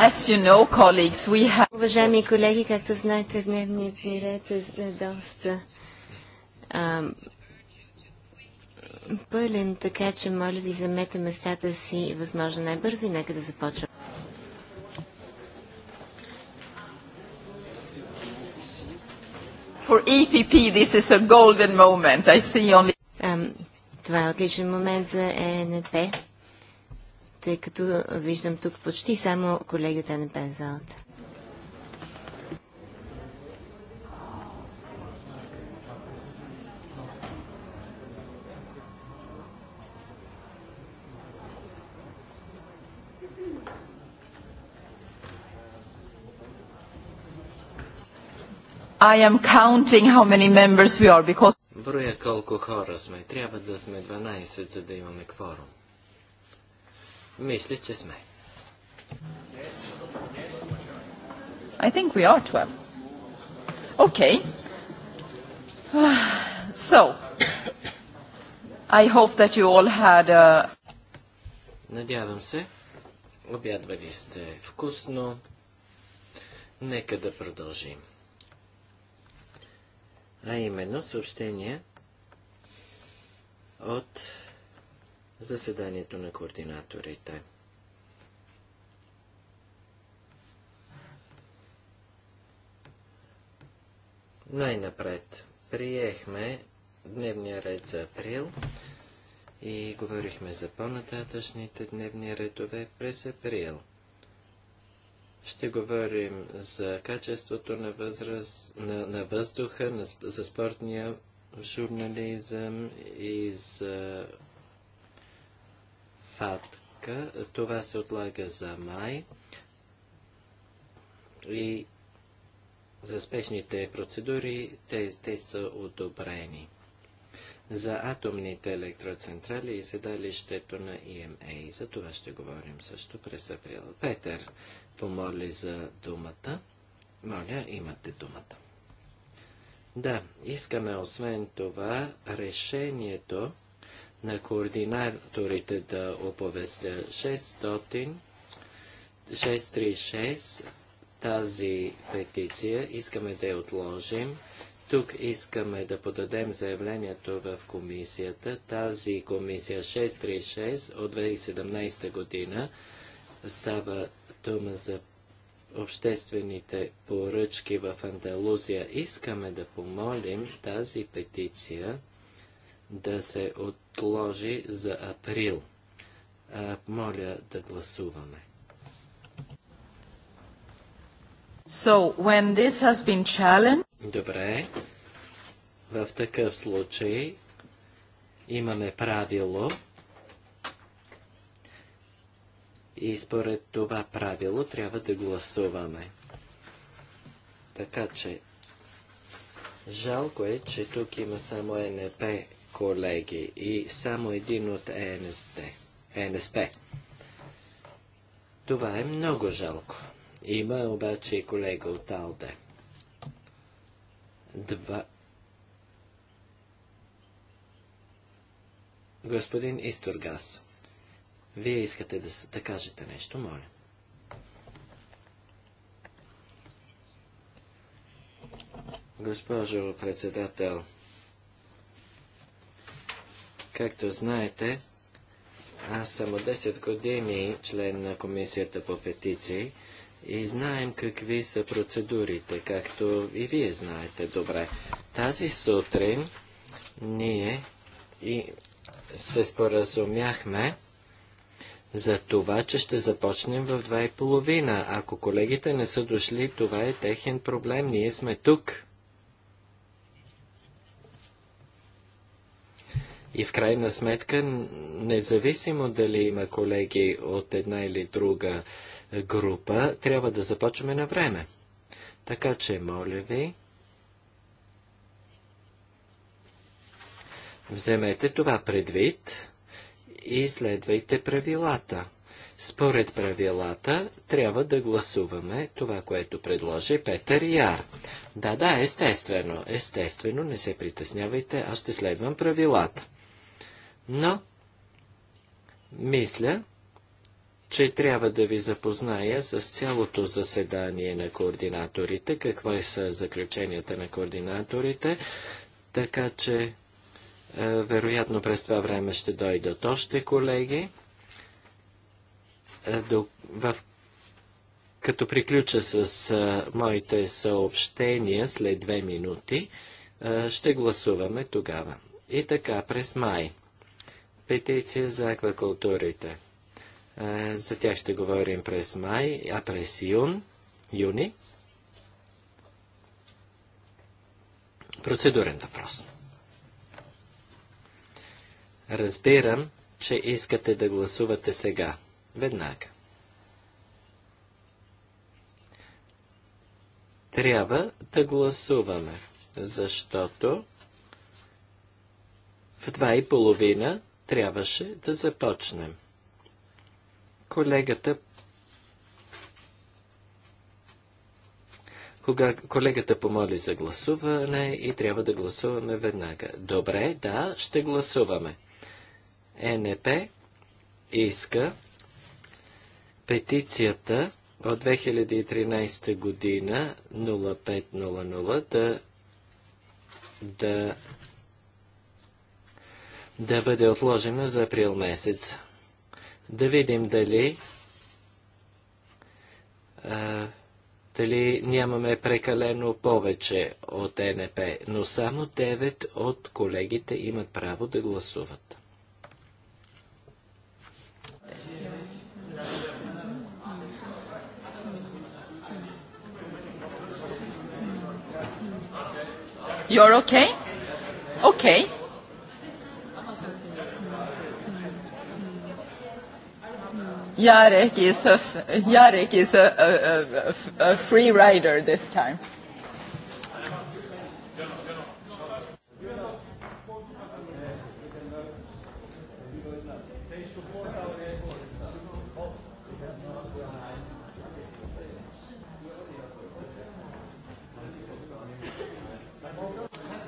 As you know, colleagues, we have... Уважаеми колеги, както знаете, дневният ни ред е, е доста пълен, така че моля ви замете местата си възможно най-бързо и нека да започваме. For EPP, this is a golden moment. I see only... Ам, това е отличен момент за ЕНП тъй като виждам тук почти само колеги от НП в залата. I am counting how many members we are because... Броя колко хора сме. Трябва да сме 12, за да имаме кворум. Мисля, че сме. I think we are 12. Okay. So, I hope that you all had a... Надявам се, обядвали сте вкусно. Нека да продължим. А именно съобщение от заседанието на координаторите. Най-напред приехме дневния ред за април и говорихме за по-нататъчните дневни редове през април. Ще говорим за качеството на, възраст, на, на въздуха, на, за спортния журнализъм и за фатка. Това се отлага за май. И за спешните процедури те, те са одобрени. За атомните електроцентрали и седалището на ИМА. За това ще говорим също през април. Петър помоли за думата. Моля, имате думата. Да, искаме освен това решението на координаторите да оповестя 600 636 тази петиция искаме да я отложим. Тук искаме да подадем заявлението в комисията. Тази комисия 636 от 2017 година става дума за обществените поръчки в Андалузия. Искаме да помолим тази петиция да се от отложи за април. А, моля да гласуваме. So, when this has been challenged... Добре. В такъв случай имаме правило и според това правило трябва да гласуваме. Така че, жалко е, че тук има само НП колеги и само един от ЕНСД, ЕНСП. Това е много жалко. Има обаче и колега от АЛДЕ. Два... Господин Исторгас, вие искате да, да кажете нещо, моля. Госпожо председател, Както знаете, аз съм от 10 години член на Комисията по петиции и знаем какви са процедурите, както и вие знаете добре. Тази сутрин ние и се споразумяхме за това, че ще започнем в 2.30. и половина. Ако колегите не са дошли, това е техен проблем. Ние сме тук. И в крайна сметка, независимо дали има колеги от една или друга е, група, трябва да започваме на време. Така че, моля ви, вземете това предвид и следвайте правилата. Според правилата трябва да гласуваме това, което предложи Петър Яр. Да, да, естествено, естествено, не се притеснявайте, аз ще следвам правилата. Но, мисля, че трябва да ви запозная с цялото заседание на координаторите, какво е са заключенията на координаторите, така че е, вероятно през това време ще дойдат още колеги. Е, до, в, като приключа с е, моите съобщения след две минути, е, ще гласуваме тогава. И така, през май петиция за аквакултурите. За тях ще говорим през май, а през юн, юни. Процедурен въпрос. Разбирам, че искате да гласувате сега, веднага. Трябва да гласуваме, защото в два и половина трябваше да започнем. Колегата Кога колегата помоли за гласуване и трябва да гласуваме веднага. Добре, да, ще гласуваме. ЕНП иска петицията от 2013 година 0500 да, да да бъде отложена за април месец. Да видим дали а, дали нямаме прекалено повече от НП, но само 9 от колегите имат право да гласуват. You're okay? Okay. Jarek is a, Jarek is a, a, a, a free rider this time.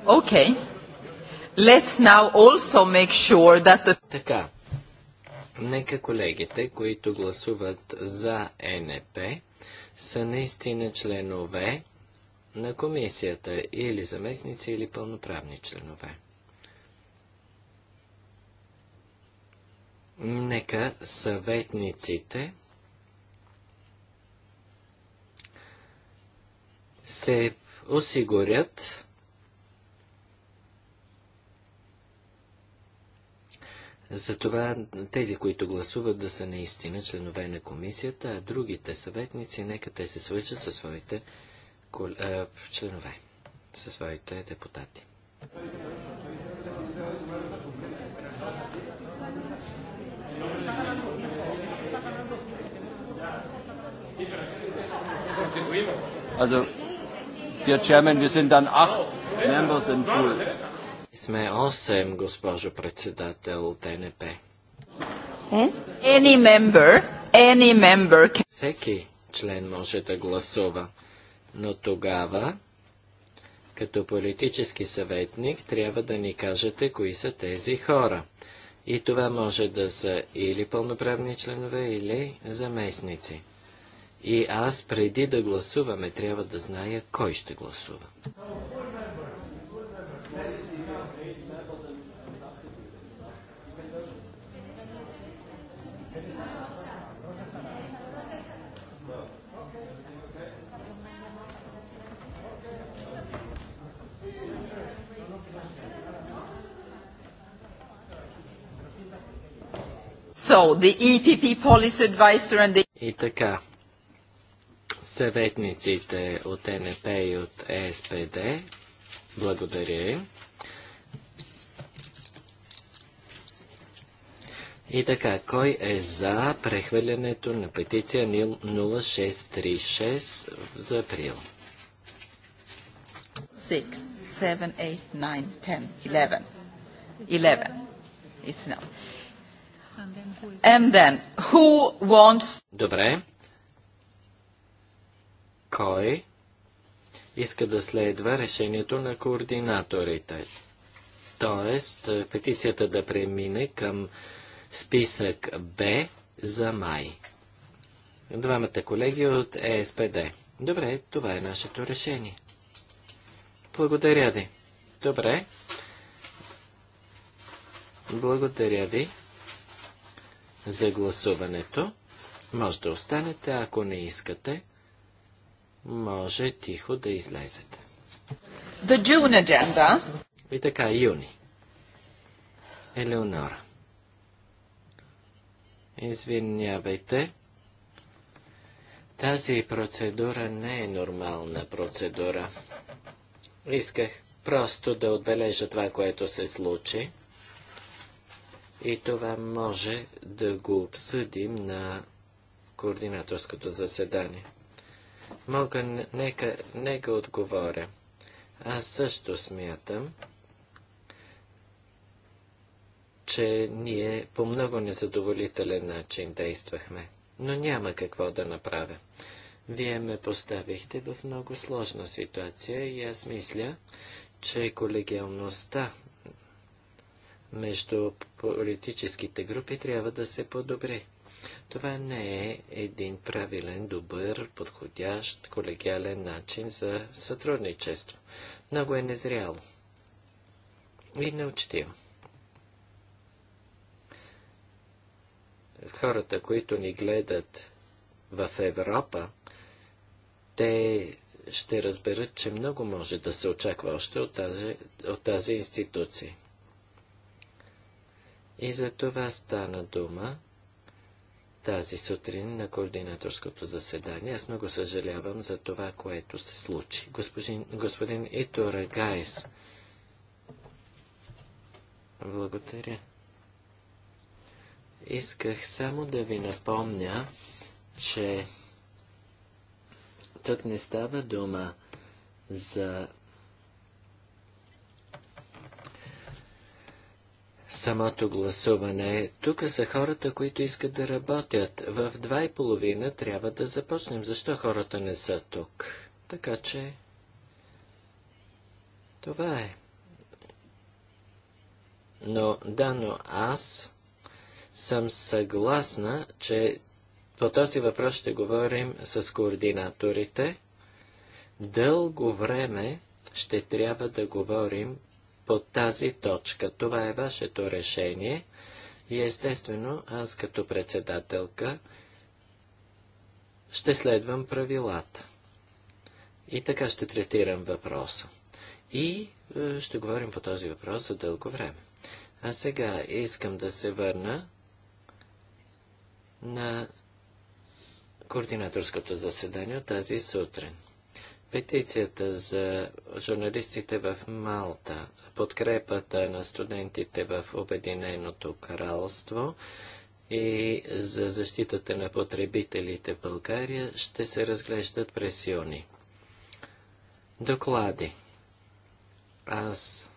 Okay. Let's now also make sure that the... Нека колегите, които гласуват за НП, са наистина членове на комисията или заместници или пълноправни членове. Нека съветниците се осигурят Затова тези, които гласуват да са наистина членове на комисията, а другите съветници, нека те се свържат със своите кол... е, членове, със своите депутати. Also, dear Chairman, wir sind dann acht Members in full. Сме 8, госпожо председател от НП. Е? Any member, any member can... Всеки член може да гласува, но тогава като политически съветник трябва да ни кажете кои са тези хора. И това може да са или пълноправни членове, или заместници. И аз преди да гласуваме трябва да зная кой ще гласува. So, the EPP policy advisor and the... И така, съветниците от НП и от ЕСПД, благодаря им. И така, кой е за прехвърлянето на петиция 0636 за април? 6, 7, 8, 9, 10, 11. It's now. And then, who wants... Добре. Кой иска да следва решението на координаторите? Тоест, е, петицията да премине към списък Б за май. Двамата колеги от ЕСПД. Добре, това е нашето решение. Благодаря ви. Добре. Благодаря ви за гласуването. Може да останете, ако не искате, може тихо да излезете. The June agenda. И така, юни. Елеонора. Извинявайте. Тази процедура не е нормална процедура. Исках просто да отбележа това, което се случи. И това може да го обсъдим на координаторското заседание. Мога, нека, нека отговоря. Аз също смятам, че ние по много незадоволителен начин действахме, но няма какво да направя. Вие ме поставихте в много сложна ситуация и аз мисля, че колегиалността между политическите групи трябва да се подобри. Това не е един правилен, добър, подходящ, колегиален начин за сътрудничество. Много е незряло и неучтиво. Хората, които ни гледат в Европа, те ще разберат, че много може да се очаква още от тази, от тази институция. И за това стана дума тази сутрин на координаторското заседание. Аз много съжалявам за това, което се случи. Господин, господин Итора Гайс. Благодаря. Исках само да ви напомня, че тук не става дума за самото гласуване. Тук са хората, които искат да работят. В два и половина трябва да започнем. Защо хората не са тук? Така че... Това е. Но, да, но аз съм съгласна, че по този въпрос ще говорим с координаторите. Дълго време ще трябва да говорим по тази точка. Това е вашето решение и естествено аз като председателка ще следвам правилата. И така ще третирам въпроса. И е, ще говорим по този въпрос за дълго време. А сега искам да се върна на координаторското заседание тази сутрин. Петицията за журналистите в Малта, подкрепата на студентите в Обединеното кралство и за защитата на потребителите в България ще се разглеждат през юни. Доклади. Аз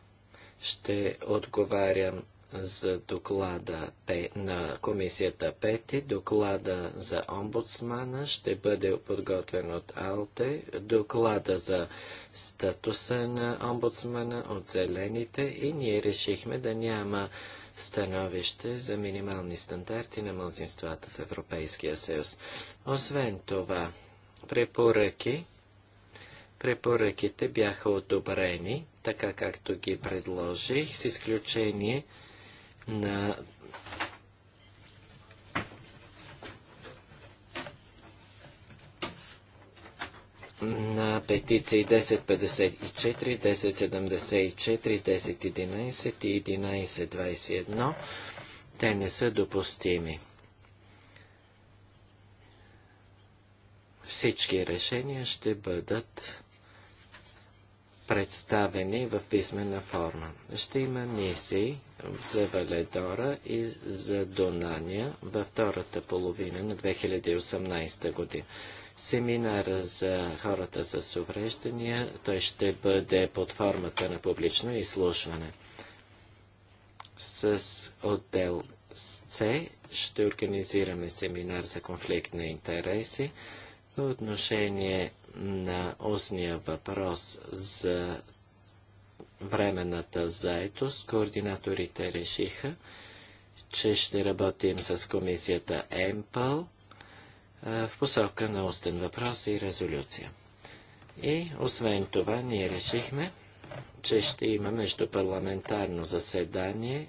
ще отговарям за доклада на комисията Пети, доклада за омбудсмана ще бъде подготвен от АЛТЕ, доклада за статуса на омбудсмана от Зелените и ние решихме да няма становище за минимални стандарти на мълзинствата в Европейския съюз. Освен това, препоръки Препоръките бяха одобрени, така както ги предложих, с изключение на на петиции 1054, 1074, 1011 и 1121. Те не са допустими. Всички решения ще бъдат представени в писмена форма. Ще има мисии, за Валедора и за Донания във втората половина на 2018 година. Семинара за хората с увреждания, той ще бъде под формата на публично изслушване. С отдел С ще организираме семинар за конфликт на интереси по отношение на устния въпрос за временната заетост, координаторите решиха, че ще работим с комисията ЕМПАЛ в посока на устен въпрос и резолюция. И освен това, ние решихме, че ще има междупарламентарно заседание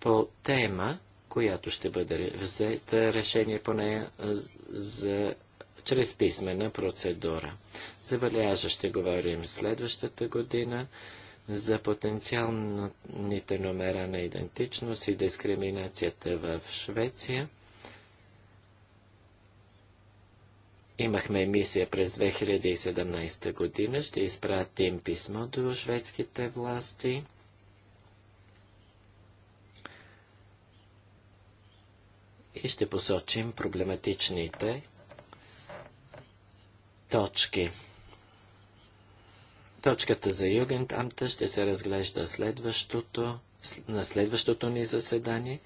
по тема, която ще бъде взета решение по нея за чрез писмена процедура. Забележа ще говорим следващата година за потенциалните номера на идентичност и дискриминацията в Швеция. Имахме мисия през 2017 година. Ще изпратим писмо до шведските власти. И ще посочим проблематичните точки. Точката за Югентамта ще се разглежда следващото, на следващото ни заседание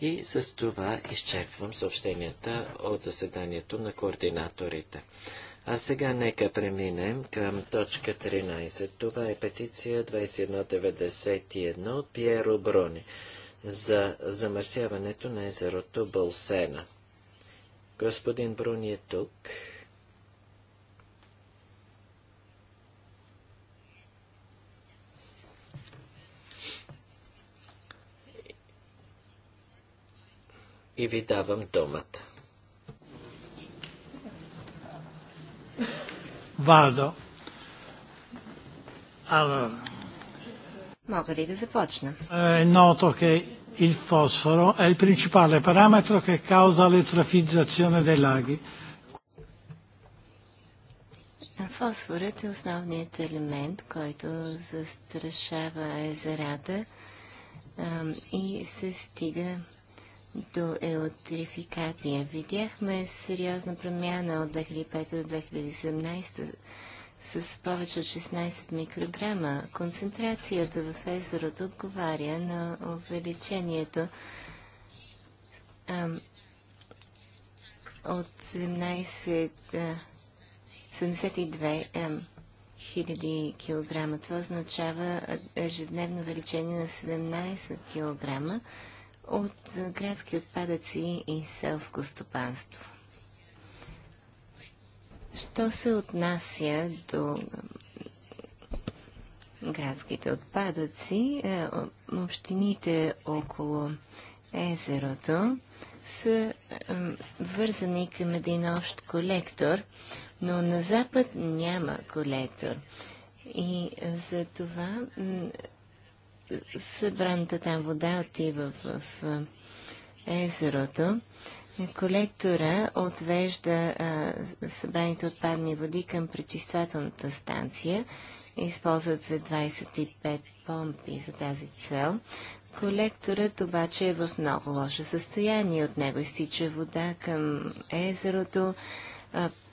и с това изчерпвам съобщенията от заседанието на координаторите. А сега нека преминем към точка 13. Това е петиция 2191 от Пьеро Брони за замърсяването на езерото Болсена. Господин Бруни е тук. и ви давам думата. Вадо. Allora. Мога ли да започна? Е noto che il fosforo è il principale parametro che causa l'eutrofizzazione dei laghi. Фосфорът е основният елемент, който застрашава езерата и се стига до електрификация. Видяхме сериозна промяна от 2005 до 2017 с повече от 16 микрограма. Концентрацията в езерото отговаря на увеличението а, от 17, а, 72 м хиляди килограма. Това означава ежедневно увеличение на 17 кг от градски отпадъци и селско стопанство. Що се отнася до градските отпадъци, е, общините около езерото са е, вързани към един общ колектор, но на запад няма колектор. И е, за това събраната там вода отива в, в е, езерото. Колектора отвежда а, събраните отпадни води към пречиствателната станция. Използват се 25 помпи за тази цел. Колекторът обаче е в много лошо състояние. От него изтича вода към езерото.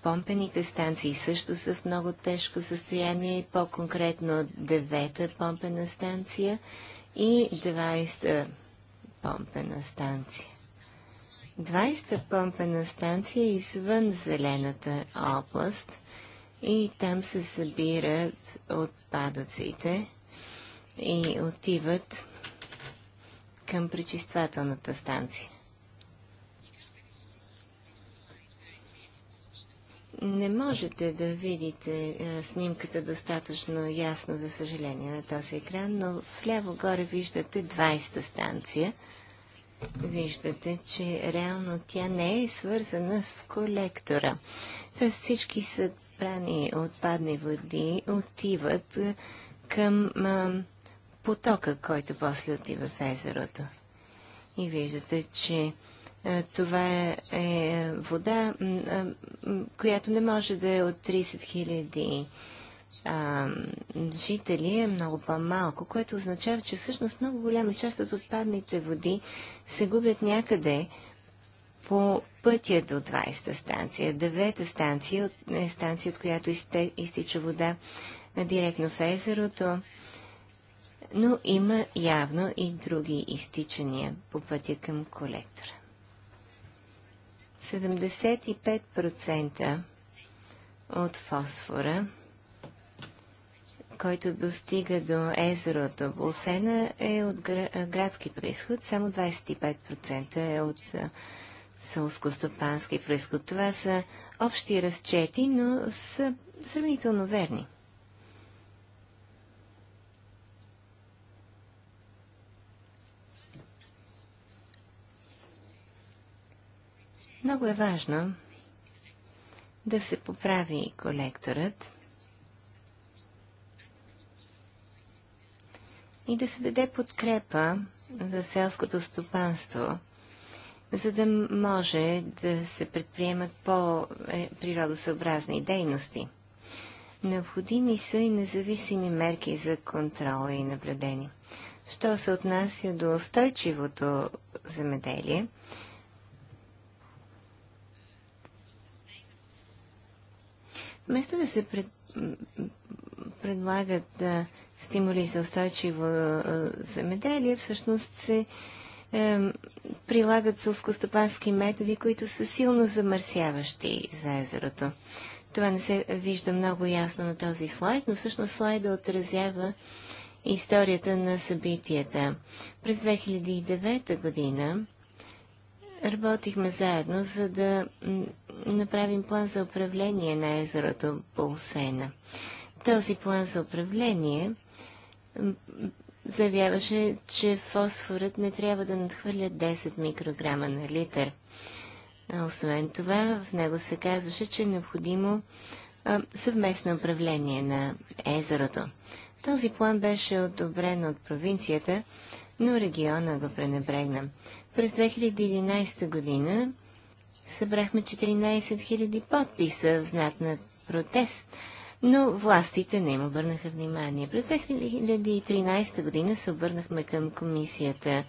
Помпените станции също са в много тежко състояние, по-конкретно девета помпена станция и 20-та помпена станция. 20-та помпена станция е извън зелената област и там се събират отпадъците и отиват към пречиствателната станция. не можете да видите снимката достатъчно ясно, за съжаление, на този екран, но вляво горе виждате 20-та станция. Виждате, че реално тя не е свързана с колектора. Т.е. всички събрани отпадни води отиват към а, потока, който после отива в езерото. И виждате, че е, това е, е вода, е, която не може да е от 30 хиляди жители, е много по-малко, което означава, че всъщност много голяма част от отпадните води се губят някъде по пътя до 20-та станция. Девета станция е станция, от която изтича вода директно в езерото, но има явно и други изтичания по пътя към колектора. 75% от фосфора, който достига до езерото Булсена, е от градски происход, само 25% е от сълскостопански происход. Това са общи разчети, но са сравнително верни. Много е важно да се поправи колекторът и да се даде подкрепа за селското стопанство, за да може да се предприемат по-природосъобразни дейности. Необходими са и независими мерки за контрола и наблюдение. Що се отнася до устойчивото земеделие, Вместо да се пред, предлагат а, стимули за устойчиво а, земеделие, всъщност се е, прилагат сълскостопански методи, които са силно замърсяващи за езерото. Това не се вижда много ясно на този слайд, но всъщност слайда отразява историята на събитията. През 2009 година работихме заедно, за да направим план за управление на езерото Полсена. Този план за управление заявяваше, че фосфорът не трябва да надхвърля 10 микрограма на литър. А освен това, в него се казваше, че е необходимо съвместно управление на езерото. Този план беше одобрен от провинцията, но региона го пренебрегна. През 2011 година събрахме 14 000 подписа в знак на протест, но властите не им обърнаха внимание. През 2013 година се обърнахме към комисията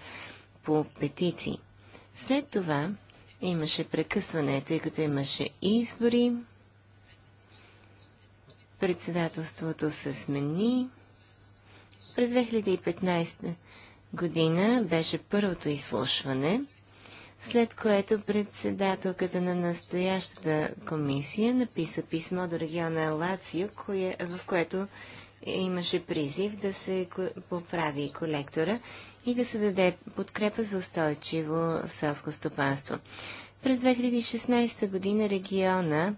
по петиции. След това имаше прекъсване, тъй като имаше избори. Председателството се смени. През 2015 година беше първото изслушване, след което председателката на настоящата комисия написа писмо до региона Лацио, в което имаше призив да се поправи колектора и да се даде подкрепа за устойчиво селско стопанство. През 2016 година региона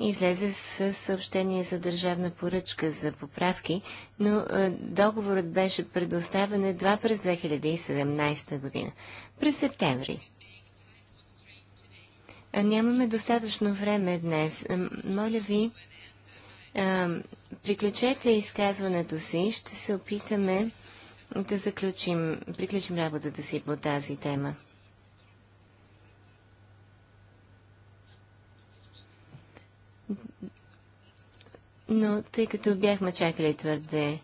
излезе с съобщение за държавна поръчка за поправки, но е, договорът беше предоставен едва през 2017 година, през септември. нямаме достатъчно време днес. Е, моля ви, е, приключете изказването си, ще се опитаме да заключим, приключим работата си по тази тема. но тъй като бяхме чакали твърде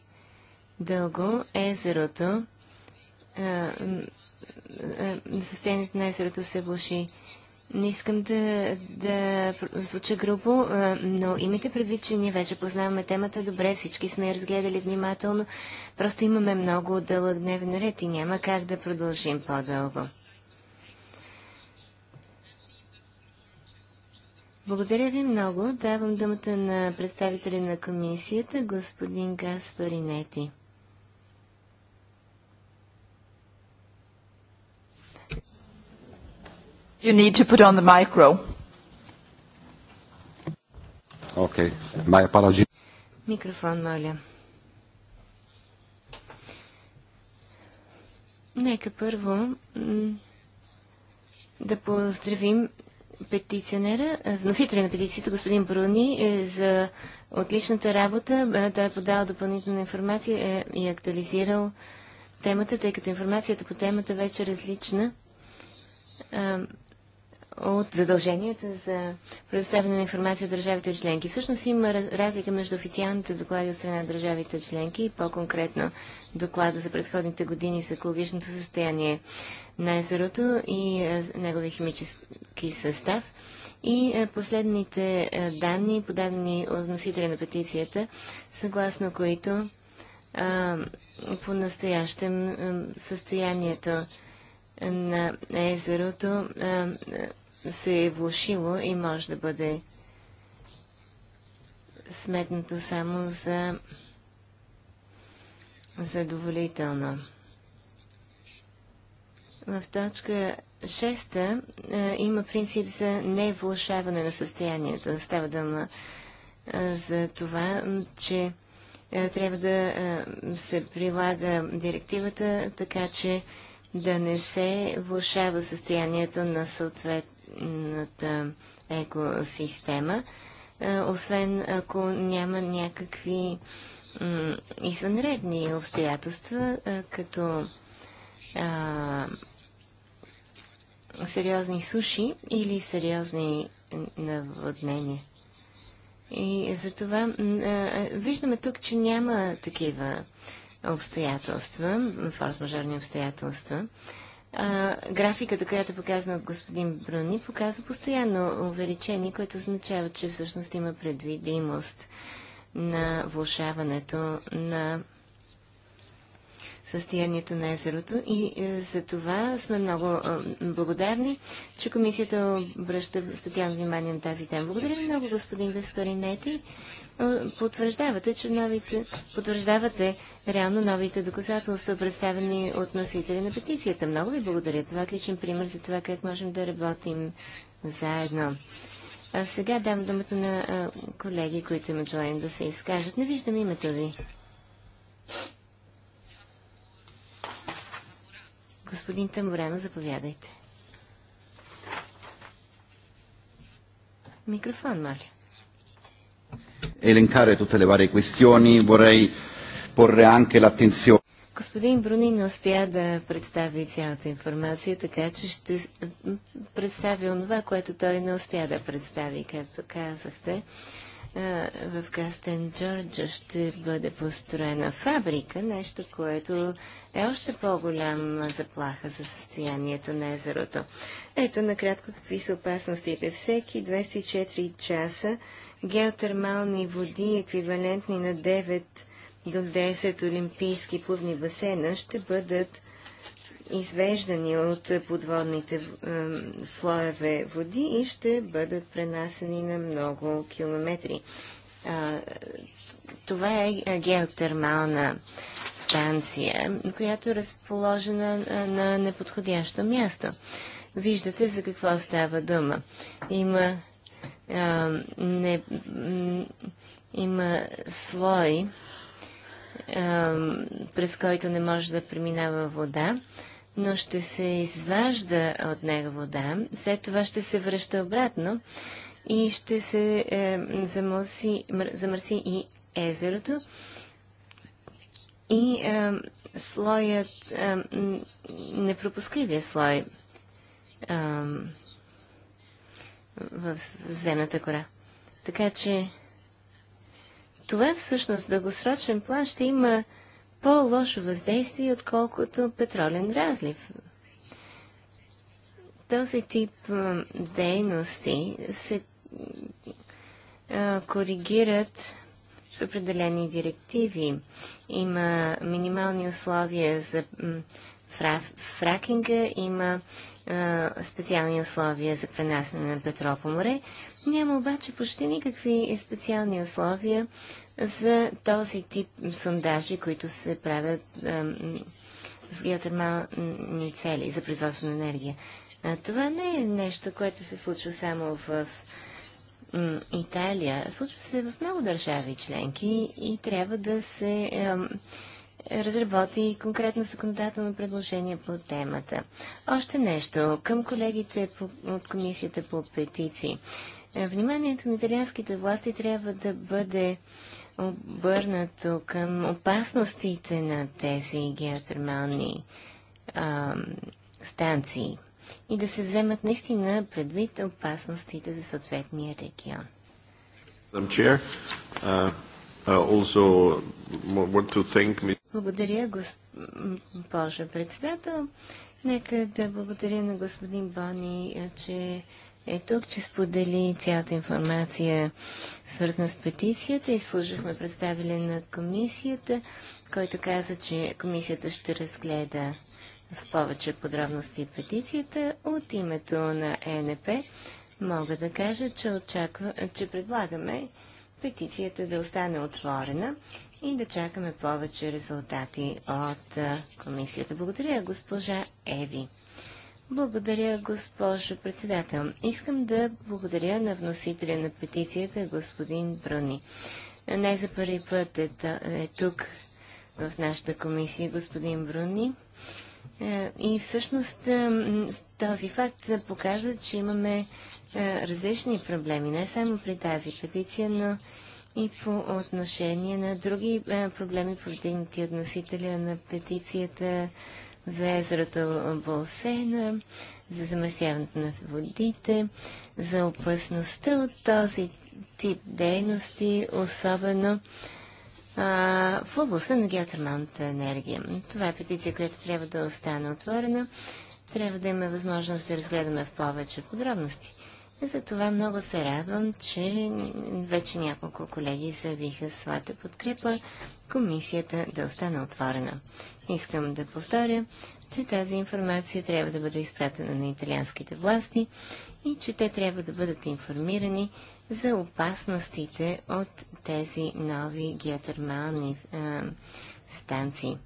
дълго, езерото, състоянието на езерото се влуши. Не искам да, да звуча грубо, но имайте предвид, че ние вече познаваме темата добре, всички сме я разгледали внимателно, просто имаме много дълъг дневен ред и няма как да продължим по-дълго. Благодаря ви много. Давам думата на представители на комисията, господин Гаспаринети. You need to put on the micro. Okay. My apologies. Микрофон, моля. Нека първо да поздравим петиционера, е, вносителя на петицията, господин Бруни, е, за отличната работа. Е, той е подал допълнителна информация и е актуализирал темата, тъй като информацията по темата вече е различна от задълженията за предоставяне на информация от държавите членки. Всъщност има разлика между официалните доклади от страна на държавите членки и по-конкретно доклада за предходните години за екологичното състояние на езерото и негови химически състав. И последните данни, подадени от носителя на петицията, съгласно които по-настоящем състоянието на езерото а, се е влушило и може да бъде сметнато само за задоволително. В точка 6 е, има принцип за невлушаване на състоянието. Става дума е, за това, че е, трябва да е, се прилага директивата, така че да не се влушава състоянието на съответ рибната екосистема, е, освен ако няма някакви извънредни обстоятелства, е, като а, сериозни суши или сериозни наводнения. И затова е, виждаме тук, че няма такива обстоятелства, форс-мажорни обстоятелства а, графиката, която е показана от господин Бруни, показва постоянно увеличение, което означава, че всъщност има предвидимост на влушаването на състоянието на езерото и е, за това сме много е, благодарни, че комисията обръща специално внимание на тази тема. Благодаря ви много, господин Веспаринети. Е, потвърждавате, че новите, потвърждавате реално новите доказателства, представени от носители на петицията. Много ви благодаря. Това е отличен пример за това как можем да работим заедно. А сега дам думата на а, колеги, които имат желание да се изкажат. Не виждам името ви. Господин Тамбурано, заповядайте. Микрофон, моля elencare tutte le varie questioni, vorrei porre anche l'attenzione. Господин не успя да представи цялата информация, така че ще представи онова, което той не успя да представи, както казахте. В Кастен Джорджа ще бъде построена фабрика, нещо, което е още по-голяма заплаха за състоянието на езерото. Ето накратко какви са опасностите. Всеки 24 часа геотермални води, еквивалентни на 9 до 10 олимпийски плувни басена, ще бъдат извеждани от подводните е, слоеве води и ще бъдат пренасени на много километри. А, това е геотермална станция, която е разположена на, на неподходящо място. Виждате за какво става дума. Има не, има слой, през който не може да преминава вода, но ще се изважда от него вода, след това ще се връща обратно и ще се е, замърси, замърси и езерото. И е, слоят, е, непропускливия слой, е, в земната кора. Така че това всъщност дългосрочен план ще има по-лошо въздействие, отколкото петролен разлив. Този тип дейности се а, коригират с определени директиви. Има минимални условия за фракинга, има а, специални условия за пренасене на петрол по море. Няма обаче почти никакви специални условия за този тип сондажи, които се правят а, с геотермални цели за производство на енергия. А, това не е нещо, което се случва само в, в Италия. Случва се в много държави членки и трябва да се разработи конкретно законодателно предложение по темата. Още нещо към колегите по, от Комисията по петиции. Е, вниманието на италианските власти трябва да бъде обърнато към опасностите на тези геотермални а, станции и да се вземат наистина предвид опасностите за съответния регион. Uh, Uh, благодаря, госпожа председател. Нека да благодаря на господин Бони, е, че е тук, че сподели цялата информация, свързана с петицията. и служихме представили на комисията, който каза, че комисията ще разгледа в повече подробности петицията. От името на ЕНП мога да кажа, че, очаква, че предлагаме петицията да остане отворена и да чакаме повече резултати от комисията. Благодаря, госпожа Еви. Благодаря, госпожо председател. Искам да благодаря на вносителя на петицията, господин Бруни. Не за първи път е, е тук в нашата комисия, господин Бруни. Е, и всъщност този факт показва, че имаме е, различни проблеми, не само при тази петиция, но и по отношение на други е, проблеми, повдигнати от носителя на петицията за езерото Болсена, за замесяването на водите, за опасността от този тип дейности, особено а, в областта на геотермалната енергия. Това е петиция, която трябва да остане отворена. Трябва да има възможност да разгледаме в повече подробности. Затова много се радвам, че вече няколко колеги заявиха своята подкрепа комисията да остане отворена. Искам да повторя, че тази информация трябва да бъде изпратена на италианските власти и че те трябва да бъдат информирани за опасностите от тези нови геотермални е, станции.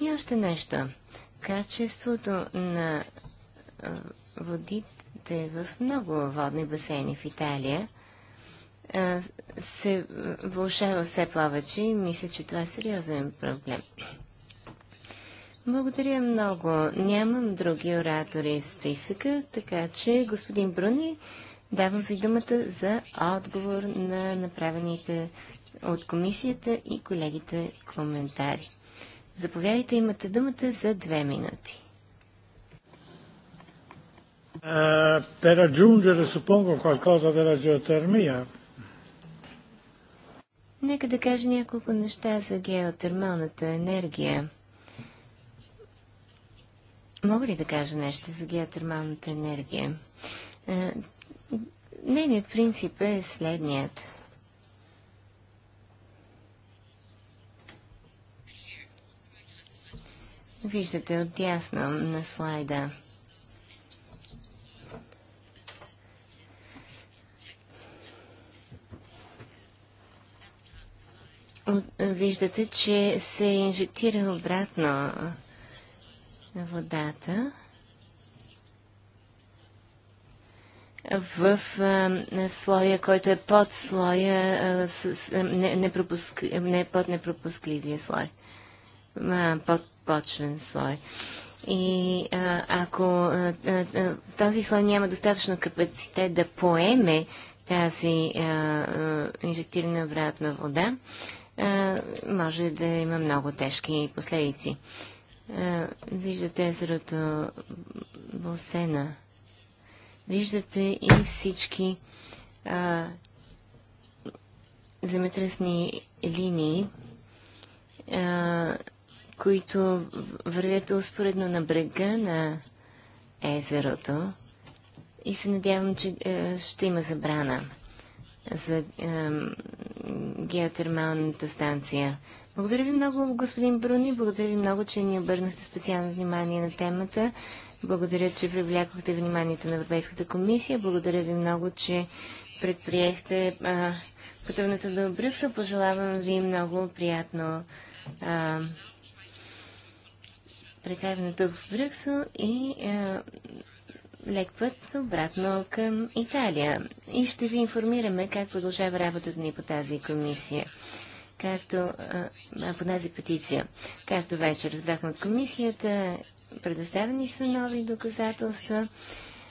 И още нещо. Качеството на водите водите в много водни басейни в Италия се влушава все повече и мисля, че това е сериозен проблем. Благодаря много. Нямам други оратори в списъка, така че, господин Бруни, давам ви думата за отговор на направените от комисията и колегите коментари. Заповядайте, имате думата за две минути. Eh, per aggiungere, suppongo, qualcosa della geotermia. Нека да кажа няколко неща за геотермалната енергия. Мога ли да кажа нещо за геотермалната енергия? Е, нейният принцип е следният. Виждате отясно на слайда. виждате, че се инжектира обратно водата в слоя, който е под слоя, с, не, под непропускливия слой, под почвен слой. И ако този слой няма достатъчно капацитет да поеме тази инжектирана обратна вода, е, може да има много тежки последици. Е, виждате езерото Босена. Виждате и всички земетресни линии, които вървят успоредно на брега на езерото. И се надявам, че е, ще има забрана за е, геотермалната станция. Благодаря ви много, господин Бруни. Благодаря ви много, че ни обърнахте специално внимание на темата. Благодаря, че привлякохте вниманието на Европейската комисия. Благодаря ви много, че предприехте е, пътуването до Брюксел. Пожелавам ви много приятно а, прекарването в Брюксел и е, лек път обратно към Италия. И ще ви информираме как продължава работата ни по тази комисия. Както а, по тази петиция. Както вече разбрахме от комисията, предоставени са нови доказателства,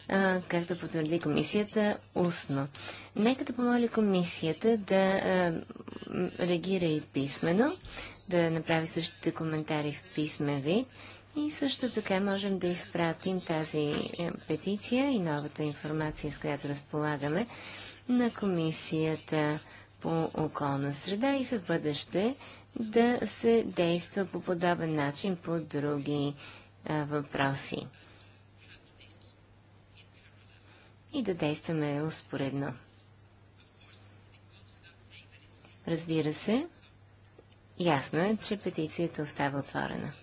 а, както потвърди комисията устно. Нека да помоля комисията да а, реагира и писменно, да направи същите коментари в писмен вид и също така можем да изпратим тази е, петиция и новата информация, с която разполагаме, на комисията по околна среда и за бъдеще да се действа по подобен начин по други а, е, въпроси. И да действаме успоредно. Разбира се, ясно е, че петицията остава отворена.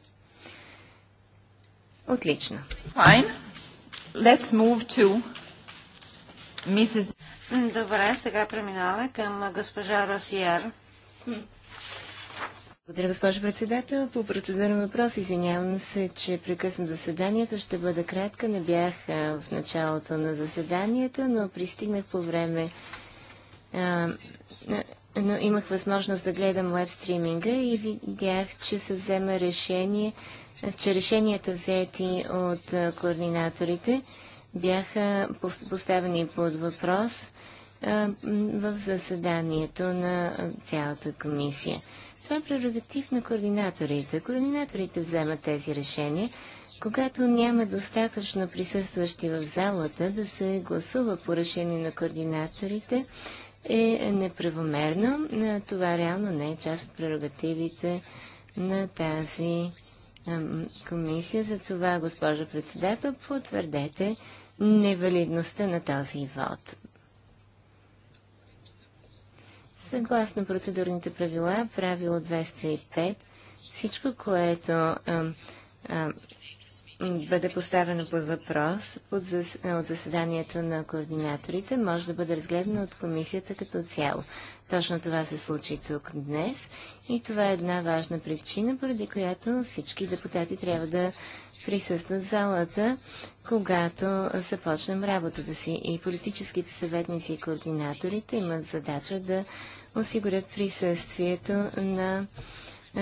Отлично. Fine. Let's move to Mrs. Добре, сега преминаваме към госпожа Росиер. Благодаря, госпожа председател. По процедурен въпрос извинявам се, че прекъсвам заседанието. Ще бъда кратка. Не бях в началото на заседанието, но пристигнах по време а, но имах възможност да гледам лайв стриминга и видях, че се взема решение, че решенията взети от координаторите бяха поставени под въпрос в заседанието на цялата комисия. Това е прерогатив на координаторите. Координаторите вземат тези решения, когато няма достатъчно присъстващи в залата да се гласува по решение на координаторите е неправомерно. Е, това реално не е част от прерогативите на тази комисия. За това, госпожа председател, потвърдете невалидността на този вод. Съгласно процедурните правила, правило 205, всичко, което а, а, бъде поставено под въпрос зас... от заседанието на координаторите, може да бъде разгледано от комисията като цяло. Точно това се случи тук днес и това е една важна причина, поради която всички депутати трябва да присъстват в залата, когато започнем работата си. И политическите съветници и координаторите имат задача да осигурят присъствието на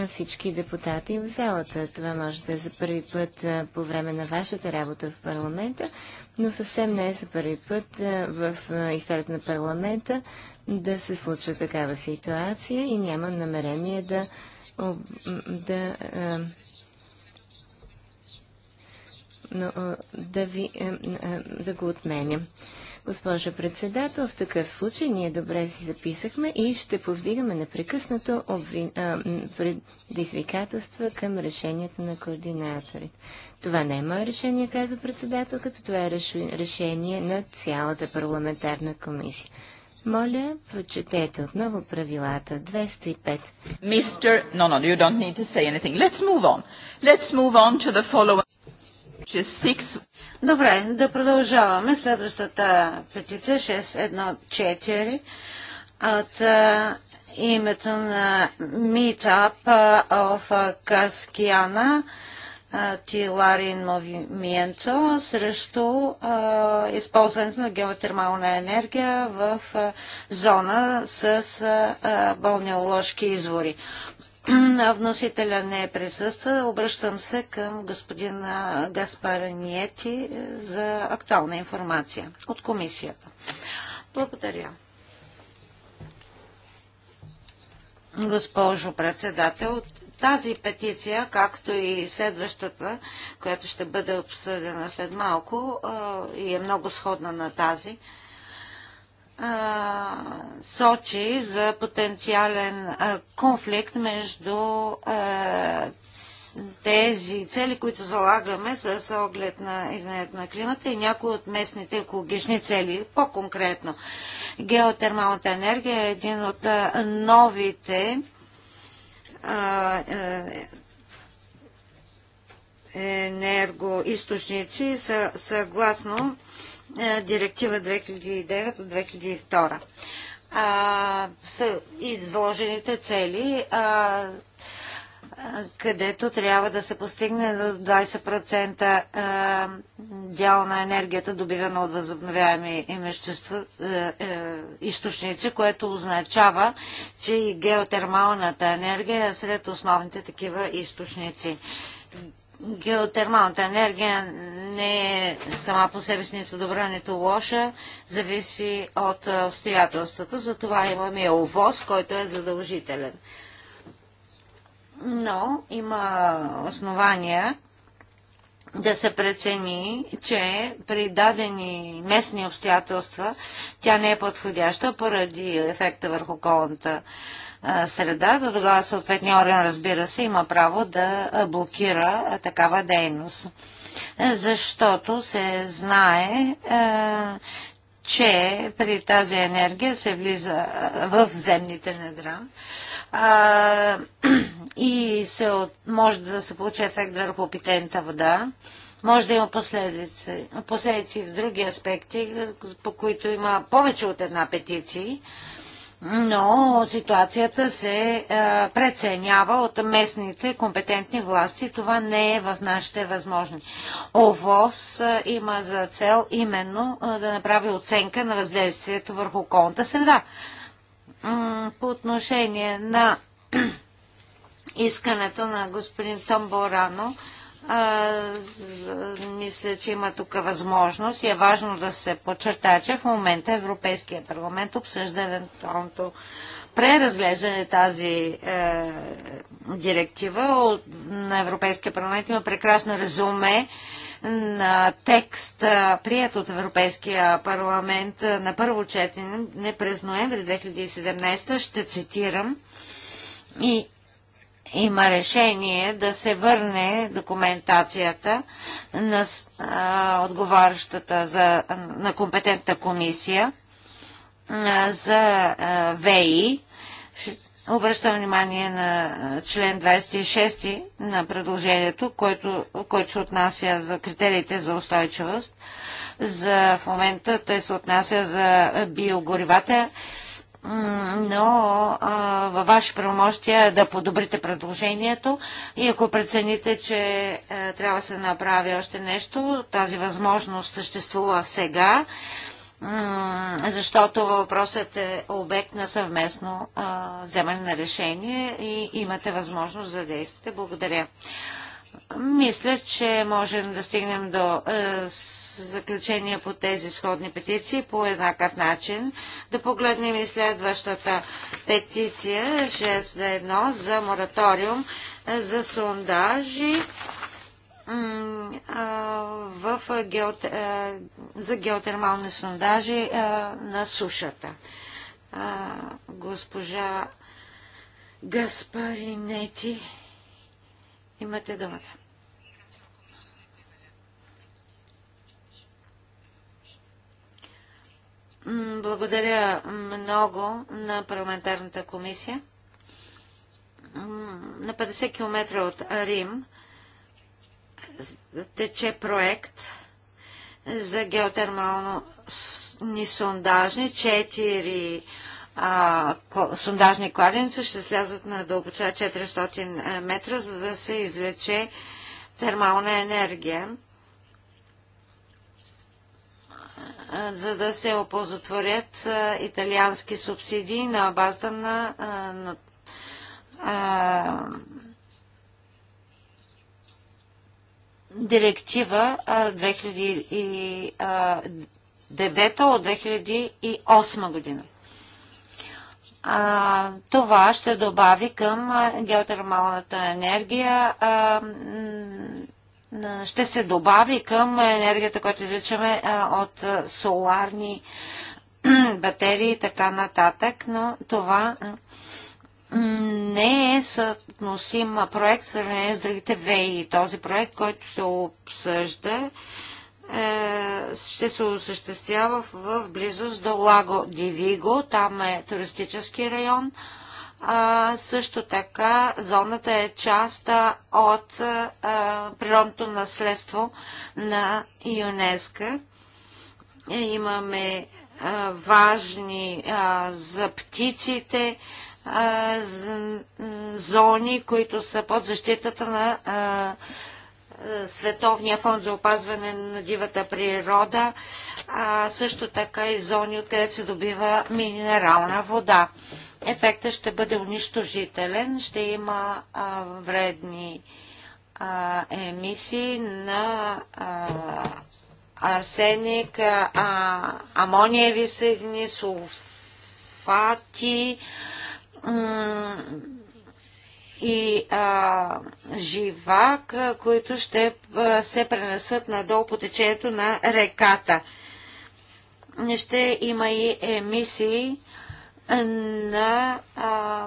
всички депутати в залата. Това може да е за първи път по време на вашата работа в парламента, но съвсем не е за първи път в историята на парламента да се случва такава ситуация и нямам намерение да, да, да, да ви, да го отменя. Госпожа председател, в такъв случай ние добре си записахме и ще повдигаме непрекъснато обви... а, предизвикателства към решенията на координаторите. Това не е мое решение, каза председател, като това е решение на цялата парламентарна комисия. Моля, прочетете отново правилата 205. Mr. No, no, you don't need to say anything. Let's move on. Let's move on to the following. Добре, да продължаваме. Следващата петиция 614 от а, името на Meetup of Каскиана Тиларин Мовименто срещу а, използването на геотермална енергия в а, зона с а, болнеоложки извори. Вносителя не е присъства. Обръщам се към господин Гаспара Ниети е, за актуална информация от комисията. Благодаря. Госпожо председател, тази петиция, както и следващата, която ще бъде обсъдена след малко и е много сходна на тази, а, сочи за потенциален а, конфликт между а, тези цели, които залагаме с оглед на изменението на климата и някои от местните екологични цели. По-конкретно, геотермалната енергия е един от новите е, енергоисточници съгласно е, директива 2009 от 2002. А, са и заложените цели, а, където трябва да се постигне до 20% а, дял на енергията, добивана от възобновяеми имещества, е, е, източници, което означава, че и геотермалната енергия е сред основните такива източници Геотермалната енергия не е сама по себе си нито добра, нито лоша, зависи от обстоятелствата. Затова имаме ОВОз, който е задължителен. Но има основания да се прецени, че при дадени местни обстоятелства тя не е подходяща поради ефекта върху околната среда, до тогава съответния орган, разбира се, има право да блокира такава дейност. Защото се знае, че при тази енергия се влиза в земните недра и се от, може да се получи ефект върху питейната вода. Може да има последици, последици в други аспекти, по които има повече от една петиция но ситуацията се а, е, преценява от местните компетентни власти. Това не е в нашите възможни. ОВОС а, е, има за цел именно а, е, да направи оценка на въздействието върху околната среда. М по отношение на искането на господин Томборано, Рано. А, мисля, че има тук възможност и е важно да се подчерта, че в момента Европейския парламент обсъжда евентуалното преразглеждане тази е, директива от, на Европейския парламент. Има прекрасно резюме на текст, е, прият от Европейския парламент е, на първо четене през ноември 2017. Ще цитирам и има решение да се върне документацията на а, отговарящата за, на компетентна комисия а, за а, ВЕИ. Обръщам внимание на член 26 на предложението, който, който се отнася за критериите за устойчивост. За в момента той се отнася за биогоривата но а, във ваши правомощия е да подобрите предложението и ако прецените, че а, е, трябва да се направи още нещо, тази възможност съществува сега, защото въпросът е обект на съвместно а, вземане на решение и имате възможност за действите. Благодаря. Мисля, че можем да стигнем до е, заключения по тези сходни петиции по еднакъв начин. Да погледнем и следващата петиция 6.1 за мораториум за сондажи в геот... за геотермални сондажи на сушата. Госпожа Гаспаринети, имате думата. Благодаря много на парламентарната комисия. На 50 км от Рим тече проект за геотермално ни сондажни. Четири сондажни кладенца ще слязат на дълбочина 400 е, метра, за да се извлече термална енергия за да се опозотворят италиански субсидии на базата на, на а, директива 2009 от 2008 година. А, това ще добави към геотермалната енергия а, е, ще се добави към енергията, която излечаме е, от е, соларни батерии и така нататък, но това не е съотносим проект в сравнение с другите ВЕИ. Този проект, който се обсъжда, ще се осъществява в близост до Лаго Дивиго. Там е туристически район. А, също така зоната е част от а, природното наследство на ЮНЕСКО. Е, имаме а, важни а, за птиците а, з, зони, които са под защитата на а, Световния фонд за опазване на дивата природа, а също така и зони, откъдето се добива минерална вода ефектът ще бъде унищожителен, ще има а, вредни а, емисии на а, арсеник, а, амониеви съедини, сулфати и а, живак, които ще се пренесат надолу по течението на реката. Ще има и емисии на а,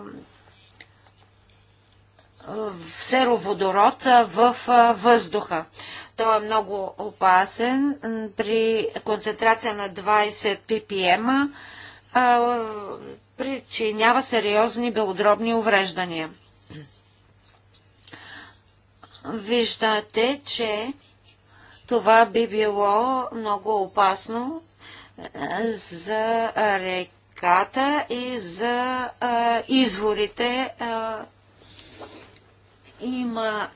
сероводород в въздуха. Той е много опасен при концентрация на 20 ppm а, причинява сериозни белодробни увреждания. Виждате, че това би било много опасно за реки реката и за а, изворите. А, има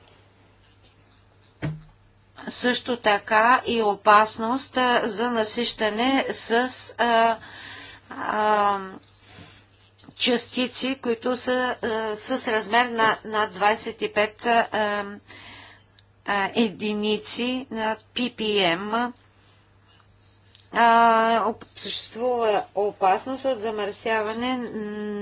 също така и опасност а, за насищане с а, а, частици, които са а, с размер на, на 25 а, а, единици на ppm а, съществува опасност от замърсяване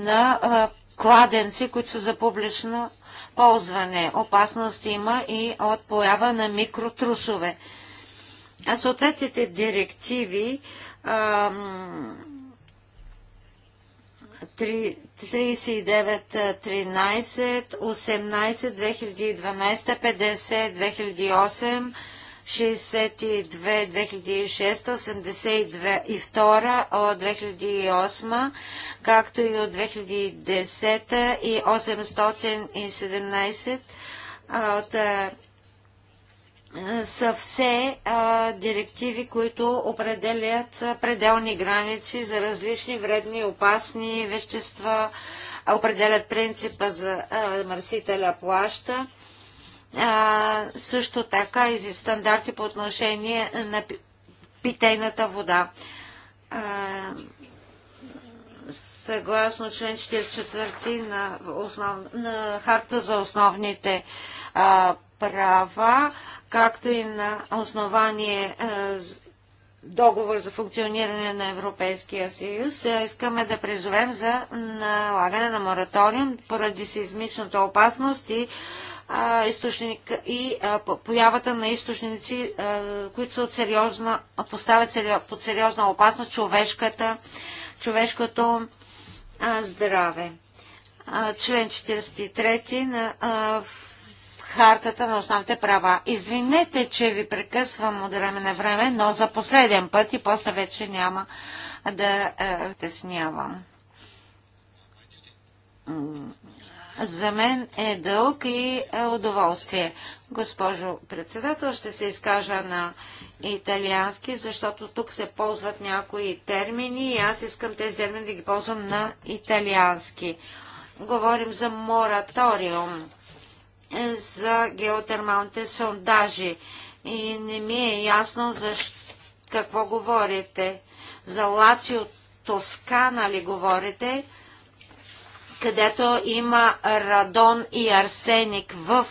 на а, кладенци, които са за публично ползване. Опасност има и от поява на микротрусове. А съответните директиви а, 39, 13, 18, 2012, 50, 2008, 62 2006, 82 от 2008, както и от 2010 и 817 от са все а, директиви, които определят пределни граници за различни вредни и опасни вещества, определят принципа за а, мърсителя плаща а, също така и за стандарти по отношение на питейната вода. А, съгласно член 44 на, основ... на Харта за основните а, права, както и на основание а, договор за функциониране на Европейския съюз, искаме да призовем за налагане на мораториум поради сейсмичната опасност и източник и появата на източници, които са от сериозна, поставят под сериозна опасност човешката, човешкото здраве. член 43 на хартата на основните права. Извинете, че ви прекъсвам от време на време, но за последен път и после вече няма да е, за мен е дълг и е удоволствие. Госпожо председател, ще се изкажа на италиански, защото тук се ползват някои термини и аз искам тези термини да ги ползвам на италиански. Говорим за мораториум, е, за геотермалните сондажи и не ми е ясно защо какво говорите. За Лацио Тоскана ли говорите? където има радон и арсеник в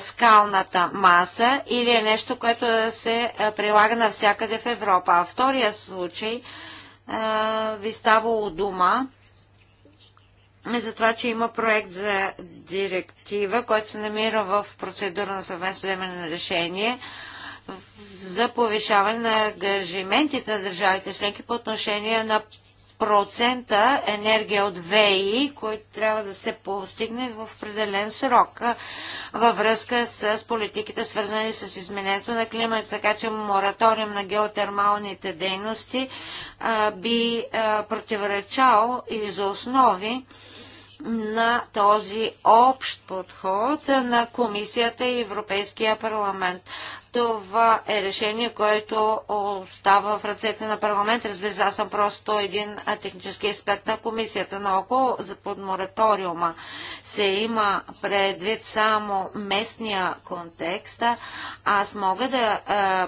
скалната маса или е нещо, което да се прилага навсякъде в Европа. А втория случай ви ставало дума е за това, че има проект за директива, който се намира в процедура на съвместно вземане на решение за повишаване на ангажиментите на държавите членки по отношение на процента енергия от ВЕИ, който трябва да се постигне в определен срок във връзка с политиките, свързани с изменението на климата, така че мораториум на геотермалните дейности а, би а, противоречал и за основи на този общ подход на Комисията и Европейския парламент. Това е решение, което остава в ръцете на парламент. Разбира се, аз съм просто един технически експерт на комисията, но ако под мораториума се има предвид само местния контекст, аз мога да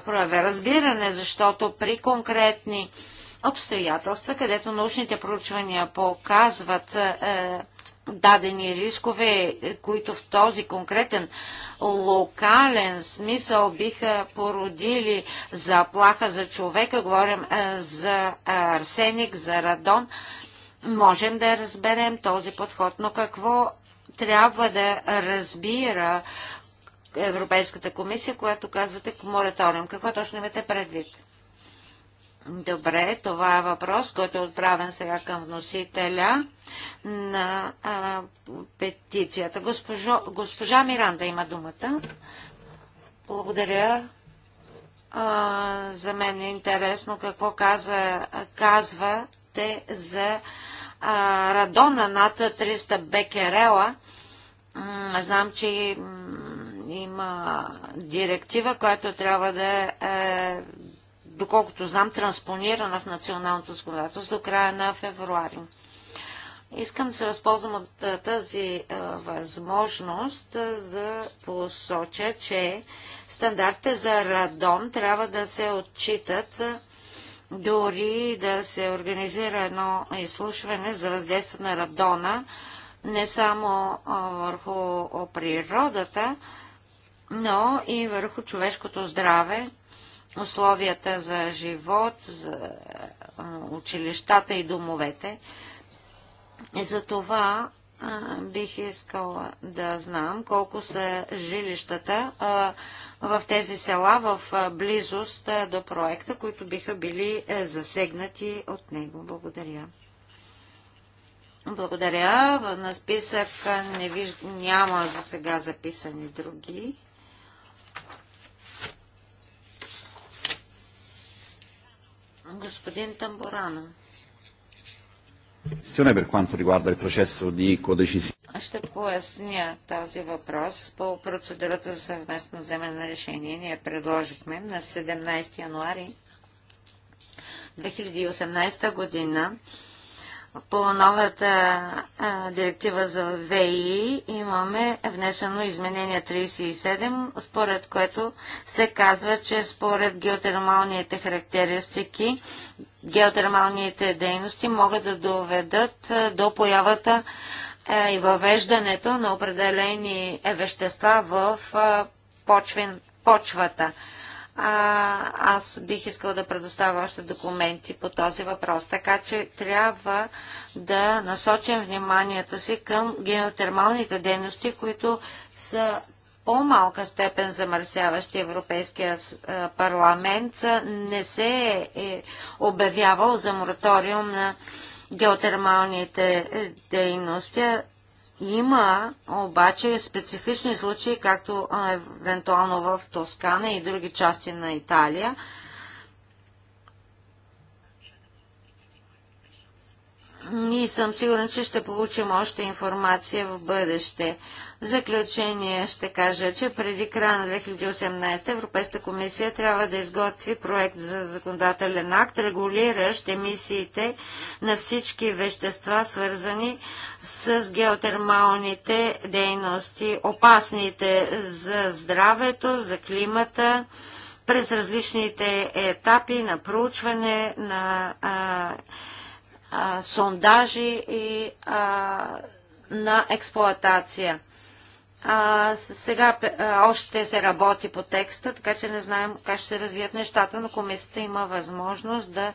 проявя разбиране, защото при конкретни обстоятелства, където научните проучвания показват е, дадени рискове, които в този конкретен локален смисъл биха породили заплаха за човека, говорим е, за е, арсеник, за радон, можем да разберем този подход. Но какво трябва да разбира Европейската комисия, която казвате мораториум? Какво точно имате предвид? Добре, това е въпрос, който е отправен сега към вносителя на а, петицията. Госпожо, госпожа Миранда има думата. Благодаря. А, за мен е интересно какво каза, казвате за а, радона над 300 бекерела. знам, че има директива, която трябва да е доколкото знам, транспонирана в националното законодателство до края на февруари. Искам да се възползвам от тази а, възможност за посоча, че стандартите за радон трябва да се отчитат дори да се организира едно изслушване за въздействие на радона не само върху природата, но и върху човешкото здраве условията за живот, за училищата и домовете. И за това бих искала да знам колко са жилищата в тези села в близост до проекта, които биха били е, засегнати от него. Благодаря. Благодаря. На списък не виж... няма за сега записани други Господин Тамборано. Е, е ще поясня този въпрос. По процедурата за съвместно вземане на решение ние предложихме на 17 януари 2018 година по новата а, директива за ВИ имаме внесено изменение 37, според което се казва, че според геотермалните характеристики, геотермалните дейности могат да доведат а, до появата а, и въвеждането на определени вещества в почвен, почвата а, аз бих искал да предоставя още документи по този въпрос. Така че трябва да насочим вниманието си към геотермалните дейности, които са по-малка степен замърсяващи Европейския парламент не се е, е обявявал за мораториум на геотермалните е, дейности. Има обаче специфични случаи, както евентуално в Тоскана и други части на Италия, и съм сигурен, че ще получим още информация в бъдеще. В заключение ще кажа, че преди края на 2018 Европейската комисия трябва да изготви проект за законодателен акт, регулиращ емисиите на всички вещества, свързани с геотермалните дейности, опасните за здравето, за климата, през различните етапи на проучване на а, сондажи и а, на експлоатация. А, сега а, още се работи по текста, така че не знаем как ще се развият нещата, но комисията има възможност да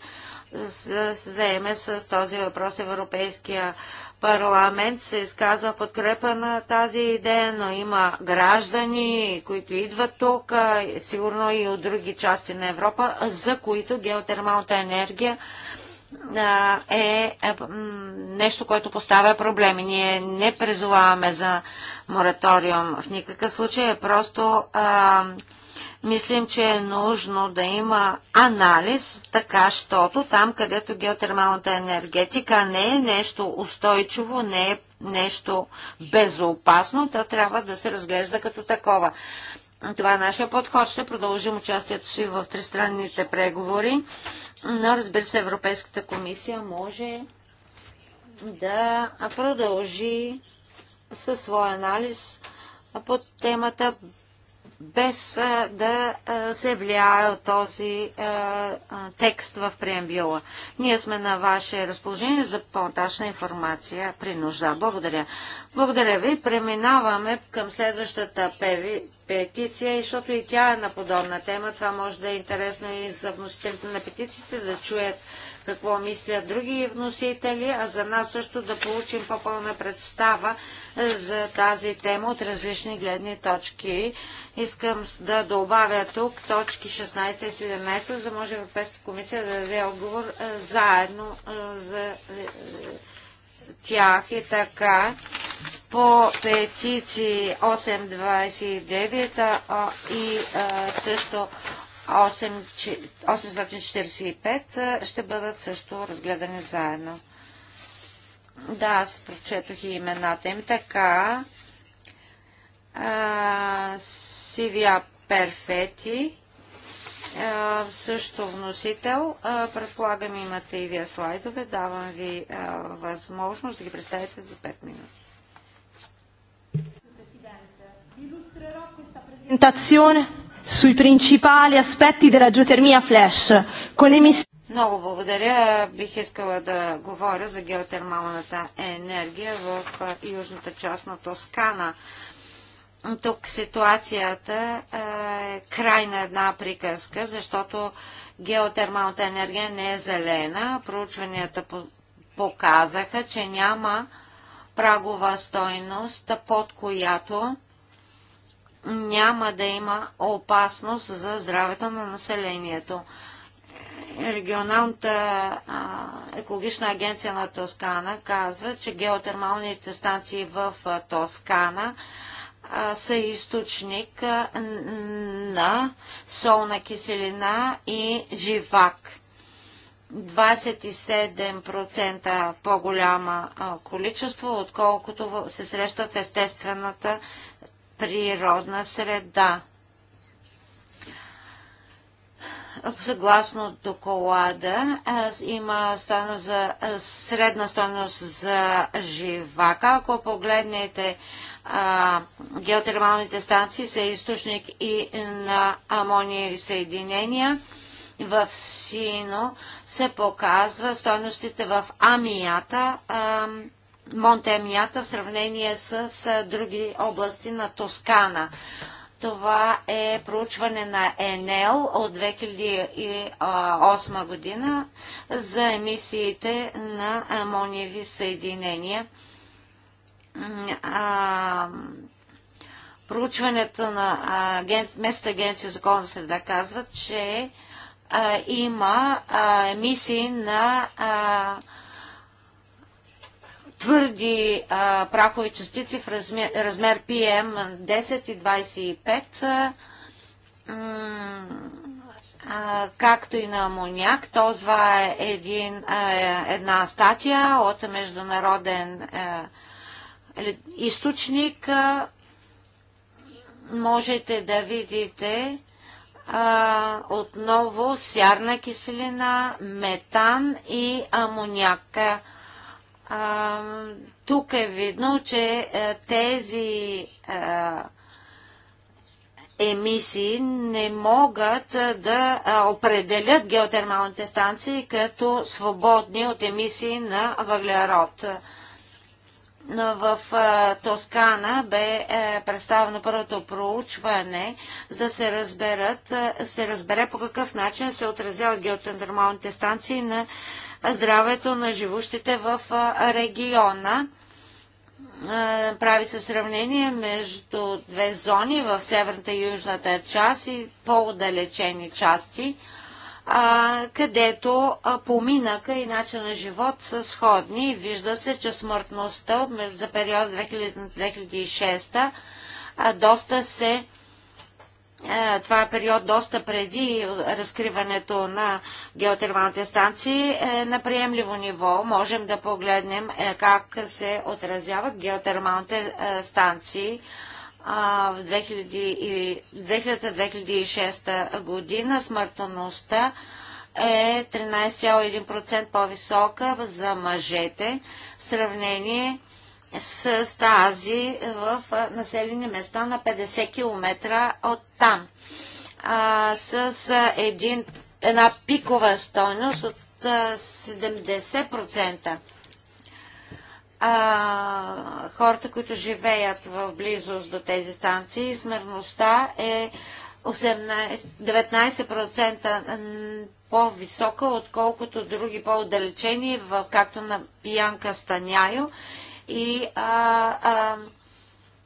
се заеме с този въпрос Европейския парламент се изказва подкрепа на тази идея, но има граждани, които идват тук, сигурно и от други части на Европа, за които геотермалната енергия е, е нещо, което поставя проблеми. Ние не призоваваме за мораториум в никакъв случай, е просто а, мислим, че е нужно да има анализ, така, щото там, където геотермалната енергетика не е нещо устойчиво, не е нещо безопасно, то трябва да се разглежда като такова. Това е нашия подход. Ще продължим участието си в тристранните преговори, но разбира се, Европейската комисия може да продължи със своя анализ по темата без да се влияе от този текст в преембила. Ние сме на ваше разположение за по-нататъчна информация при нужда. Благодаря. Благодаря ви. Преминаваме към следващата певи, петиция, защото и тя е на подобна тема. Това може да е интересно и за вносителите на петициите да чуят какво мислят други вносители, а за нас също да получим по-пълна представа е, за тази тема от различни гледни точки. Искам да добавя тук точки 16 и 17, за може Европейската комисия да даде отговор е, заедно е, за тях и така по петиции 829 и също 845 ще бъдат също разгледани заедно. Да, аз прочетох и имената им. Така, Сивия Перфети, също вносител. предполагам, имате и вие слайдове. Давам ви възможност да ги представите за 5 минути. презентационе sui principali aspetti della geotermia flash con emissioni много благодаря. Бих искала да говоря за геотермалната енергия в южната част на Тоскана. Тук ситуацията е край на една приказка, защото геотермалната енергия не е зелена. Проучванията показаха, че няма прагова стойност, под която няма да има опасност за здравето на населението. Регионалната екологична агенция на Тоскана казва, че геотермалните станции в Тоскана са източник на солна киселина и живак. 27% по-голяма количество, отколкото се срещат естествената естествената природна среда. Съгласно доклада има стойно за, средна стойност за живака. Ако погледнете а, геотермалните станции са източник и на амония и съединения. В сино се показва стойностите в амията. А, Монтемията в сравнение с, с други области на Тоскана. Това е проучване на ЕНЕЛ от 2008 година за емисиите на амониеви съединения. проучването на Местната агенция за околна среда казват, че има емисии на а, твърди а, прахови частици в размер, размер PM10 и 25, а, а, както и на амоняк. Това е един, а, една статия от международен а, източник. А, можете да видите а, отново сярна киселина, метан и амоняк. А, тук е видно, че е, тези а, е, емисии не могат е, да определят геотермалните станции като свободни от емисии на въглерод. В Тоскана бе представено първото проучване, за да се, разберат, се разбере по какъв начин се отразяват геотермалните станции на здравето на живущите в региона. Прави се сравнение между две зони в северната и южната част и по удалечени части, където поминъка и начин на живот са сходни. Вижда се, че смъртността за период 2000-2006 доста се е, това е период доста преди разкриването на геотермалните станции е на приемливо ниво. Можем да погледнем е, как се отразяват геотермалните е, станции в 2000-2006 година. Смъртността е 13,1% по-висока за мъжете в сравнение с тази в населени места на 50 км от там. А, с един, една пикова стойност от 70%. А, хората, които живеят в близост до тези станции, смъртността е 18, 19% по-висока, отколкото други по-отдалечени, както на Пиянка Станяйо и а, а,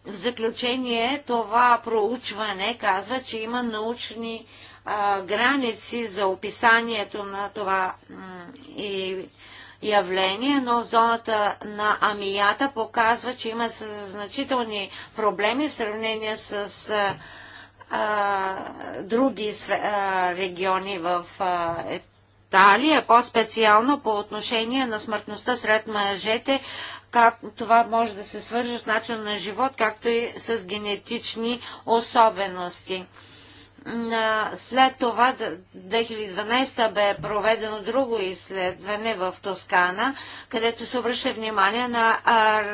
в заключение това проучване казва, че има научни а, граници за описанието на това и явление, но в зоната на амията показва, че има значителни проблеми в сравнение с а, а, други а, региони в а, Италия, по-специално по отношение на смъртността сред мъжете как това може да се свържа с начин на живот, както и с генетични особености. След това 2012 бе проведено друго изследване в Тоскана, където се обръща внимание на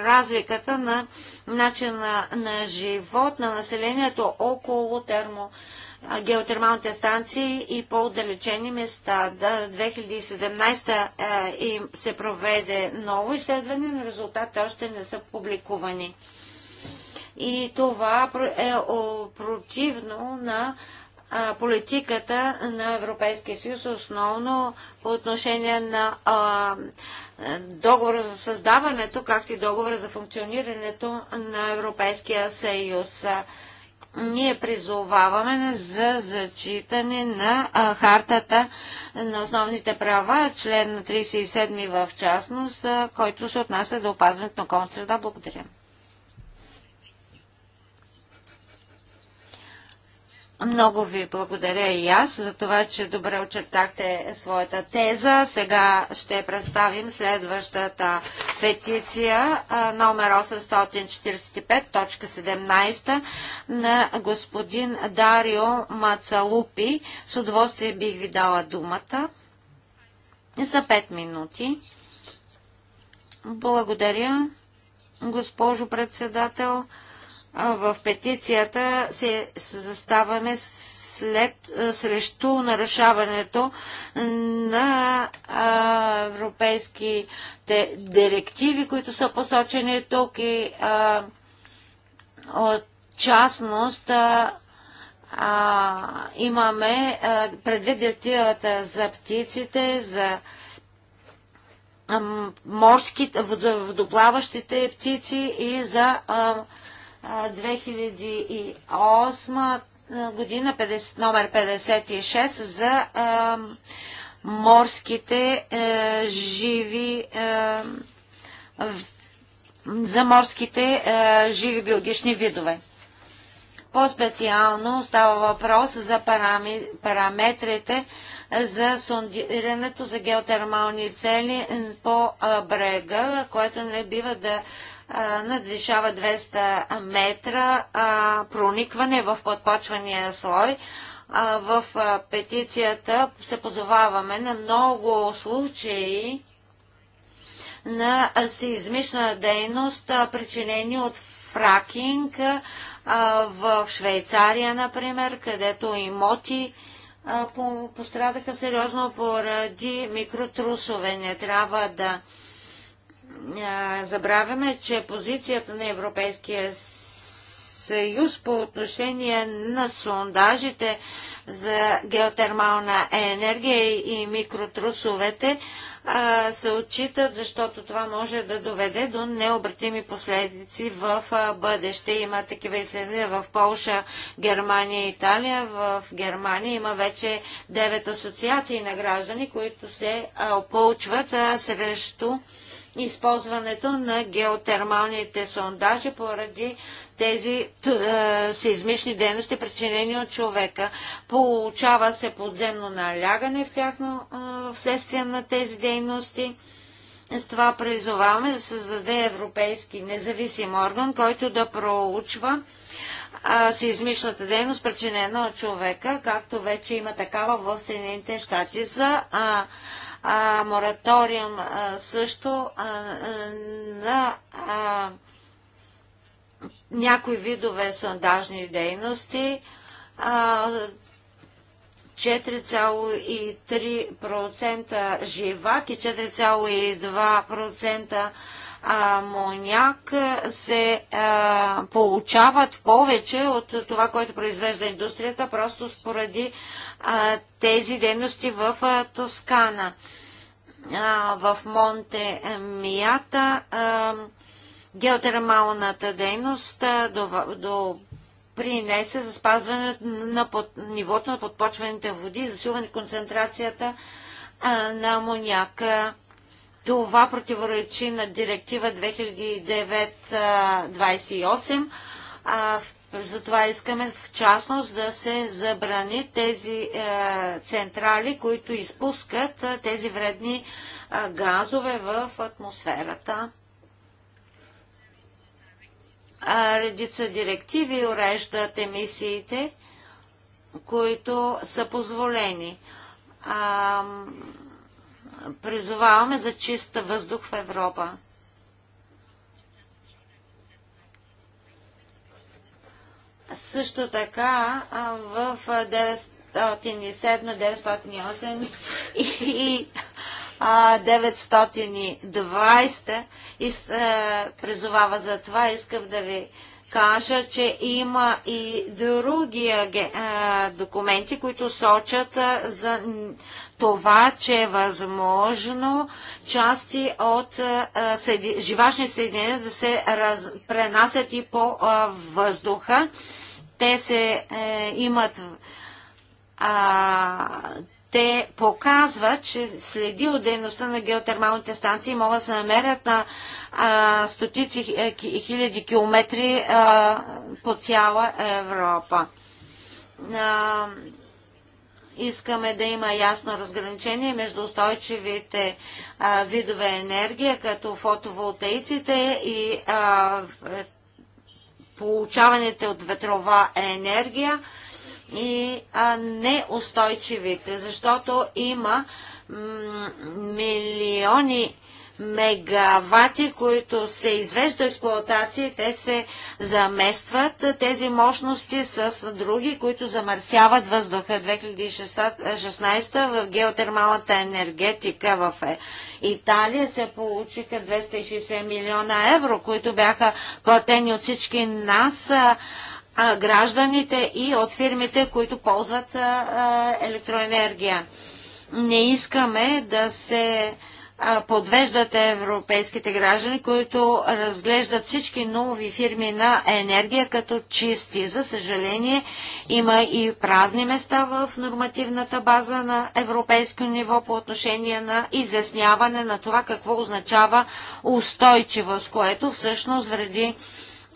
разликата на начина на живот на населението около термо геотермалните станции и по-отдалечени места. До 2017 е, им се проведе ново изследване, но резултатите още не са публикувани. И това е противно на политиката на Европейския съюз, основно по отношение на договора за създаването, както и договора за функционирането на Европейския съюз ние призоваваме за зачитане на а, хартата на основните права, член 37 в частност, а, който се отнася до опазването на околната среда. Благодаря. Много ви благодаря и аз за това, че добре очертахте своята теза. Сега ще представим следващата петиция номер 845.17 на господин Дарио Мацалупи. С удоволствие бих ви дала думата за 5 минути. Благодаря, госпожо председател в петицията се заставаме след, срещу нарушаването на европейски европейските директиви, които са посочени тук и а, от частност а, имаме а, предвид директивата за птиците, за морските, водоплаващите птици и за а, 2008 година, 50, номер 56, за а, морските а, е, живи а, е, за морските а, е, живи биологични видове. По-специално става въпрос за парами, параметрите за сондирането за геотермални цели по а, брега, което не бива да надвишава 200 метра проникване в подпочвания слой. В петицията се позоваваме на много случаи на сеизмична дейност, причинени от фракинг в Швейцария, например, където имоти пострадаха сериозно поради микротрусове. Не трябва да забравяме, че позицията на Европейския съюз по отношение на сондажите за геотермална енергия и микротрусовете се отчитат, защото това може да доведе до необратими последици в бъдеще. Има такива изследвания в Полша, Германия и Италия. В Германия има вече 9 асоциации на граждани, които се ополчват срещу използването на геотермалните сондажи поради тези е, сеизмични дейности, причинени от човека. Получава се подземно налягане в тяхно, е, вследствие на тези дейности. С това призоваваме да създаде европейски независим орган, който да проучва сеизмичната дейност, причинена от човека, както вече има такава в Съединените щати за а, мораториум също на някои видове сондажни дейности. 4,3% живак и 4,2% амоняк се а, получават повече от това, което произвежда индустрията, просто споради а, тези дейности в а, Тоскана. А, в Монте Мията а, геотермалната дейност а, до, до принесе за спазване на под, нивото на подпочвените води, засилване концентрацията а, на амоняка това противоречи на директива 2009-28. Затова искаме в частност да се забрани тези е, централи, които изпускат е, тези вредни е, газове в атмосферата. редица директиви уреждат емисиите, които са позволени призоваваме за чиста въздух в Европа. Също така в 907-908 и 920 призовава за това. Искам да ви кажа, че има и други документи, които сочат за това, че е възможно части от живашни съединения да се раз... пренасят и по въздуха. Те се е, имат те показва, че следи от дейността на геотермалните станции могат да се намерят на а, стотици е, хиляди километри а, по цяла Европа. А, искаме да има ясно разграничение между устойчивите а, видове енергия, като фотоволтаиците и а, е, получаваните от ветрова енергия. А, и неустойчивите, защото има милиони мегавати, които се извежда експлуатация, те се заместват тези мощности с други, които замърсяват въздуха. 2016 в геотермалната енергетика в е, Италия се получиха 260 милиона евро, които бяха платени от всички нас гражданите и от фирмите, които ползват електроенергия. Не искаме да се подвеждат европейските граждани, които разглеждат всички нови фирми на енергия като чисти. За съжаление, има и празни места в нормативната база на европейско ниво по отношение на изясняване на това какво означава устойчивост, което всъщност вреди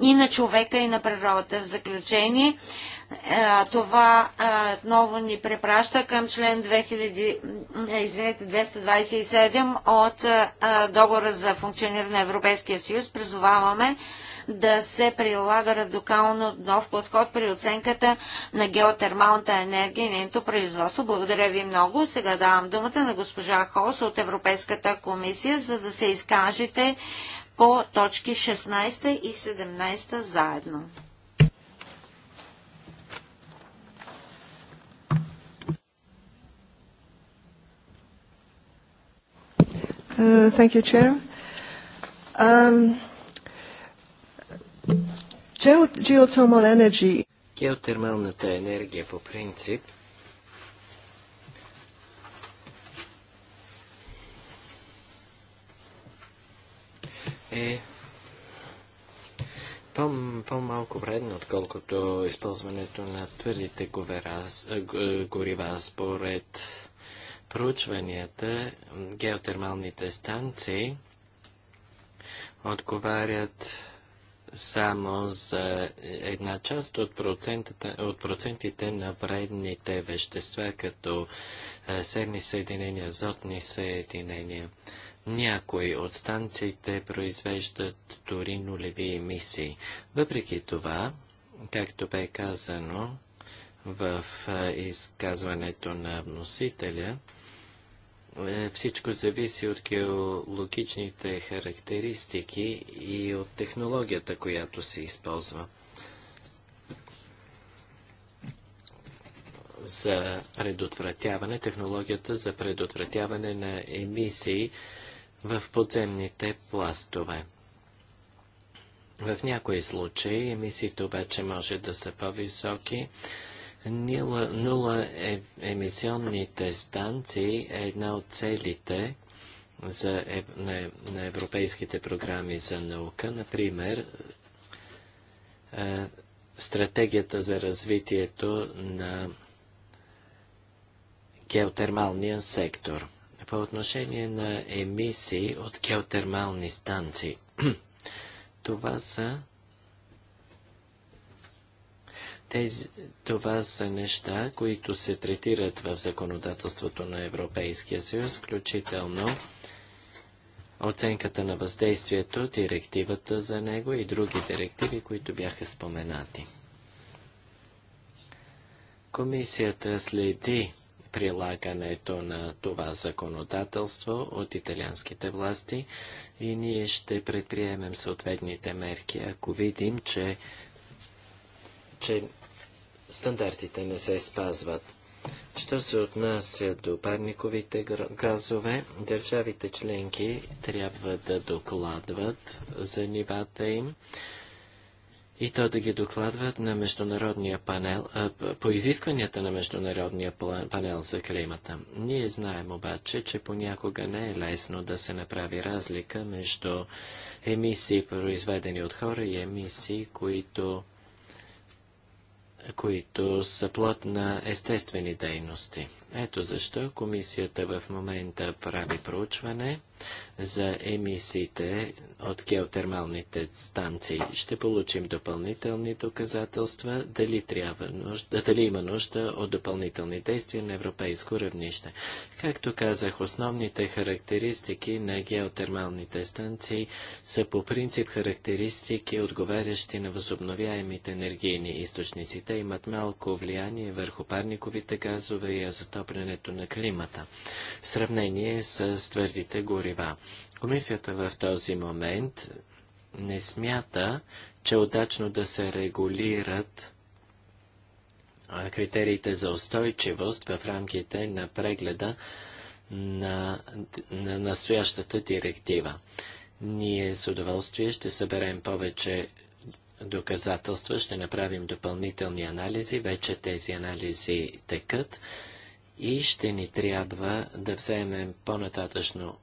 и на човека, и на природата. В заключение, е, това е, отново ни препраща към член 227 е, от договора за функциониране на Европейския съюз. Призоваваме да се прилага радикално нов подход при оценката на геотермалната енергия и нейното производство. Благодаря ви много. Сега давам думата на госпожа Холс от Европейската комисия, за да се изкажете по точки 16 и 17 заедно. Uh, thank you, Chair. Um, geothermal energy. Геотермалната енергия по принцип е по-малко по вредно, отколкото използването на твърдите говера, горива според проучванията. Геотермалните станции отговарят само за една част от, от процентите на вредните вещества, като серни съединения, азотни съединения. Някои от станциите произвеждат дори нулеви емисии. Въпреки това, както бе казано в изказването на вносителя, е, всичко зависи от геологичните характеристики и от технологията, която се използва. За предотвратяване, технологията за предотвратяване на емисии в подземните пластове. В някои случаи емисиите обаче може да са по-високи. Нула е, емисионните станции е една от целите за, е, на, на европейските програми за наука. Например, е, стратегията за развитието на геотермалния сектор – по отношение на емисии от геотермални станции. това са тези, това са неща, които се третират в законодателството на Европейския съюз, включително оценката на въздействието, директивата за него и други директиви, които бяха споменати. Комисията следи прилагането на това законодателство от италианските власти и ние ще предприемем съответните мерки, ако видим, че, че стандартите не се спазват. Що се отнася до парниковите газове, държавите членки трябва да докладват за нивата им и то да ги докладват на международния панел, по изискванията на международния панел за климата. Ние знаем обаче, че понякога не е лесно да се направи разлика между емисии, произведени от хора и емисии, които които са плод на естествени дейности. Ето защо комисията в момента прави проучване за емисиите от геотермалните станции. Ще получим допълнителни доказателства дали, трябва нужда, дали има нужда от допълнителни действия на европейско равнище. Както казах, основните характеристики на геотермалните станции са по принцип характеристики, отговарящи на възобновяемите енергийни източници. Те имат малко влияние върху парниковите газове и азотопите отоплянето на климата в сравнение с твърдите горива. Комисията в този момент не смята, че е удачно да се регулират критериите за устойчивост в рамките на прегледа на, на настоящата директива. Ние с удоволствие ще съберем повече доказателства, ще направим допълнителни анализи. Вече тези анализи текат и ще ни трябва да вземем по-нататъчно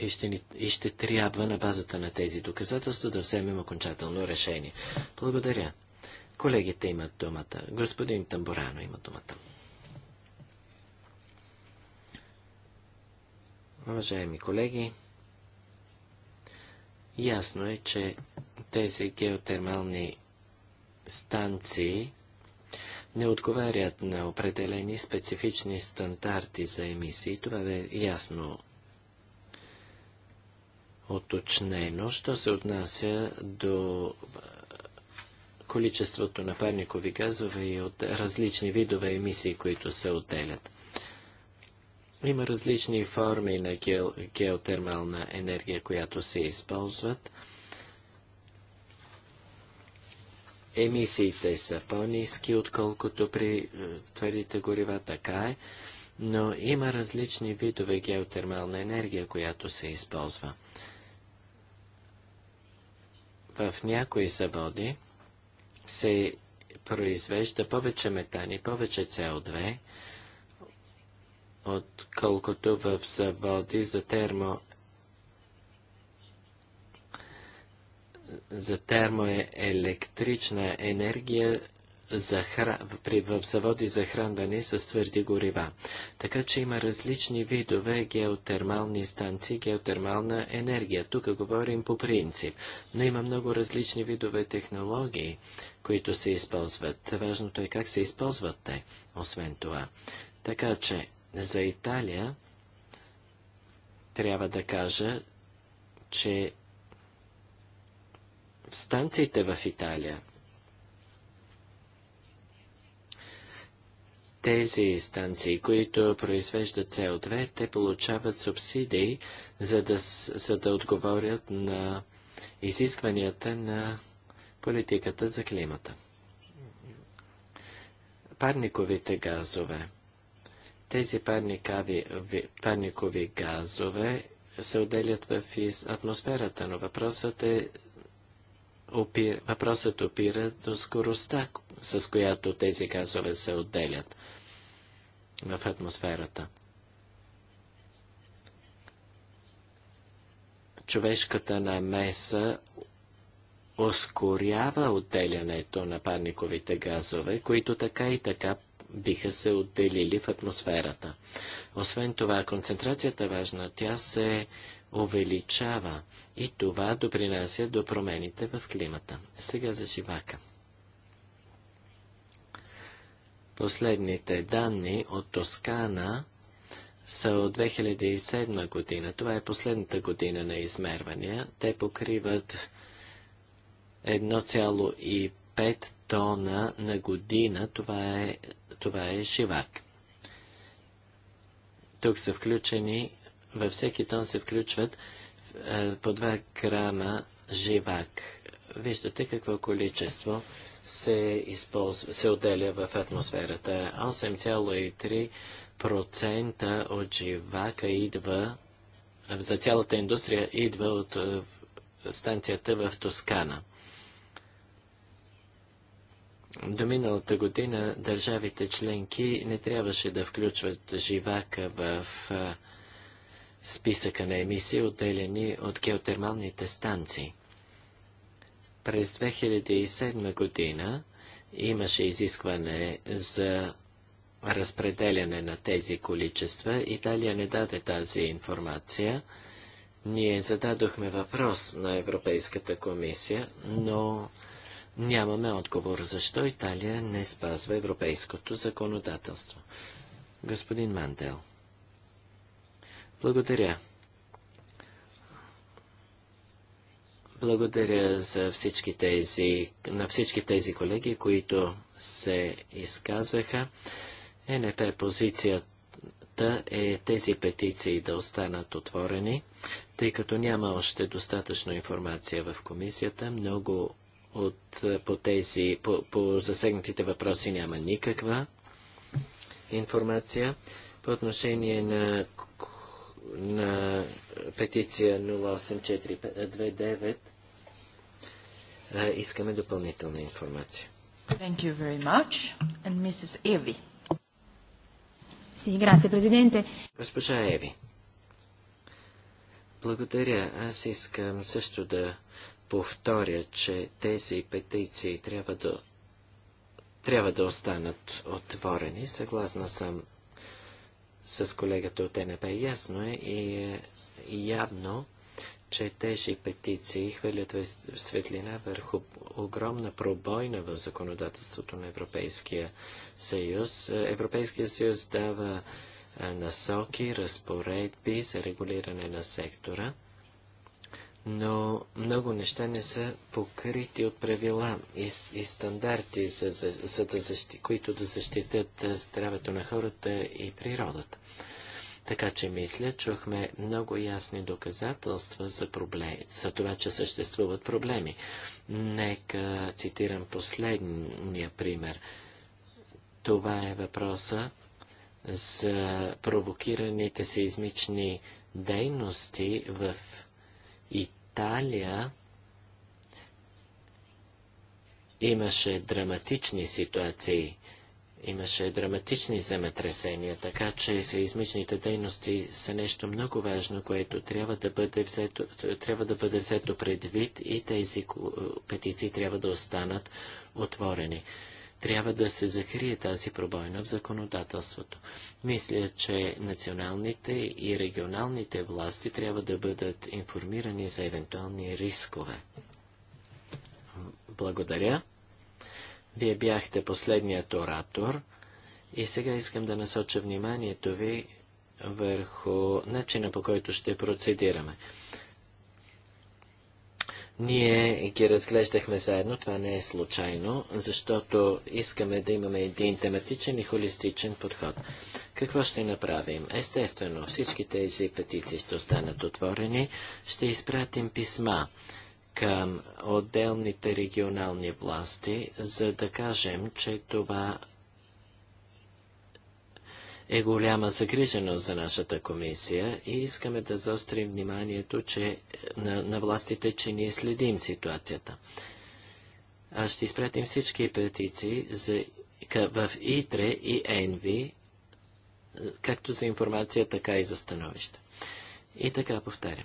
и ще, ни, и ще трябва на базата на тези доказателства да вземем окончателно решение. Благодаря. Колегите имат думата. Господин Тамбурано има думата. Уважаеми колеги, ясно е, че тези геотермални станции не отговарят на определени специфични стандарти за емисии. Това е ясно оточнено, що се отнася до количеството на парникови газове и от различни видове емисии, които се отделят. Има различни форми на ге... геотермална енергия, която се използват – емисиите са по-низки, отколкото при е, твърдите горива, така е, но има различни видове геотермална енергия, която се използва. В някои заводи се произвежда повече метани, повече CO2, отколкото в заводи за термо за термоелектрична енергия за хра... при... в заводи за хранване с твърди горива. Така че има различни видове геотермални станции, геотермална енергия. Тук говорим по принцип, но има много различни видове технологии, които се използват. Важното е как се използват те, освен това. Така че за Италия трябва да кажа, че станциите в Италия. Тези станции, които произвеждат со 2 те получават субсидии, за да, за да отговорят на изискванията на политиката за климата. Парниковите газове. Тези парникави, парникови газове се отделят в атмосферата, но въпросът е опир... въпросът опира до скоростта, с която тези газове се отделят в атмосферата. Човешката намеса ускорява отделянето на парниковите газове, които така и така биха се отделили в атмосферата. Освен това, концентрацията е важна. Тя се увеличава и това допринася до промените в климата. Сега за живака. Последните данни от Тоскана са от 2007 година. Това е последната година на измервания. Те покриват 1,5 тона на година. Това е, това е живак. Тук са включени във всеки тон се включват е, по 2 грама живак. Виждате какво количество се, използва, се отделя в атмосферата. 8,3% от живака идва, за цялата индустрия идва от е, станцията в Тоскана. До миналата година държавите членки не трябваше да включват живака в а, е, списъка на емисии, отделени от геотермалните станции. През 2007 година имаше изискване за разпределяне на тези количества. Италия не даде тази информация. Ние зададохме въпрос на Европейската комисия, но нямаме отговор защо Италия не спазва европейското законодателство. Господин Мандел. Благодаря. Благодаря за всички тези, на всички тези колеги, които се изказаха. Е, НП позицията е тези петиции да останат отворени, тъй като няма още достатъчно информация в комисията. Много от, по, тези, по, по засегнатите въпроси няма никаква информация. По отношение на на петиция 08429 искаме допълнителна информация. Thank you very much. And Mrs. Evi. Sì, grazie, Presidente. Госпожа Еви. Благодаря. Аз искам също да повторя, че тези петиции трябва да, трябва да останат отворени. Съгласна съм с колегата от НП. Ясно е и е явно, че тези петиции хвърлят светлина върху огромна пробойна в законодателството на Европейския съюз. Европейския съюз дава насоки, разпоредби за регулиране на сектора но много неща не са покрити от правила и, и стандарти, за, за, за да защи, които да защитят здравето на хората и природата. Така че мисля, чухме много ясни доказателства за, проблем, за това, че съществуват проблеми. Нека цитирам последния пример. Това е въпроса за провокираните сеизмични дейности в Италия имаше драматични ситуации, имаше драматични земетресения, така че сеизмичните дейности са нещо много важно, което трябва да бъде взето, трябва да бъде взето предвид и тези петиции трябва да останат отворени трябва да се закрие тази пробойна в законодателството. Мисля, че националните и регионалните власти трябва да бъдат информирани за евентуални рискове. Благодаря. Вие бяхте последният оратор и сега искам да насоча вниманието ви върху начина по който ще процедираме. Ние ги разглеждахме заедно, това не е случайно, защото искаме да имаме един тематичен и холистичен подход. Какво ще направим? Естествено, всички тези петиции ще останат отворени. Ще изпратим писма към отделните регионални власти, за да кажем, че това е голяма загриженост за нашата комисия и искаме да заострим вниманието че, е, на, на властите, че ние следим ситуацията. А ще изпратим всички петиции за, къ, в ИТРЕ и ЕНВИ, е, както за информация, така и за становище. И така повтарям.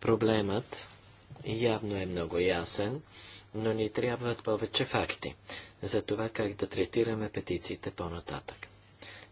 Проблемът явно е много ясен, но ни трябват повече факти за това как да третираме петициите по-нататък.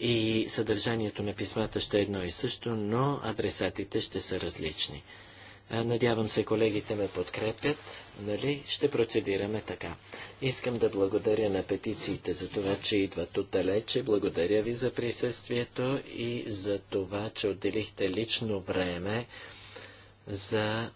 и съдържанието на писмата ще е едно и също, но адресатите ще са различни. Надявам се, колегите ме подкрепят. Нали? Ще процедираме така. Искам да благодаря на петициите за това, че идват отдалече. Благодаря ви за присъствието и за това, че отделихте лично време за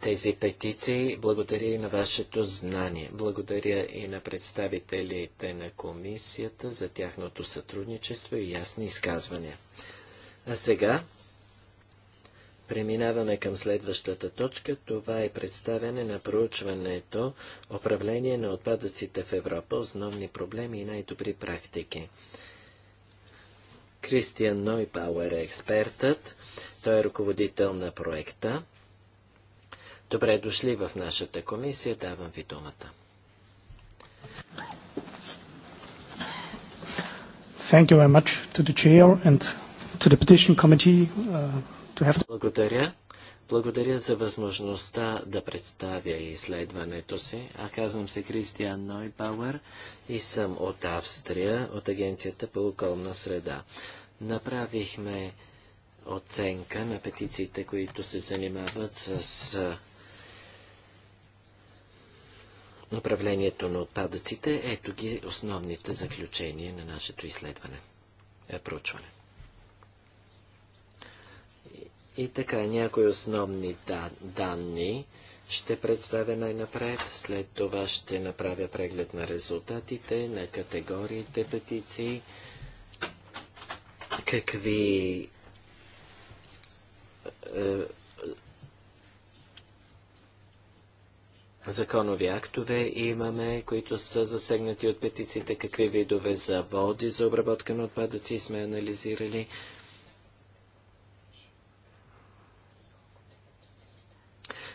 тези петиции. Благодаря и на вашето знание. Благодаря и на представителите на комисията за тяхното сътрудничество и ясни изказвания. А сега преминаваме към следващата точка. Това е представяне на проучването Управление на отпадъците в Европа, основни проблеми и най-добри практики. Кристиан Нойпауер е експертът. Той е ръководител на проекта. Добре дошли в нашата комисия. Давам ви думата. Thank you very much to the chair and to the petition committee uh, to have... Благодаря. Благодаря за възможността да представя изследването си. А казвам се Кристиан Нойбауер и съм от Австрия, от Агенцията по околна среда. Направихме оценка на петициите, които се занимават с управлението на отпадъците. Ето ги основните заключения на нашето изследване, е, проучване. И, и така, някои основни да, данни ще представя най-напред, след това ще направя преглед на резултатите, на категориите петиции, какви е, законови актове имаме, които са засегнати от петициите, какви видове заводи за обработка на отпадъци сме анализирали.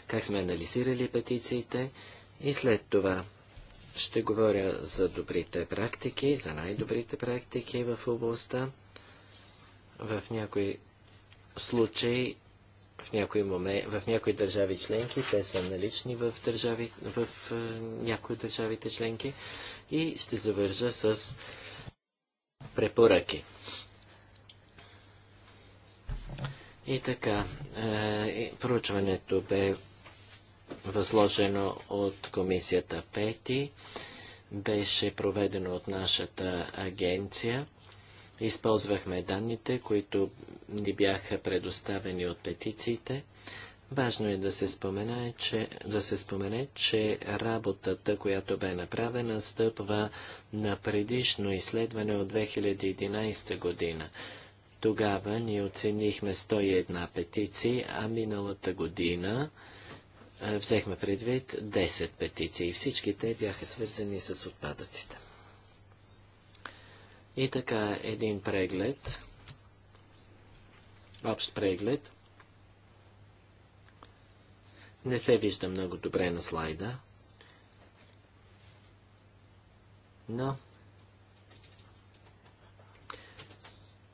Как сме анализирали петициите и след това ще говоря за добрите практики, за най-добрите практики в областта. В някои случаи в някои, момен... в някои държави членки те са налични в, държави... в е, някои държавите членки и ще завържа с препоръки. И така, е, проучването бе възложено от комисията Пети, беше проведено от нашата агенция. Използвахме данните, които ни бяха предоставени от петициите. Важно е да се спомене, че, да се спомене, че работата, която бе направена, стъпва на предишно изследване от 2011 година. Тогава ни оценихме 101 петиции, а миналата година е, взехме предвид 10 петиции. Всички те бяха свързани с отпадъците. И така, един преглед, общ преглед. Не се вижда много добре на слайда, но,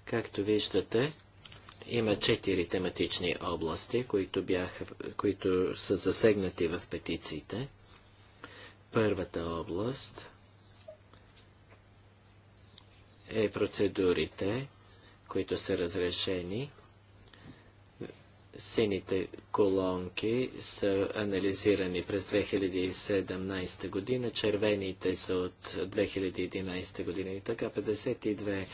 както виждате, има четири тематични области, които, бяха, които са засегнати в петициите. Първата област – е процедурите, които са разрешени. Сините колонки са анализирани през 2017 година, червените са от 2011 година и така 52 е,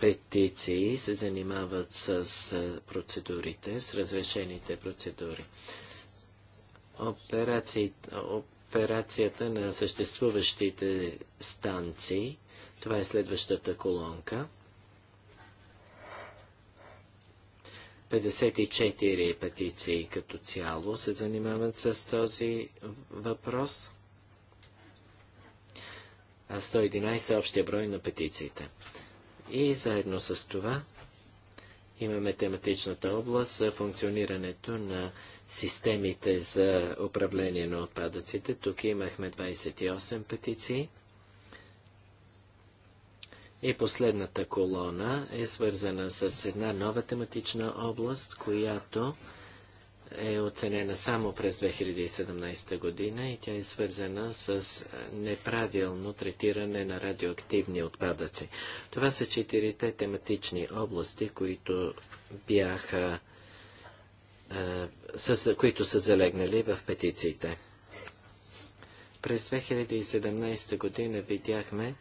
петиции се занимават с е, процедурите, с разрешените процедури. операцията на съществуващите станции – това е следващата колонка. 54 петиции като цяло се занимават с този въпрос, а 111 е общия брой на петициите. И заедно с това имаме тематичната област за функционирането на системите за управление на отпадъците. Тук имахме 28 петиции. И последната колона е свързана с една нова тематична област, която е оценена само през 2017 година и тя е свързана с е, неправилно третиране на радиоактивни отпадъци. Това са четирите тематични области, които бяха е, с, които са залегнали в петициите. През 2017 година видяхме,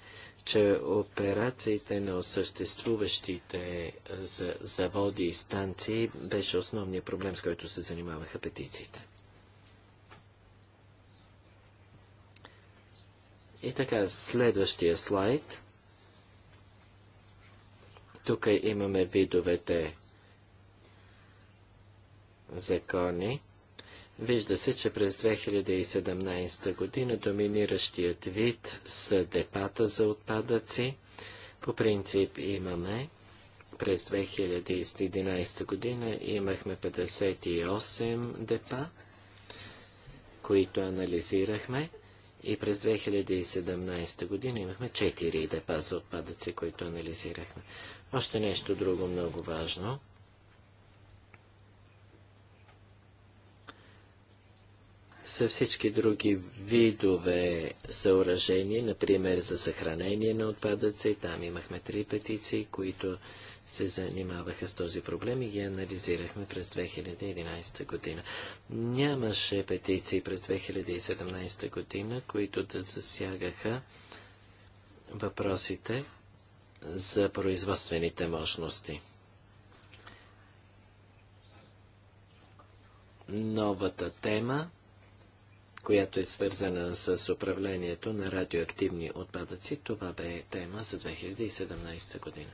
че операциите на осъществуващите е, заводи и станции беше основният проблем, с който се занимаваха петициите. И така, следващия слайд. Тук имаме видовете закони. Вижда се, че през 2017 година доминиращият вид са депата за отпадъци. По принцип имаме през 2011 година имахме 58 депа, които анализирахме и през 2017 година имахме 4 депа за отпадъци, които анализирахме. Още нещо друго много важно. са всички други видове съоръжения, например за съхранение на отпадъци. Там имахме три петиции, които се занимаваха с този проблем и ги анализирахме през 2011 година. Нямаше петиции през 2017 година, които да засягаха въпросите за производствените мощности. Новата тема която е свързана с управлението на радиоактивни отпадъци. Това бе тема за 2017 година.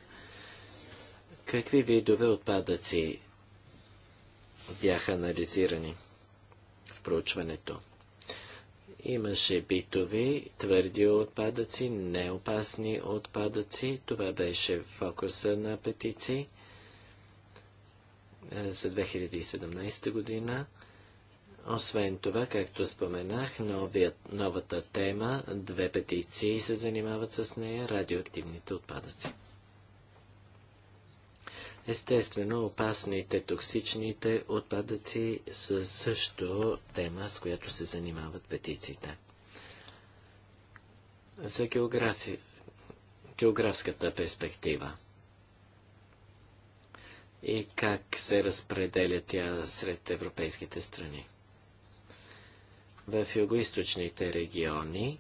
Какви видове отпадъци бяха анализирани в проучването? Имаше битови, твърди отпадъци, неопасни отпадъци. Това беше фокуса на петиции е, за 2017 година. Освен това, както споменах, новият, новата тема, две петиции се занимават с нея, радиоактивните отпадъци. Естествено, опасните, токсичните отпадъци са също тема, с която се занимават петициите. За географи... географската перспектива и как се разпределя тя сред европейските страни. В югоисточните региони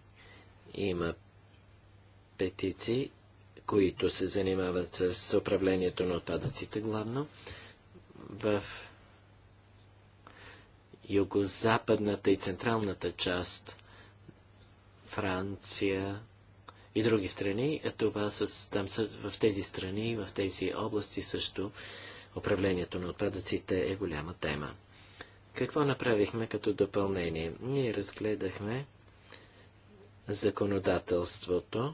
има петиции, които се занимават с управлението на отпадъците главно. В югозападната и централната част Франция и други страни, това с, там са, в тези страни, в тези области също управлението на отпадъците е голяма тема. Какво направихме като допълнение? Ние разгледахме законодателството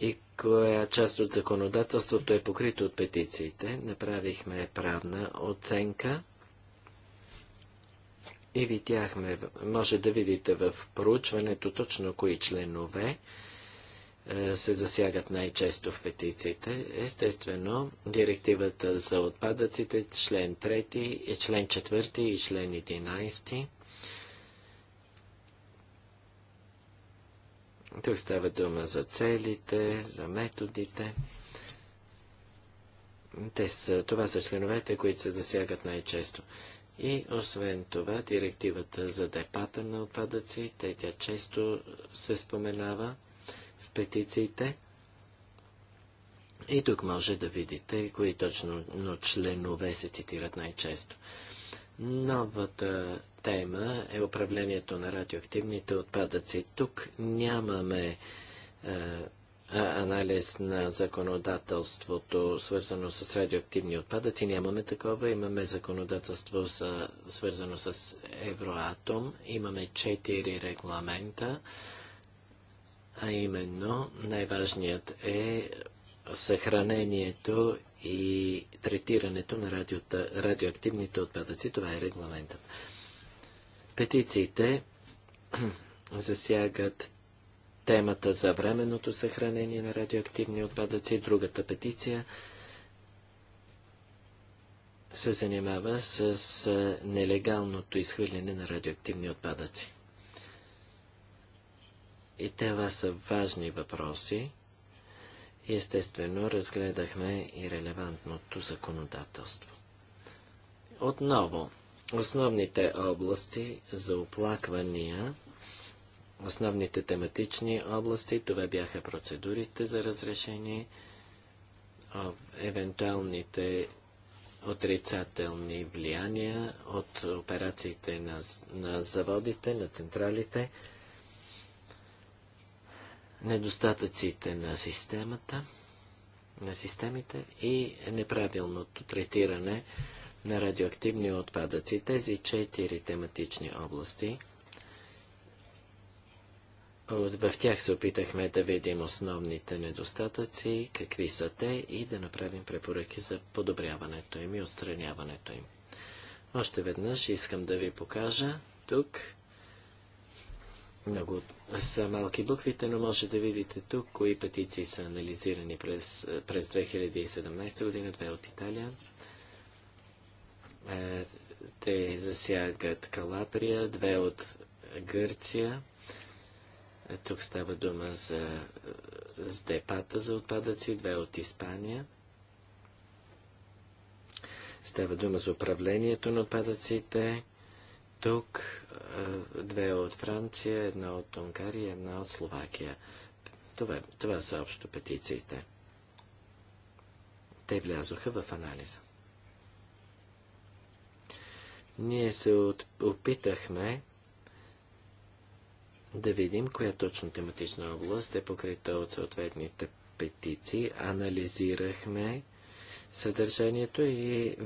и коя част от законодателството е покрито от петициите. Направихме правна оценка и видяхме, може да видите в проучването точно кои членове е, се засягат най-често в петициите. Естествено, директивата за отпадъците, член 3, е, и член 4 и член 11. Тук става дума за целите, за методите. Те са, това са членовете, които се засягат най-често. И освен това, директивата за депата на отпадъци, те тя често се споменава петициите. И тук може да видите кои точно но членове се цитират най-често. Новата тема е управлението на радиоактивните отпадъци. Тук нямаме е, анализ на законодателството, свързано с радиоактивни отпадъци. Нямаме такова. Имаме законодателство, свързано с Евроатом. Имаме четири регламента а именно, най-важният е съхранението и третирането на радио... радиоактивните отпадъци. Това е регламентът. Петициите засягат темата за временното съхранение на радиоактивни отпадъци. Другата петиция се занимава с нелегалното изхвърляне на радиоактивни отпадъци. И това са важни въпроси. Естествено, разгледахме и релевантното законодателство. Отново, основните области за оплаквания, основните тематични области, това бяха процедурите за разрешение, евентуалните отрицателни влияния от операциите на, на заводите, на централите – недостатъците на системата, на системите и неправилното третиране на радиоактивни отпадъци. Тези четири тематични области, в тях се опитахме да видим основните недостатъци, какви са те и да направим препоръки за подобряването им и отстраняването им. Още веднъж искам да ви покажа тук много са малки буквите, но може да видите тук кои петиции са анализирани през, през 2017 година, две от Италия. Е, те засягат Калабрия, две от Гърция. Е, тук става дума за с депата за отпадъци, две от Испания. Става дума за управлението на отпадъците. Тук две от Франция, една от Унгария, една от Словакия. Това, това са общо петициите. Те влязоха в анализа. Ние се опитахме да видим коя точно тематична област е покрита от съответните петиции. Анализирахме съдържанието и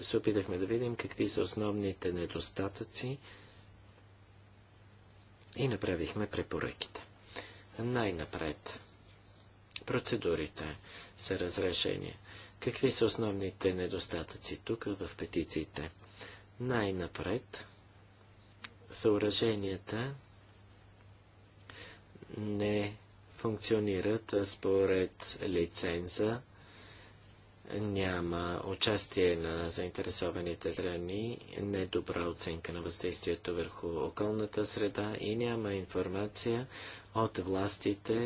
се опитахме да видим какви са основните недостатъци и направихме препоръките. Най-напред. Процедурите за разрешение. Какви са основните недостатъци тук в петициите? Най-напред съоръженията не функционират според лиценза няма участие на заинтересованите страни, недобра оценка на въздействието върху околната среда и няма информация от властите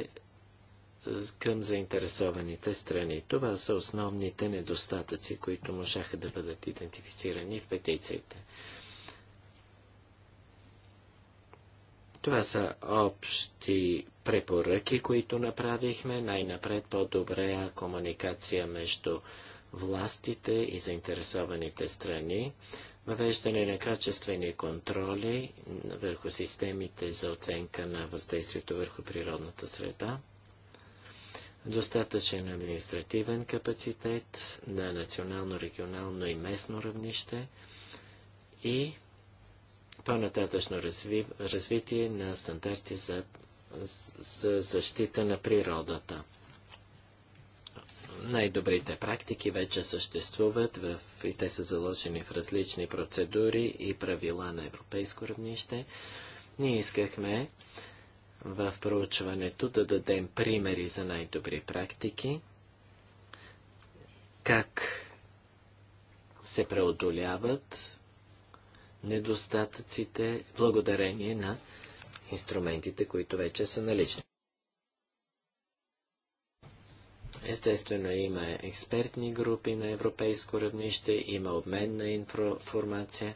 е, към заинтересованите страни. Това са основните недостатъци, които можаха да бъдат идентифицирани в петициите. Това са общи препоръки, които направихме. Най-напред по-добре комуникация между властите и заинтересованите страни, въвеждане на качествени контроли върху системите за оценка на въздействието върху природната среда, достатъчен административен капацитет на национално, регионално и местно равнище и по-нататъчно развитие на стандарти за за защита на природата. Най-добрите практики вече съществуват в, и те са заложени в различни процедури и правила на европейско равнище. Ние искахме в проучването да дадем примери за най-добри практики, как се преодоляват недостатъците благодарение на инструментите, които вече са налични. Естествено, има експертни групи на европейско равнище, има обмен на информация,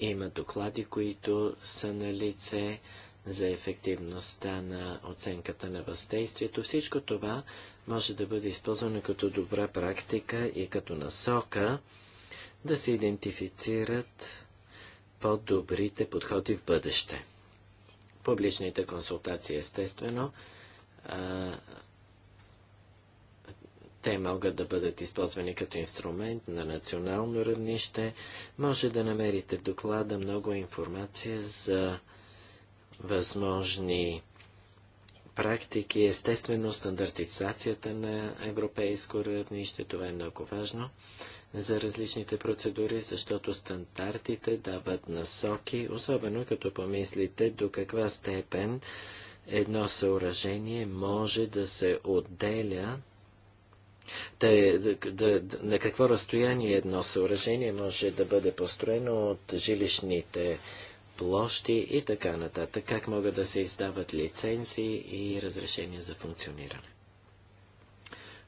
има доклади, които са на лице за ефективността на оценката на въздействието. Всичко това може да бъде използвано като добра практика и като насока да се идентифицират по-добрите подходи в бъдеще. Публичните консултации, естествено, те могат да бъдат използвани като инструмент на национално равнище. Може да намерите в доклада много информация за възможни практики. Естествено, стандартизацията на европейско равнище, това е много важно за различните процедури, защото стандартите дават насоки, особено като помислите до каква степен едно съоръжение може да се отделя да, е, да, да, на какво разстояние едно съоръжение може да бъде построено от жилищните площи и така нататък, как могат да се издават лицензии и разрешения за функциониране.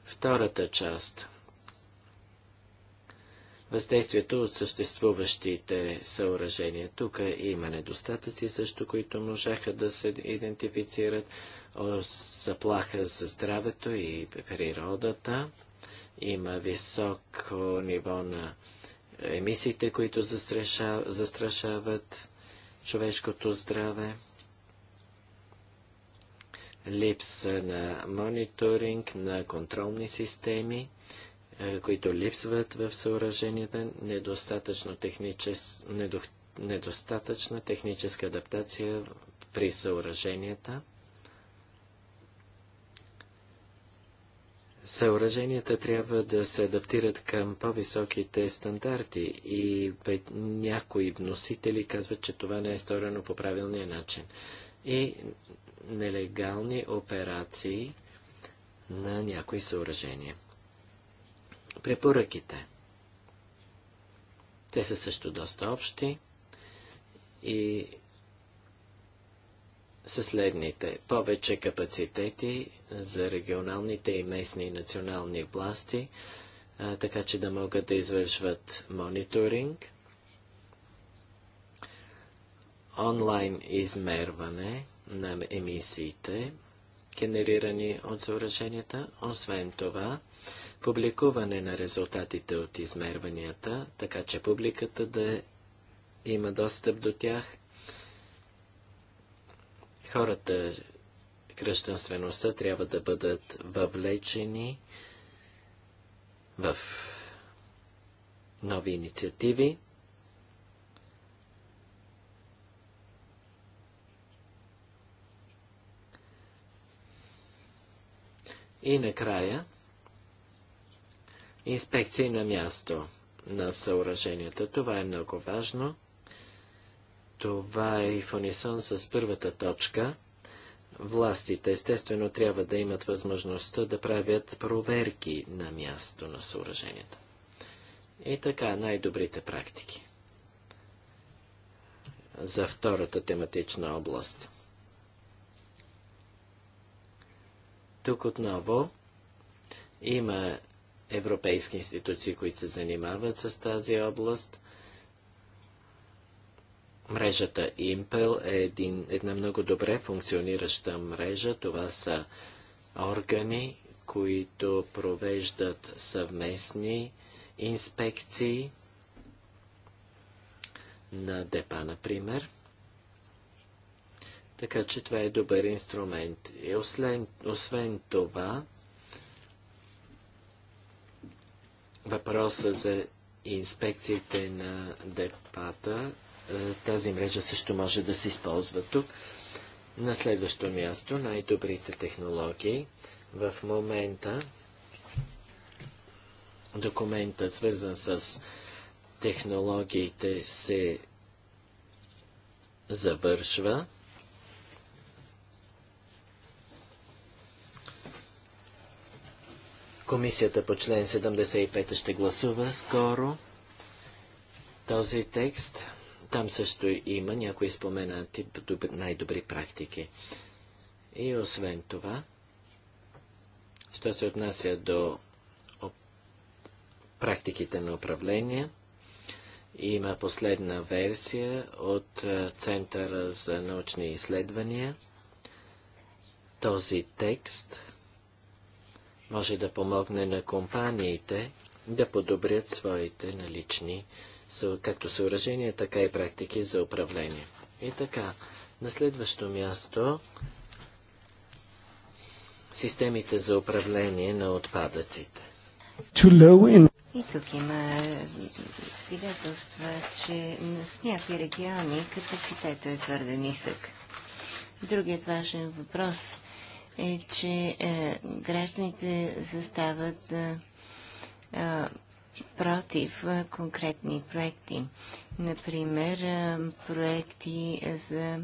Втората част въздействието от съществуващите съоръжения. Тук има недостатъци също, които можаха да се идентифицират. Заплаха за здравето и природата. Има високо ниво на емисиите, които застрашават човешкото здраве. Липса на мониторинг на контролни системи – е, които липсват в съоръженията, недостатъчно техничес... недо... недостатъчна техническа адаптация при съоръженията. Съоръженията трябва да се адаптират към по-високите стандарти и някои вносители казват, че това не е сторено по правилния начин. И нелегални операции на някои съоръжения препоръките. Те са също доста общи и са следните. Повече капацитети за регионалните и местни и национални власти, а, така че да могат да извършват мониторинг, онлайн измерване на емисиите, генерирани от съоръженията. Освен това, публикуване на резултатите от измерванията, така че публиката да има достъп до тях. Хората, кръщенствеността трябва да бъдат въвлечени в нови инициативи. И накрая, инспекции на място на съоръженията. Това е много важно. Това е и в унисон с първата точка. Властите естествено трябва да имат възможността да правят проверки на място на съоръженията. И така, най-добрите практики за втората тематична област. Тук отново има европейски институции, които се занимават с тази област. Мрежата Impel е един, една много добре функционираща мрежа. Това са органи, които провеждат съвместни инспекции на депа, например. Така че това е добър инструмент. И освен, освен това, въпроса за инспекциите на депата. Е, тази мрежа също може да се използва тук. На следващо място най-добрите технологии. В момента документът, свързан с технологиите, се завършва. Комисията по член 75 ще гласува скоро този текст. Там също има някои споменати най-добри практики. И освен това, що се отнася до практиките на управление, има последна версия от е, Центъра за научни изследвания. Този текст може да помогне на компаниите да подобрят своите налични както съоръжения, така и практики за управление. И така, на следващо място системите за управление на отпадъците. И тук има свидетелства, че в някои региони капацитета е твърде нисък. Другият важен въпрос е, че е, гражданите застават е, е, против е, конкретни проекти. Например, е, проекти за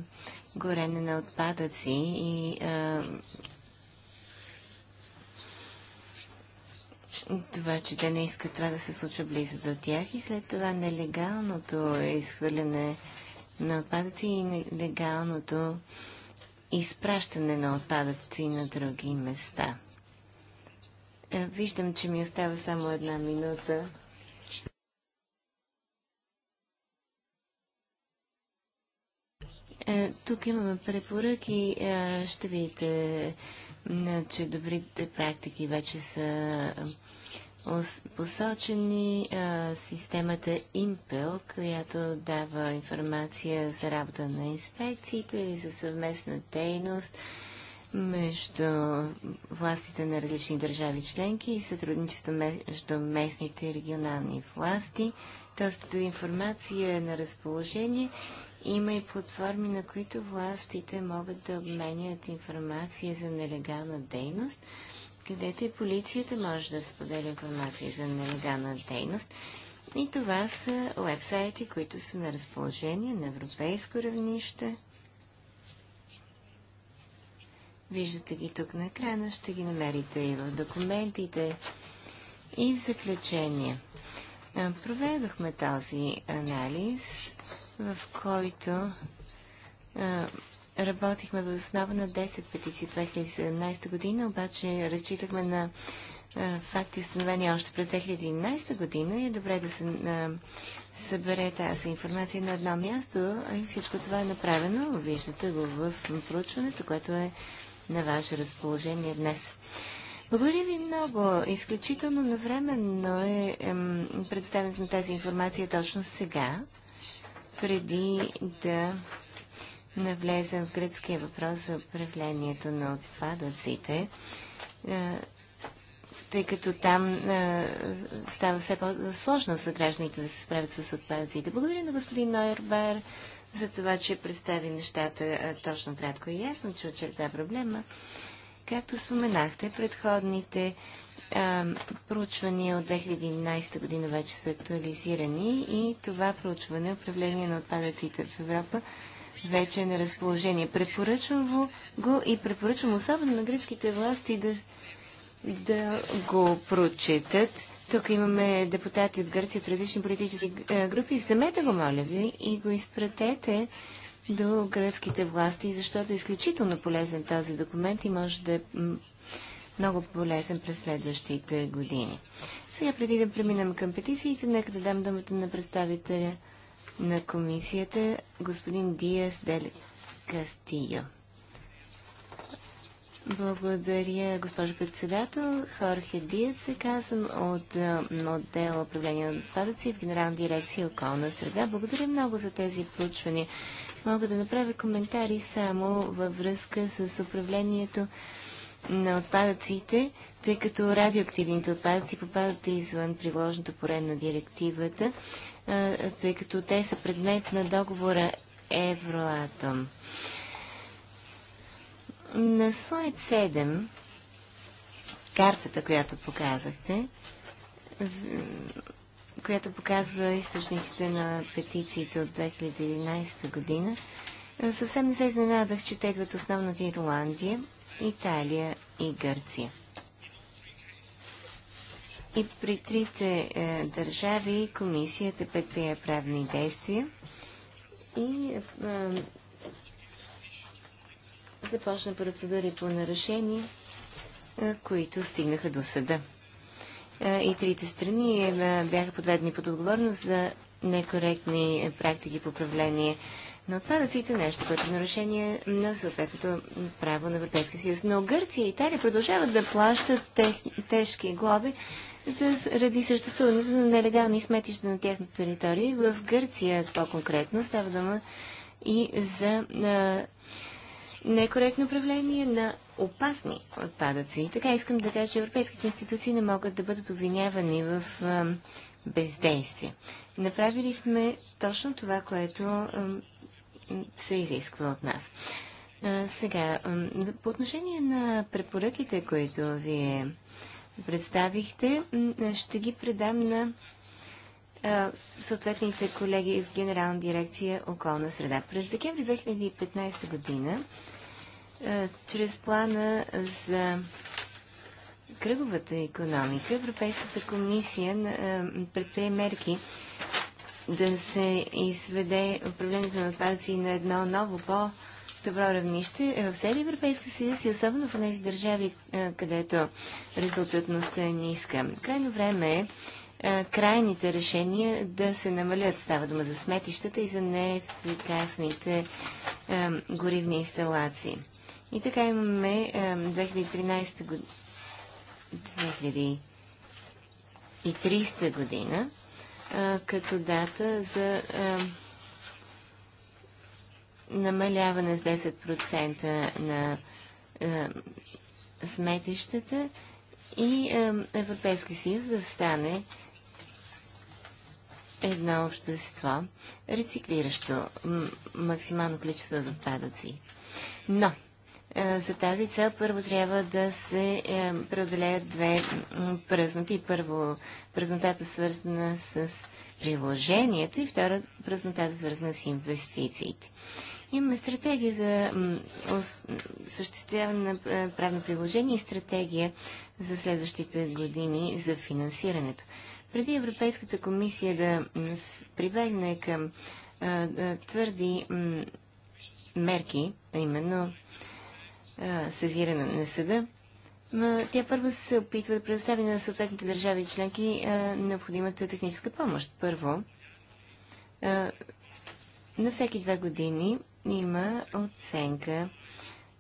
горене на отпадъци и е, това, че те не искат това да се случва близо до тях и след това нелегалното изхвърляне на отпадъци и нелегалното изпращане на отпадъци на други места. Е, виждам, че ми остава само една минута. Е, тук имаме препоръки. Е, ще видите, че добрите практики вече са посочени а, системата Impel, която дава информация за работа на инспекциите и за съвместна дейност между властите на различни държави членки и сътрудничество между местните и регионални власти. Тоест информация е на разположение. Има и платформи, на които властите могат да обменят информация за нелегална дейност – където и полицията може да споделя информация за нелегална дейност. И това са вебсайти, които са на разположение на европейско равнище. Виждате ги тук на екрана, ще ги намерите и в документите. И в заключение, е, проведохме този анализ, в който работихме в основа на 10 петиции 2017 година, обаче разчитахме на факти, установени още през 2011 година и е добре да се събере тази информация на едно място. И всичко това е направено, виждате го в проучването, което е на ваше разположение днес. Благодаря ви много. Изключително навременно е, е представенето на тази информация точно сега, преди да навлезем в гръцкия въпрос за управлението на отпадъците, тъй като там става все по-сложно за гражданите да се справят с отпадъците. Благодаря на господин Нойербер за това, че представи нещата точно кратко и ясно, че очерта проблема. Както споменахте, предходните а, проучвания от 2011 година вече са актуализирани и това проучване, управление на отпадъците в Европа, вече е на разположение. Препоръчвам го и препоръчвам особено на гръцките власти да, да го прочитат. Тук имаме депутати от Гърция от различни политически е, групи. Вземете го, моля ви, и го изпратете до гръцките власти, защото е изключително полезен този документ и може да е много полезен през следващите години. Сега, преди да преминем към петициите, нека да дам думата на представителя на комисията господин Диас Дели Кастио. Благодаря, госпожо председател. Хорхе Диас се казвам от отдела управление на отпадъци в Генерална дирекция околна среда. Благодаря много за тези проучвания. Мога да направя коментари само във връзка с управлението на отпадъците, тъй като радиоактивните отпадъци попадат извън приложното поред на директивата тъй като те са предмет на договора Евроатом. На слайд 7, картата, която показахте, която показва източниците на петициите от 2011 година, съвсем не се изненадах, че те идват основно от Ирландия, Италия и Гърция. И при трите е, държави комисията предприе правни действия и е, е започна процедури по нарушение, които стигнаха до съда. Е, и трите страни е, бяха подведени под отговорност за некоректни практики по управление на отпадъците, нещо, което е нарушение на съответното право на Европейския съюз. Но Гърция и Италия продължават да плащат тех, тежки глоби заради съществуването на нелегални сметища на тяхната територия. В Гърция по-конкретно става дума и за а, некоректно управление на опасни отпадъци. И така искам да кажа, че европейските институции не могат да бъдат обвинявани в а, бездействие. Направили сме точно това, което а, се изисква от нас. А, сега, по отношение на препоръките, които вие представихте. Ще ги предам на съответните колеги в Генерална дирекция околна среда. През декември 2015 година, чрез плана за кръговата економика, Европейската комисия предприе мерки да се изведе управлението на отпадъци на едно ново, по- добро равнище е, в целия Европейски съюз и особено в тези държави, е, където резултатността е ниска. Крайно време е, е крайните решения да се намалят. Става дума за сметищата и за неефикасните горивни инсталации. И така имаме 2013 година, 2030 година като дата за намаляване с 10% на а, е, сметищата и а, е, Европейски съюз да стане едно общество, рециклиращо максимално количество отпадъци. Но а, е, за тази цел първо трябва да се а, преодолеят две празноти. Първо, празнотата свързана с приложението и второ, празнотата свързана с инвестициите. Имаме стратегия за съществяване на е, правно приложение и стратегия за следващите години за финансирането. Преди Европейската комисия да прибегне към е, е, твърди мерки, а именно съзиране сезиране на съда, тя първо се опитва да предостави на съответните държави и членки необходимата техническа помощ. Първо, на всеки две години има оценка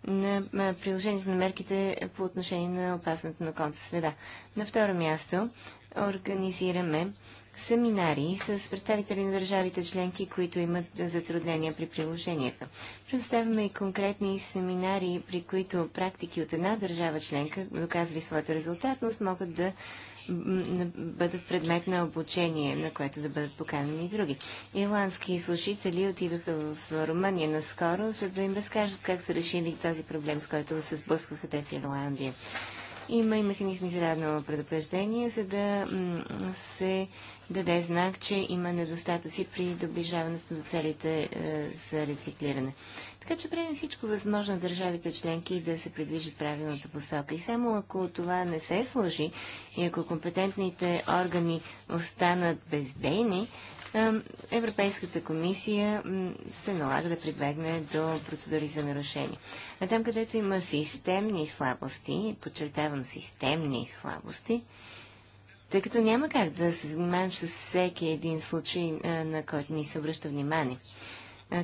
на приложението на мерките по отношение на опазването на конца среда. На второ място организираме семинари с представители на държавите членки, които имат затруднения при приложението. Предоставяме и конкретни семинари, при които практики от една държава членка, доказали своята резултатност, могат да бъдат предмет на обучение, на което да бъдат поканени други. Ирландски слушатели отидоха в Румъния наскоро, за да им разкажат как са решили този проблем, с който се сблъскваха те в Ирландия. Има и механизми за равно предупреждение, за да се даде знак, че има недостатъци при доближаването до целите е, за рециклиране. Така че правим всичко възможно държавите членки да се придвижат правилната посока. И само ако това не се сложи и ако компетентните органи останат бездейни, Европейската комисия се налага да прибегне до процедури за нарушение. А там, където има системни слабости, подчертавам системни слабости, тъй като няма как да се занимавам с всеки един случай, на който ни се обръща внимание.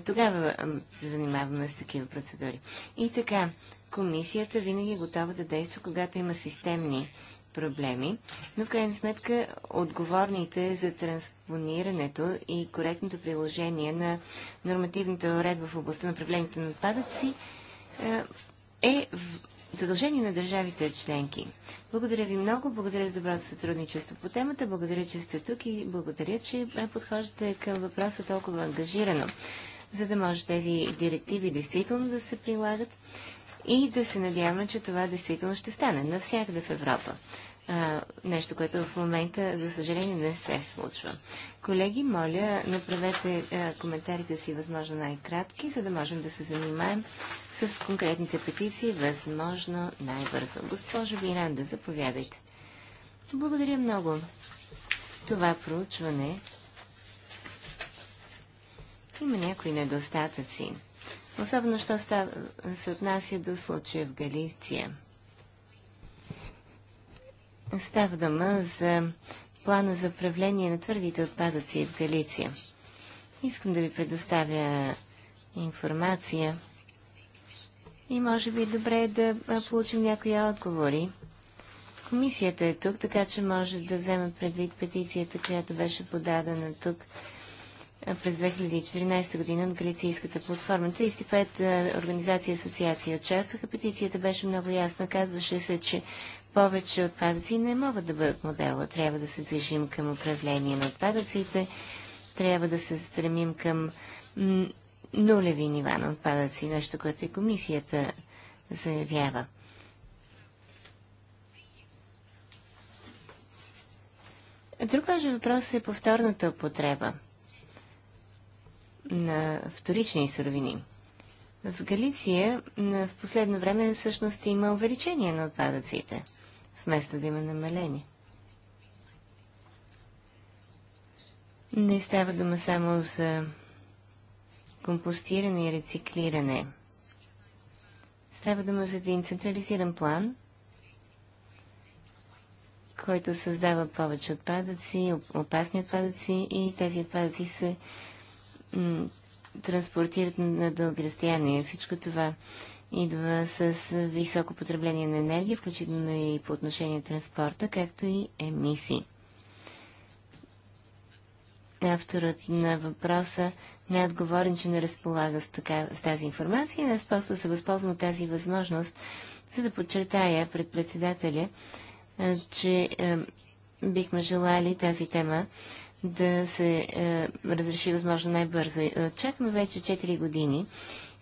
Тогава се занимаваме с такива процедури. И така, комисията винаги е готова да действа, когато има системни проблеми, но в крайна сметка отговорните за транспонирането и коректното приложение на нормативната уредба в областта на управлението на отпадъци е, е задължение на държавите членки. Благодаря ви много, благодаря за доброто сътрудничество по темата, благодаря, че сте тук и благодаря, че е, подхождате към въпроса толкова ангажирано, за да може тези директиви действително да се прилагат и да се надяваме, че това действително ще стане навсякъде в Европа. А, нещо, което в момента, за съжаление, не се случва. Колеги, моля, направете а, коментарите си възможно най-кратки, за да можем да се занимаем с конкретните петиции възможно най-бързо. Госпожо Виранда, заповядайте. Благодаря много. Това проучване има някои недостатъци. Особено, що става, се отнася до случая в Галиция. Става дума за плана за управление на твърдите отпадъци в Галиция. Искам да ви предоставя информация и може би е добре е да получим някои отговори. Комисията е тук, така че може да вземе предвид петицията, която беше подадена тук през 2014 година от Галицийската платформа. 35 организации и асоциации участваха. Петицията беше много ясна. Казваше се, че повече отпадъци не могат да бъдат модела. Трябва да се движим към управление на отпадъците. Трябва да се стремим към нулеви нива на отпадъци, нещо, което и комисията заявява. Друг важен въпрос е повторната употреба на вторични суровини. В Галиция в последно време всъщност има увеличение на отпадъците, вместо да има намаление. Не става дума само за компостиране и рециклиране. Става дума за един централизиран план, който създава повече отпадъци, опасни отпадъци и тези отпадъци се транспортират на дълги разстояния. Всичко това идва с високо потребление на енергия, включително и по отношение на транспорта, както и емисии. Авторът на въпроса не е отговорен, че не разполага с, така, с тази информация, аз просто се възползвам от тази възможност, за да подчертая пред председателя, че е, бихме желали тази тема да се е, разреши възможно най-бързо. Е, чакаме вече 4 години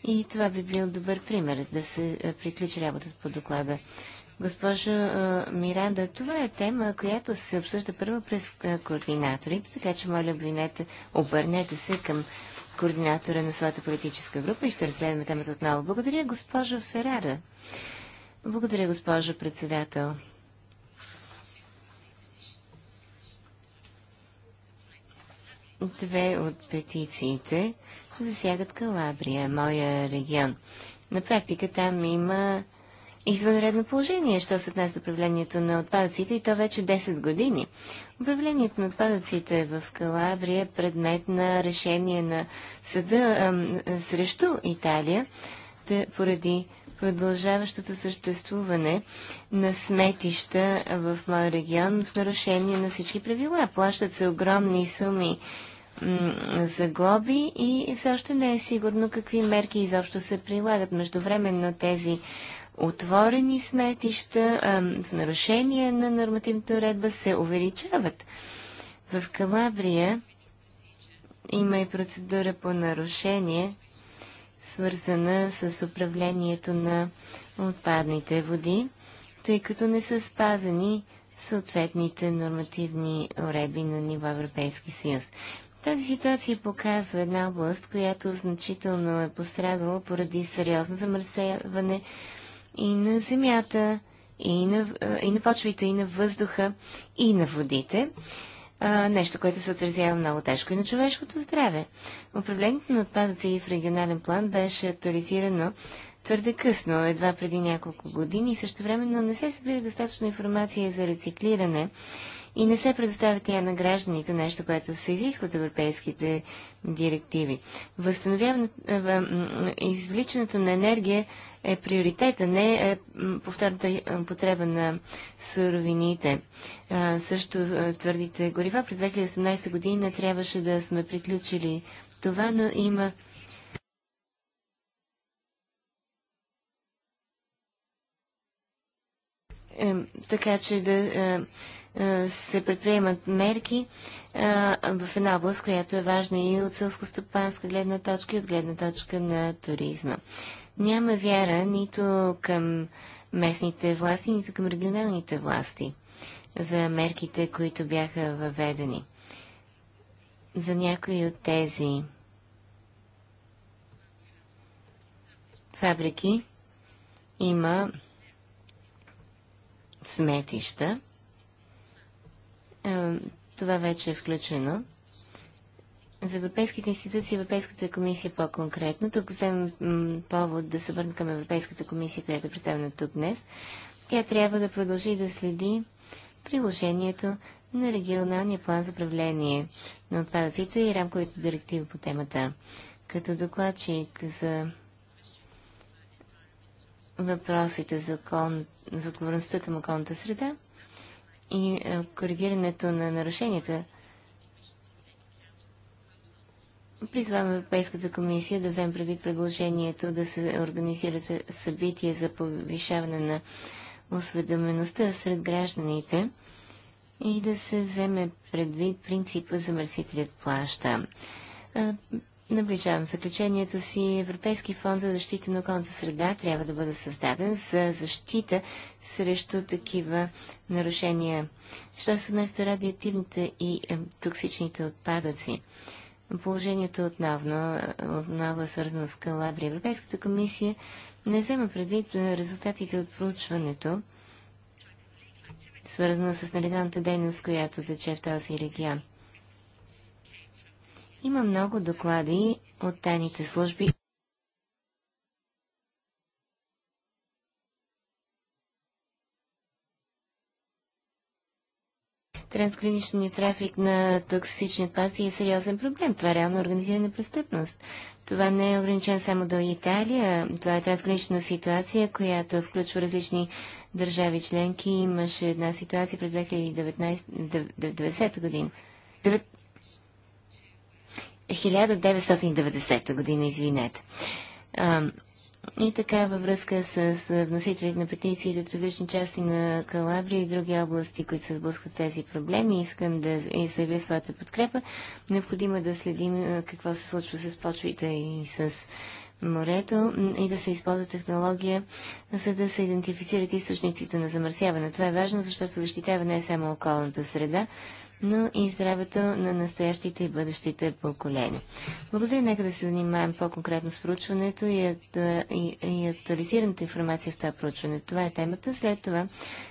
и това би бил добър пример да се е, приключи работата по доклада. Госпожо е, Миранда, това е тема, която се обсъжда първо през е, координаторите, така че моля обвинете, обърнете се към координатора на своята политическа група и ще разгледаме темата отново. Благодаря, госпожо Ферара. Благодаря, госпожо председател. Две от петициите засягат Калабрия, моя регион. На практика там има извънредно положение, що се отнася до управлението на отпадъците и то вече 10 години. Управлението на отпадъците в Калабрия е предмет на решение на съда ам, срещу Италия да, поради продължаващото съществуване на сметища в моя регион в нарушение на всички правила. Плащат се огромни суми за глоби и все още не е сигурно какви мерки изобщо се прилагат. Междувременно тези отворени сметища в нарушение на нормативната уредба се увеличават. В Калабрия има и процедура по нарушение, свързана с управлението на отпадните води, тъй като не са спазени съответните нормативни уредби на ниво Европейски съюз. Тази ситуация показва една област, която значително е пострадала поради сериозно замърсяване и на земята, и на, и на почвите, и на въздуха, и на водите. А, нещо, което се отразява много тежко и на човешкото здраве. Управлението на отпадъци в регионален план беше актуализирано твърде късно, едва преди няколко години и също времено не се събира достатъчно информация за рециклиране и не се предоставя тя на гражданите, нещо, което се изисква от европейските директиви. Извличането на енергия е приоритета, не е повторната потреба на суровините. също твърдите горива. През 2018 година трябваше да сме приключили това, но има така че да се предприемат мерки в една област, която е важна и от сълскостопанска гледна точка и от гледна точка на туризма. Няма вяра нито към местните власти, нито към регионалните власти за мерките, които бяха въведени. За някои от тези фабрики има сметища, е, това вече е включено. За европейските институции, Европейската комисия по-конкретно, тук вземам повод да се обърна към Европейската комисия, която е представена тук днес. Тя трябва да продължи да следи приложението на регионалния план за управление на отпадъците и рамковите директиви по темата. Като докладчик за въпросите за, окол... за отговорността към околната среда, и е, коригирането на нарушенията. Призвам Европейската комисия да вземе предвид предложението да се организират събития за повишаване на осведомеността сред гражданите и да се вземе предвид принципа за мърсителят плаща. Наближавам заключението си. Европейски фонд за защита на околната среда трябва да бъде създаден за защита срещу такива нарушения. Що се отнесе до радиоактивните и е, токсичните отпадъци? Положението отново, отново е свързано с Калабрия. Европейската комисия не взема предвид резултатите от проучването, свързано с нелегалната дейност, която тече в този регион. Има много доклади от тайните служби. Трансграничният трафик на токсични паси е сериозен проблем. Това е реално организирана престъпност. Това не е ограничено само до Италия. Това е трансгранична ситуация, която включва различни държави членки. Имаше една ситуация през 2019 година. 1990 година, извинете. И така във връзка с вносителите на петициите от различни части на Калабрия и други области, които се сблъскват с тези проблеми, искам да заявя своята подкрепа. Необходимо е да следим какво се случва с почвите и с морето и да се използва технология, за да се идентифицират източниците на замърсяване. Това е важно, защото защитава не само околната среда, но и здравето на настоящите и бъдещите поколения. Благодаря, нека да се занимаем по-конкретно с проучването и, и, и актуализираната информация в това проучване. Това е темата. След това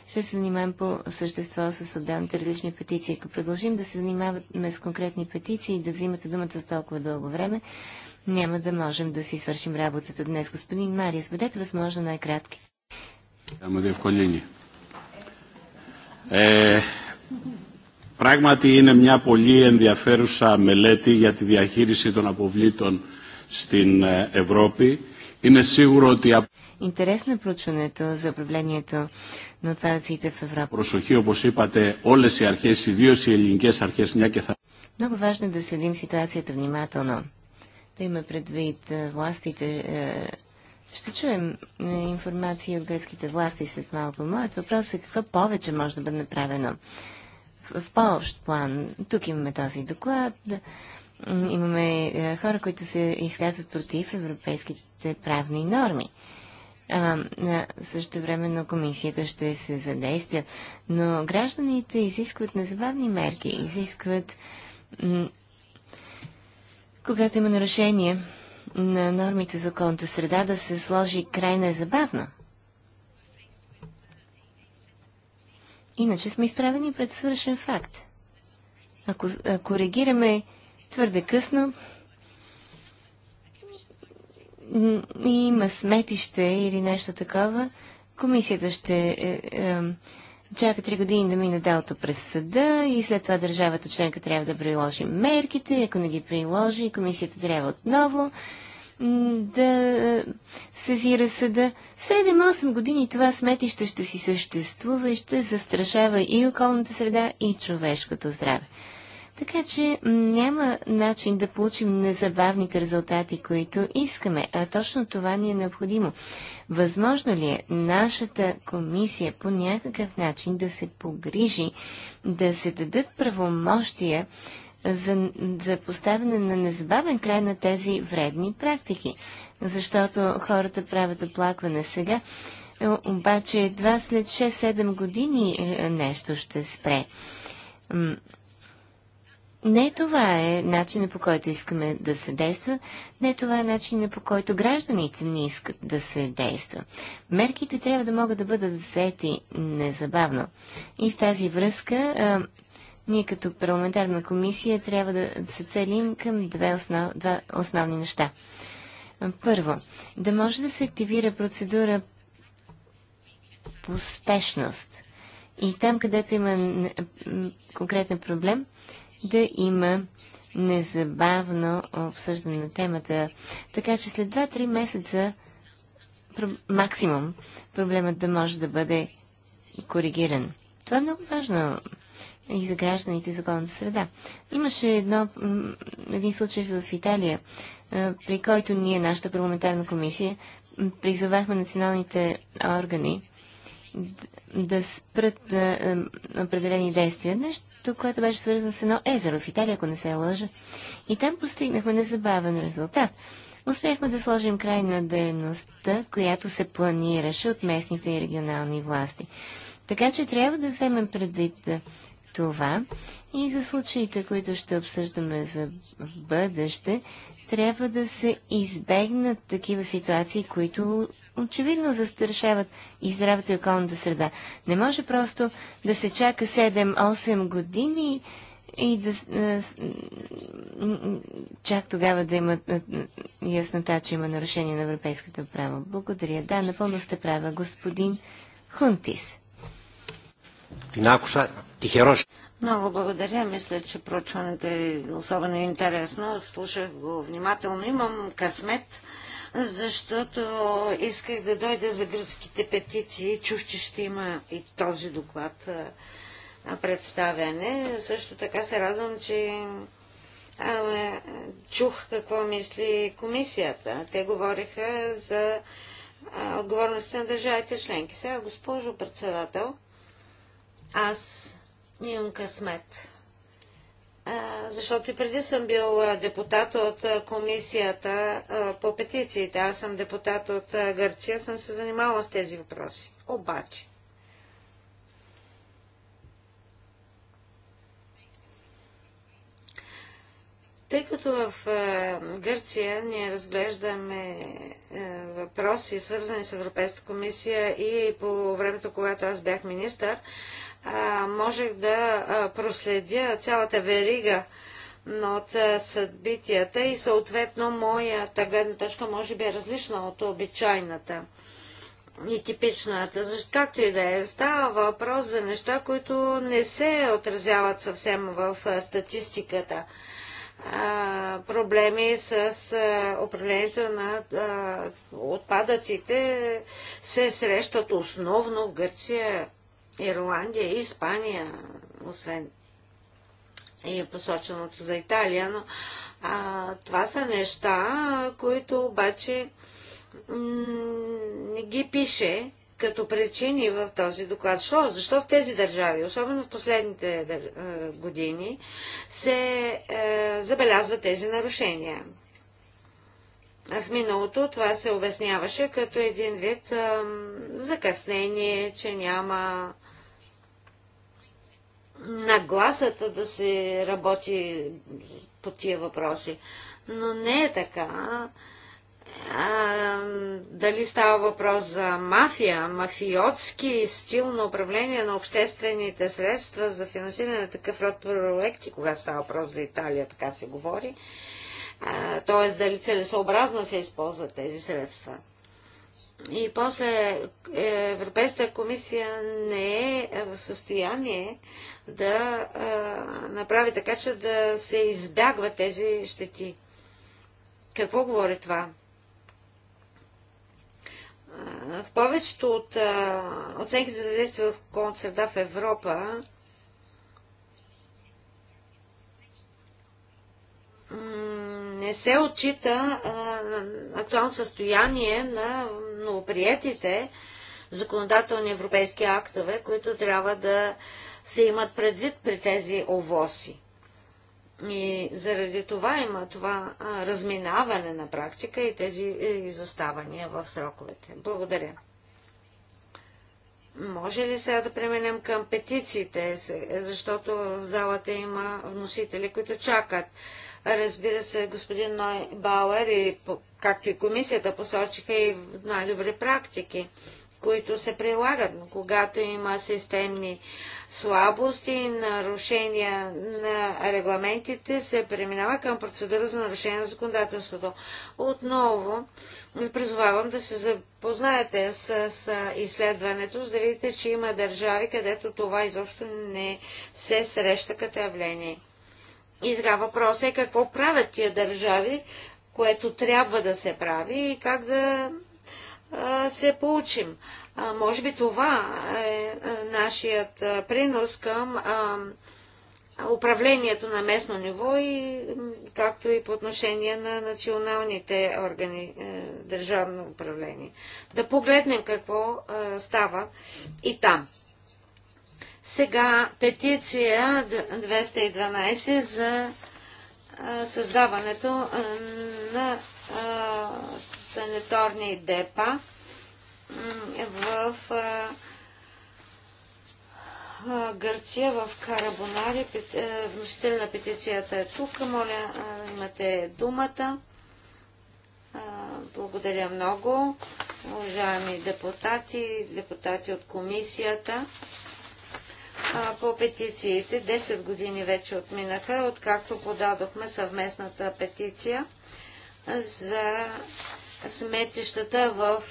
ще се занимаем по същество с отделните различни петиции. Ако продължим да се занимаваме с конкретни петиции и да взимате думата за толкова дълго време, няма да можем да си свършим работата днес. Господин Мария, бъдете възможно най-кратки. да е в колени. Е, Πράγματι είναι μια πολύ ενδιαφέρουσα μελέτη για τη διαχείριση των αποβλήτων στην Ευρώπη. Είναι σίγουρο ότι... Интересно е проучването за управлението на отпадъците в Европа. Просохи, όπως είπατε, όλες οι αρχές, ιδίως οι ελληνικές αρχές, μια και θα... Много важно е да следим ситуацията внимателно. Да има предвид е, властите. Е, ще чуем информация от гръцките власти след малко. Моят въпрос е какво повече може да бъде направено в по-общ план. Тук имаме този доклад. Имаме е, хора, които се изказват против европейските правни норми. А, също времено комисията ще се задейства. Но гражданите изискват незабавни мерки, изискват когато има нарушение на нормите за околната среда, да се сложи край незабавно. Е Иначе сме изправени пред свършен факт. Ако, ако реагираме твърде късно, има сметище или нещо такова, комисията ще е, е, чака 3 години да мине делото през съда и след това държавата членка трябва да приложи мерките. Ако не ги приложи, комисията трябва отново да е, сезира съда. 7-8 години това сметище ще си съществува и ще застрашава и околната среда, и човешкото здраве. Така че няма начин да получим незабавните резултати, които искаме, а точно това ни е необходимо. Възможно ли е нашата комисия по някакъв начин да се погрижи, да се дадат правомощия за, за поставяне на незабавен край на тези вредни практики, защото хората правят оплакване сега, е, обаче едва след 6-7 години е, нещо ще спре. Не това е начинът по който искаме да се действа, не това е начинът по който гражданите ни искат да се действа. Мерките трябва да могат да бъдат взети незабавно. И в тази връзка ние като парламентарна комисия трябва да се целим към две основ... два основни неща. Първо, да може да се активира процедура по спешност. И там, където има конкретен проблем, да има незабавно обсъждане на темата. Така че след 2-3 месеца максимум проблемът да може да бъде коригиран. Това е много важно и за гражданите за околната среда. Имаше едно, един случай в Италия, при който ние, нашата парламентарна комисия, призовахме националните органи да спрат определени действия. Нещо, което беше свързано с едно езеро в Италия, ако не се лъжа. И там постигнахме незабавен резултат. Успяхме да сложим край на дейността, която се планираше от местните и регионални власти. Така че трябва да вземем предвид това и за случаите, които ще обсъждаме за в бъдеще, трябва да се избегнат такива ситуации, които очевидно застрашават и здравето и околната среда. Не може просто да се чака 7-8 години и да чак тогава да имат яснота, че има нарушение на европейското право. Благодаря. Да, напълно сте права, господин Хунтис. Την άκουσα τυχερός. Много благодаря. Мисля, че проучването е особено интересно. Слушах го внимателно. Имам късмет, защото исках да дойда за гръцките петиции. Чух, че ще има и този доклад представяне. Също така се радвам, че а, чух какво мисли комисията. Те говориха за отговорността на държавите членки. Сега, госпожо председател, аз имам късмет. Защото и преди съм бил депутат от комисията по петициите. Аз съм депутат от Гърция, съм се занимавала с тези въпроси. Обаче, Тъй като в Гърция ние разглеждаме въпроси, свързани с Европейската комисия и по времето, когато аз бях министър, можех да проследя цялата верига от съдбитията и съответно моята гледна точка може би е различна от обичайната и типичната. Защо, както и да е, става въпрос за неща, които не се отразяват съвсем в статистиката. А, проблеми с а, управлението на а, отпадъците се срещат основно в Гърция, Ирландия и Испания, освен и е посоченото за Италия, но а, това са неща, които обаче не ги пише като причини в този доклад. Защо? Защо в тези държави, особено в последните години, се е, забелязват тези нарушения? В миналото това се обясняваше като един вид закъснение, че няма нагласата да се работи по тия въпроси. Но не е така. А, дали става въпрос за мафия, мафиотски стил на управление на обществените средства за финансиране на такъв род проекти, когато става въпрос за Италия, така се говори, т.е. дали целесообразно се използват тези средства. И после е, Европейската комисия не е в състояние да направи така, че да се избягват тези щети. Какво говори това? в повечето от оценки за въздействие в околната среда в Европа м- не се отчита актуално състояние на новоприетите законодателни европейски актове, които трябва да се имат предвид при тези овоси. И заради това има това разминаване на практика и тези е, изоставания в сроковете. Благодаря. Може ли сега да преминем към петициите, защото в залата има вносители, които чакат Разбира се, господин Ной Бауер и както и комисията посочиха и най-добри практики, които се прилагат, когато има системни слабости, нарушения на регламентите, се преминава към процедура за нарушение на законодателството. Отново ви призовавам да се запознаете с, с изследването, за да видите, че има държави, където това изобщо не се среща като явление. И сега въпросът е какво правят тия държави, което трябва да се прави и как да а, се получим. А, може би това е, е нашият а, принос към а, управлението на местно ниво и както и по отношение на националните органи а, е, държавно управление. Да погледнем какво а, става и там. Сега петиция 212 за създаването на санаторни депа в Гърция, в Карабонари. Вносител на петицията е тук. Моля, имате думата. Благодаря много, уважаеми депутати, депутати от комисията а, по петициите. 10 години вече отминаха, откакто подадохме съвместната петиция за сметищата в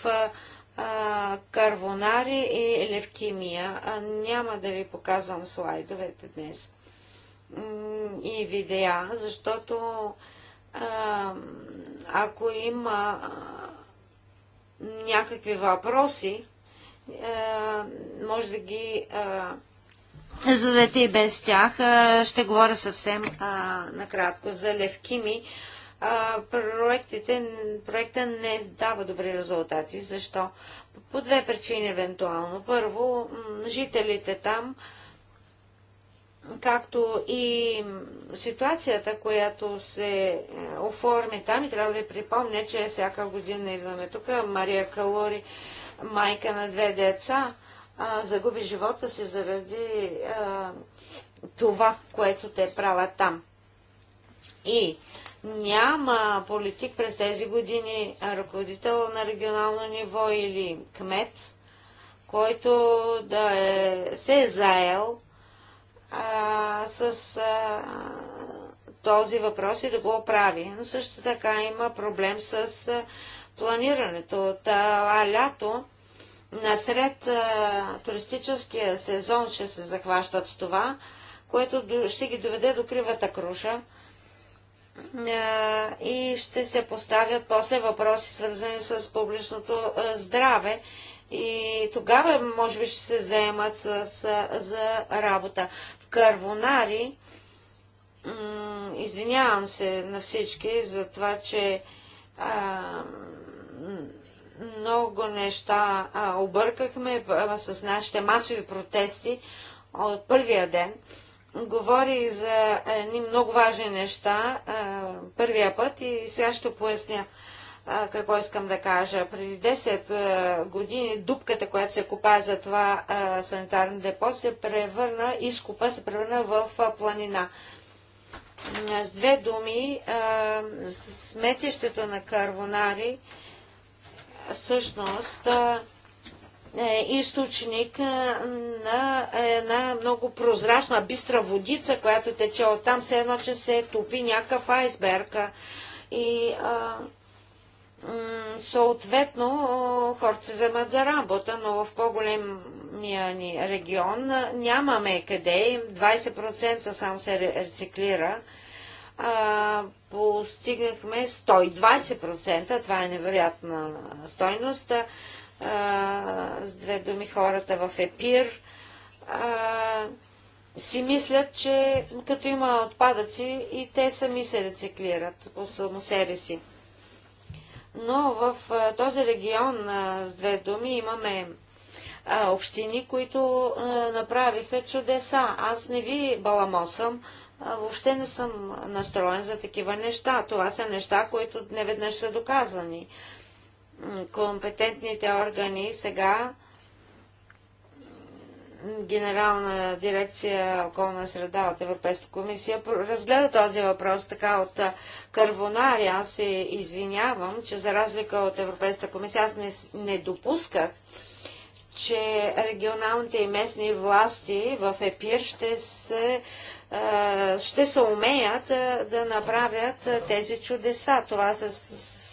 а, Карвонари и Левкимия. А, няма да ви показвам слайдовете днес и видеа, защото ако има някакви въпроси, може да ги за дете и без тях. Ще говоря съвсем а, накратко за левкими. А, проектите, проекта не дава добри резултати. Защо? По две причини евентуално. Първо, жителите там, както и ситуацията, която се е, оформи там, и трябва да ви припомня, че всяка година идваме тук. Мария Калори, майка на две деца, а, загуби живота си заради а, това, което те правят там. И няма политик през тези години, ръководител на регионално ниво или кмет, който да е, се е заел а, с а, този въпрос и да го оправи. Но също така има проблем с а, планирането. Та, а лято насред а, туристическия сезон ще се захващат с това, което до, ще ги доведе до кривата круша а, и ще се поставят после въпроси, свързани с публичното а, здраве. И тогава, може би, ще се заемат с, с, за работа. В Карвонари, извинявам се на всички за това, че а, много неща а, объркахме а, с нашите масови протести от първия ден. Говори за едни много важни неща а, първия път и сега ще поясня какво искам да кажа. Преди 10 години дупката, която се копа за това санитарно депо, се превърна, изкупа, се превърна в планина. С две думи, сметището на Карвонари всъщност е източник на една много прозрачна, бистра водица, която тече оттам, все едно, че се топи някакъв айсберг. И а, съответно хората се вземат за работа, но в по-големия ни регион нямаме къде, 20% само се рециклира а, постигнахме 120%, това е невероятна стойност. А, с две думи хората в ЕПИР а, си мислят, че като има отпадъци и те сами се рециклират по само себе си. Но в а, този регион, а, с две думи, имаме а, общини, които а, направиха чудеса. Аз не ви баламосам въобще не съм настроен за такива неща. Това са неща, които неведнъж са доказани. Компетентните органи сега Генерална дирекция околна среда от Европейската комисия разгледа този въпрос така от кървонари. Аз се извинявам, че за разлика от Европейската комисия аз не, не допусках, че регионалните и местни власти в ЕПИР ще се ще се умеят да направят тези чудеса. Това се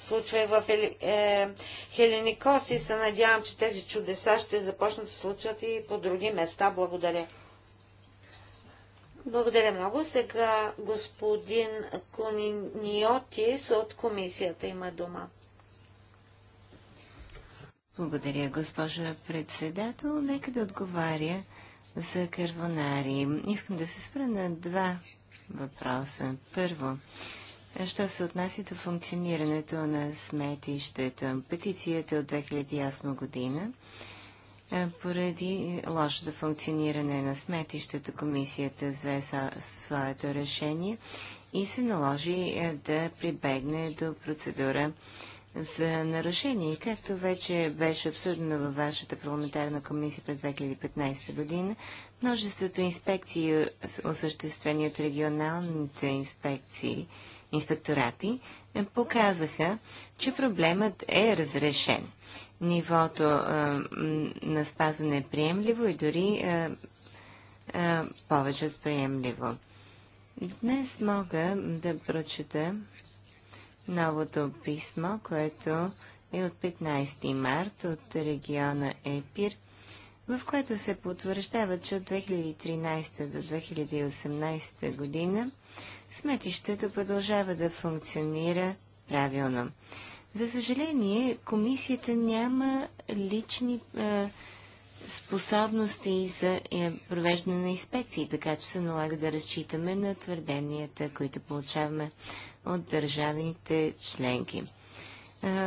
случва и в е, Хеленикос и се надявам, че тези чудеса ще започнат да се случват и по други места. Благодаря. Благодаря много. Сега господин Кониотис от комисията има дума. Благодаря, госпожа председател. Нека да отговаря за карбонари. Искам да се спра на два въпроса. Първо, що се отнася до функционирането на сметището? Петицията от 2008 година поради лошото функциониране на сметището комисията взе своето решение и се наложи да прибегне до процедура за нарушение. Както вече беше обсъдено във вашата парламентарна комисия през 2015 година, множеството инспекции, осъществени от регионалните инспекции, инспекторати, показаха, че проблемът е разрешен. Нивото а, на спазване е приемливо и дори а, а, повече от приемливо. Днес мога да прочета новото писмо, което е от 15 март от региона Епир, в което се потвърждава, че от 2013 до 2018 година сметището продължава да функционира правилно. За съжаление, комисията няма лични е, способности за е, провеждане на инспекции, така че се налага да разчитаме на твърденията, които получаваме от държавите членки.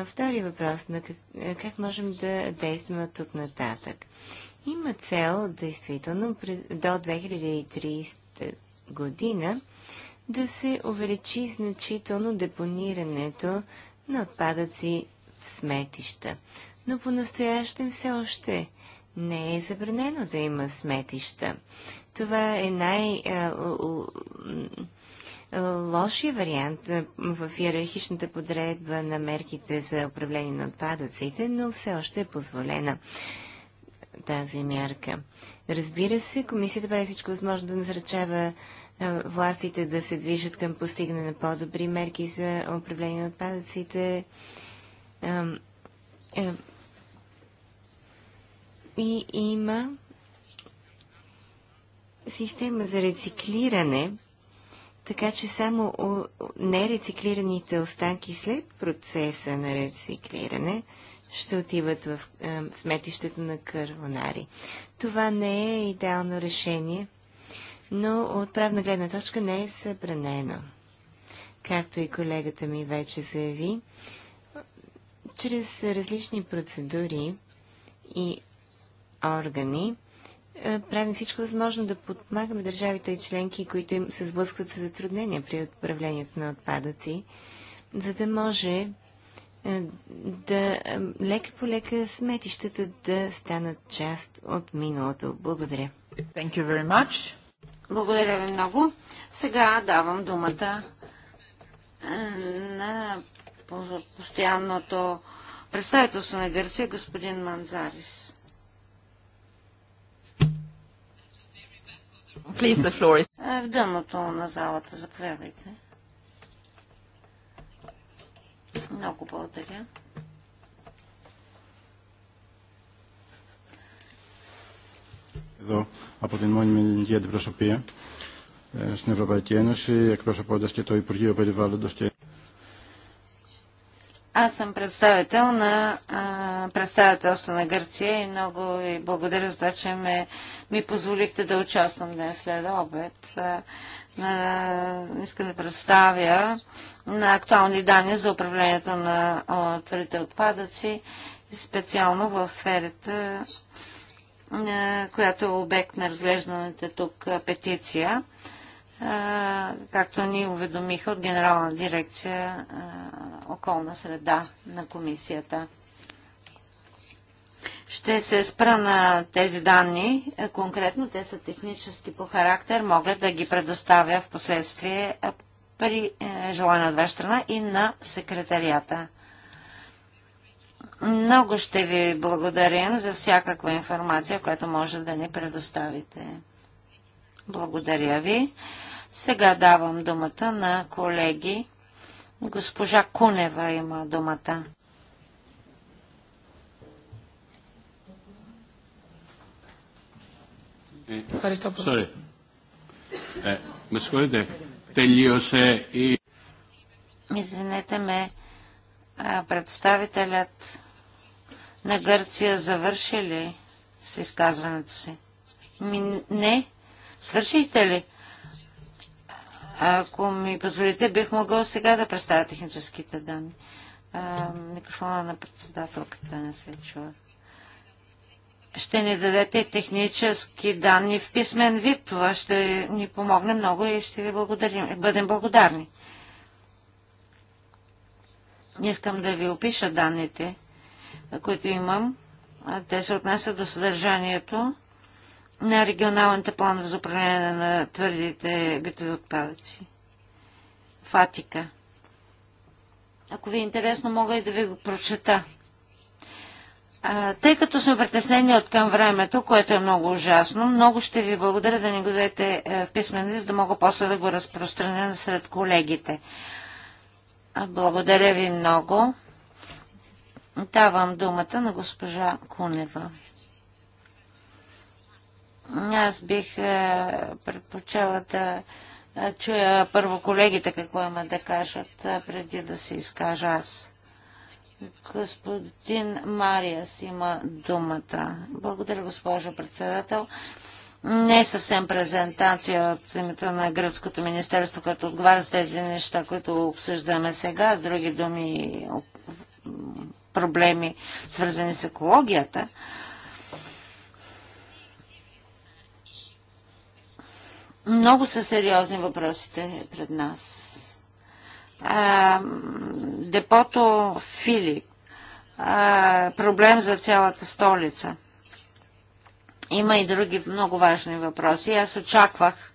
Втори въпрос. На как, как можем да действаме тук нататък? Има цел, действително, до 2030 година да се увеличи значително депонирането на отпадъци в сметища. Но по-настоящем все още не е забранено да има сметища. Това е най- лошия вариант в иерархичната подредба на мерките за управление на отпадъците, но все още е позволена тази мярка. Разбира се, комисията прави всичко възможно да насръчава властите да се движат към постигане на по-добри мерки за управление на отпадъците. И има система за рециклиране, така че само нерециклираните останки след процеса на рециклиране ще отиват в е, сметището на Кървонари. Това не е идеално решение, но от правна гледна точка не е събранено. Както и колегата ми вече заяви, чрез различни процедури и органи, е, правим всичко възможно да подпомагаме държавите и членки, които им се сблъскват с затруднения при управлението на отпадъци, за да може е, да е, лека по лека сметищата да станат част от миналото. Благодаря. Thank you very much. Благодаря ви много. Сега давам думата на постоянното представителство на Гърция, господин Манзарис. Please, the floor is... В дъното на залата, заповядайте. Много благодаря. Εδώ από την μόνιμη αντιπροσωπεία στην Ευρωπαϊκή Ένωση, εκπροσωπώντας και το Υπουργείο Περιβάλλοντος και аз съм представител на а, представителство на Гърция и много ви благодаря за това, че ме, ми позволихте да участвам днес след обед. А, а, искам да представя на актуални данни за управлението на твърдите отпадъци, специално в сферата, а, която е обект на разглежданата тук петиция. А, както ни уведомиха от Генерална дирекция околна среда на комисията. Ще се спра на тези данни. Е, конкретно те са технически по характер. Мога да ги предоставя в последствие при е, желание от ваша страна и на секретарията. Много ще ви благодарим за всякаква информация, която може да ни предоставите. Благодаря ви. Сега давам думата на колеги. Госпожа Кунева има думата. Е, Извинете ме, представителят на Гърция завърши ли с изказването си? Ми, не. Свършихте ли? Ако ми позволите, бих могъл сега да представя техническите данни. Микрофона на председателката не се чува. Ще ни дадете технически данни в писмен вид. Това ще ни помогне много и ще ви благодарим, бъдем благодарни. Искам да ви опиша данните, които имам. Те се отнасят до съдържанието на регионалните планове за управление на твърдите битови отпадъци. Фатика. Ако ви е интересно, мога и да ви го прочета. А, тъй като сме притеснени от към времето, което е много ужасно, много ще ви благодаря да ни го дадете е, в писмени, за да мога после да го разпространя сред колегите. А, благодаря ви много. Давам думата на госпожа Кунева. Аз бих е, предпочела да е, чуя първо колегите какво имат да кажат, е, преди да се изкажа аз. Господин Мариас има думата. Благодаря, госпожо председател. Не е съвсем презентация от името на Гръцкото министерство, като отговаря с тези неща, които обсъждаме сега, с други думи проблеми, свързани с екологията. Много са сериозни въпросите пред нас. А, депото Филип. А, проблем за цялата столица. Има и други много важни въпроси. Аз очаквах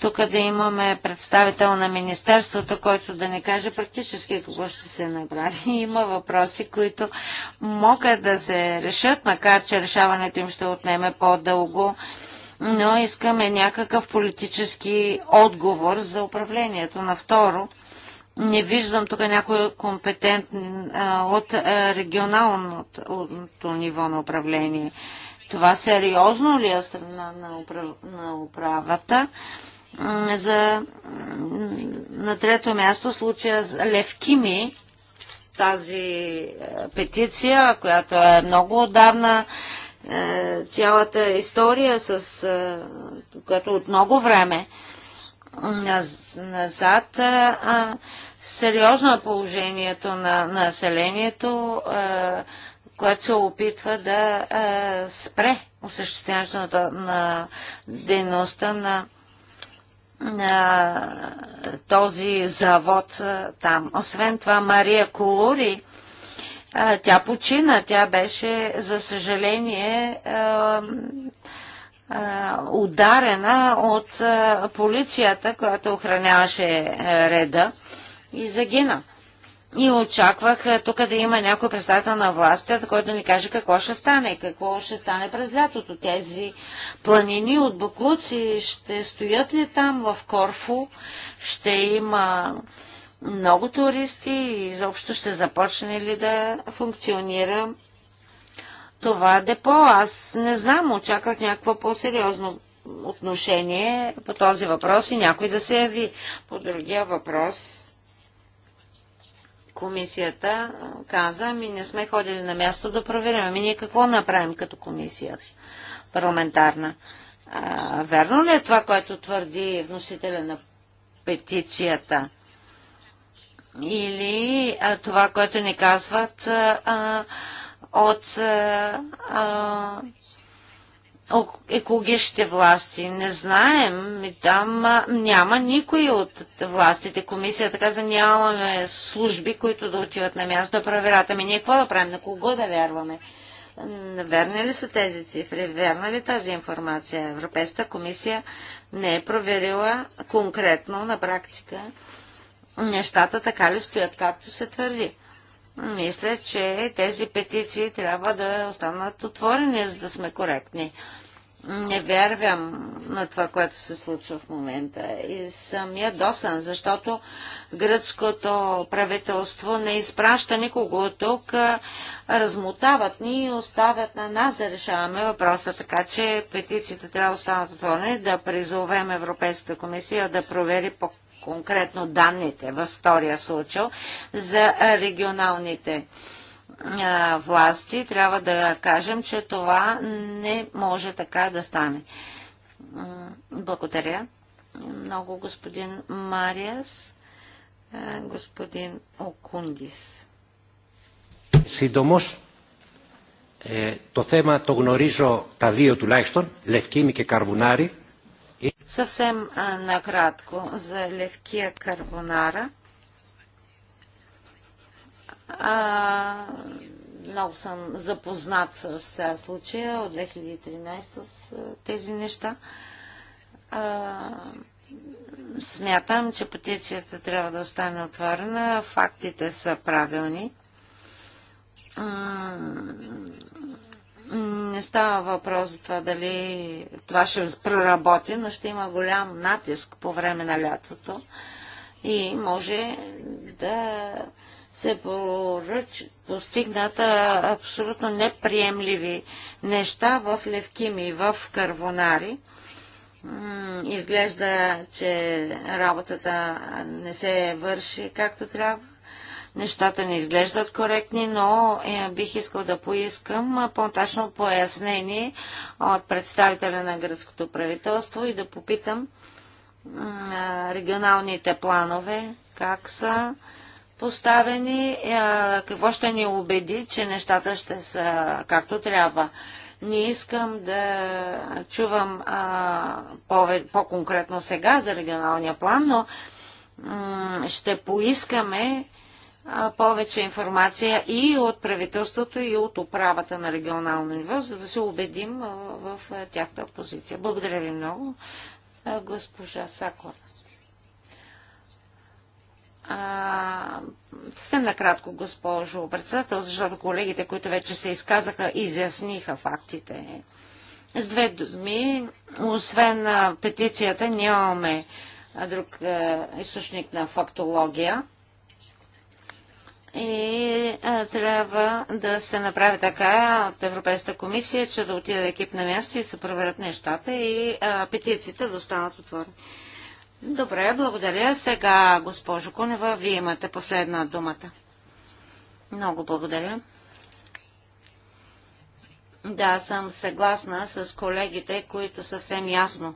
тук да имаме представител на Министерството, който да не каже практически какво ще се направи. Има въпроси, които могат да се решат, макар че решаването им ще отнеме по-дълго но искаме някакъв политически отговор за управлението. На второ, не виждам тук някой компетентен от регионалното ниво на управление. Това сериозно ли е страна на, управ... на управата? За... На трето място случая с Левкими, с тази петиция, която е много отдавна е, цялата история, с, е, която от много време назад. Е, сериозно е положението на населението, което се опитва да спре осъществяването на, на дейността на, на този завод там. Освен това, Мария Колури, тя почина. Тя беше, за съжаление, ударена от полицията, която охраняваше е, реда и загина. И очаквах тук да има някой представител на властта, който ни каже какво ще стане, какво ще стане през лятото. Тези планини от Буклуци ще стоят ли там в Корфу, ще има много туристи и изобщо ще започне ли да функционира това депо. Аз не знам, очаквах някакво по-сериозно отношение по този въпрос и някой да се яви. По другия въпрос комисията каза, ми не сме ходили на място да проверим. ами ние какво направим като комисия парламентарна? А, верно ли е това, което твърди вносителя на петицията? или а, това, което ни казват а, от а, екологичните власти. Не знаем, и там а, няма никой от властите. Комисията каза, нямаме служби, които да отиват на място да проверят. Ами ние какво да правим? На кого да вярваме? Верни ли са тези цифри? Верна ли тази информация? Европейската комисия не е проверила конкретно на практика нещата така ли стоят, както се твърди. Мисля, че тези петиции трябва да останат отворени, за да сме коректни. Не вярвам на това, което се случва в момента. И съм досан, защото гръцкото правителство не изпраща никого тук, размотават ни и оставят на нас да решаваме въпроса. Така че петициите трябва да останат отворени, да призовем Европейската комисия да провери по конкретно данните във втория случай за регионалните власти, трябва да кажем, че това не може така да стане. Благодаря. Много господин Мариас, господин Окундис. Сидомос ε, το θέμα το γνωρίζω τα δύο τουλάχιστον, Λευκήμη και Καρβουνάρη, Съвсем накратко за левкия карбонара. А, много съм запознат с тази случая от 2013 с тези неща. А, смятам, че петицията трябва да остане отворена. Фактите са правилни не става въпрос за това дали това ще проработи, но ще има голям натиск по време на лятото и може да се поръч, постигнат абсолютно неприемливи неща в Левкими, в Карвонари. Изглежда, че работата не се върши както трябва нещата не изглеждат коректни, но е, бих искал да поискам по-точно пояснение от представителя на гръцкото правителство и да попитам регионалните планове, как са поставени, е, какво ще ни убеди, че нещата ще са както трябва. Не искам да чувам по-конкретно сега за регионалния план, но ще поискаме повече информация и от правителството, и от управата на регионално ниво, за да се убедим в тяхната позиция. Благодаря ви много, госпожа Сакора. А, съвсем накратко, госпожо председател, защото колегите, които вече се изказаха, изясниха фактите. С две думи, освен петицията, нямаме друг източник на фактология и а, трябва да се направи така от Европейската комисия, че да отиде екип на място и да се проверят нещата и а, петициите да останат отворени. Добре, благодаря. Сега, госпожо Кунева, вие имате последна думата. Много благодаря. Да, съм съгласна с колегите, които съвсем ясно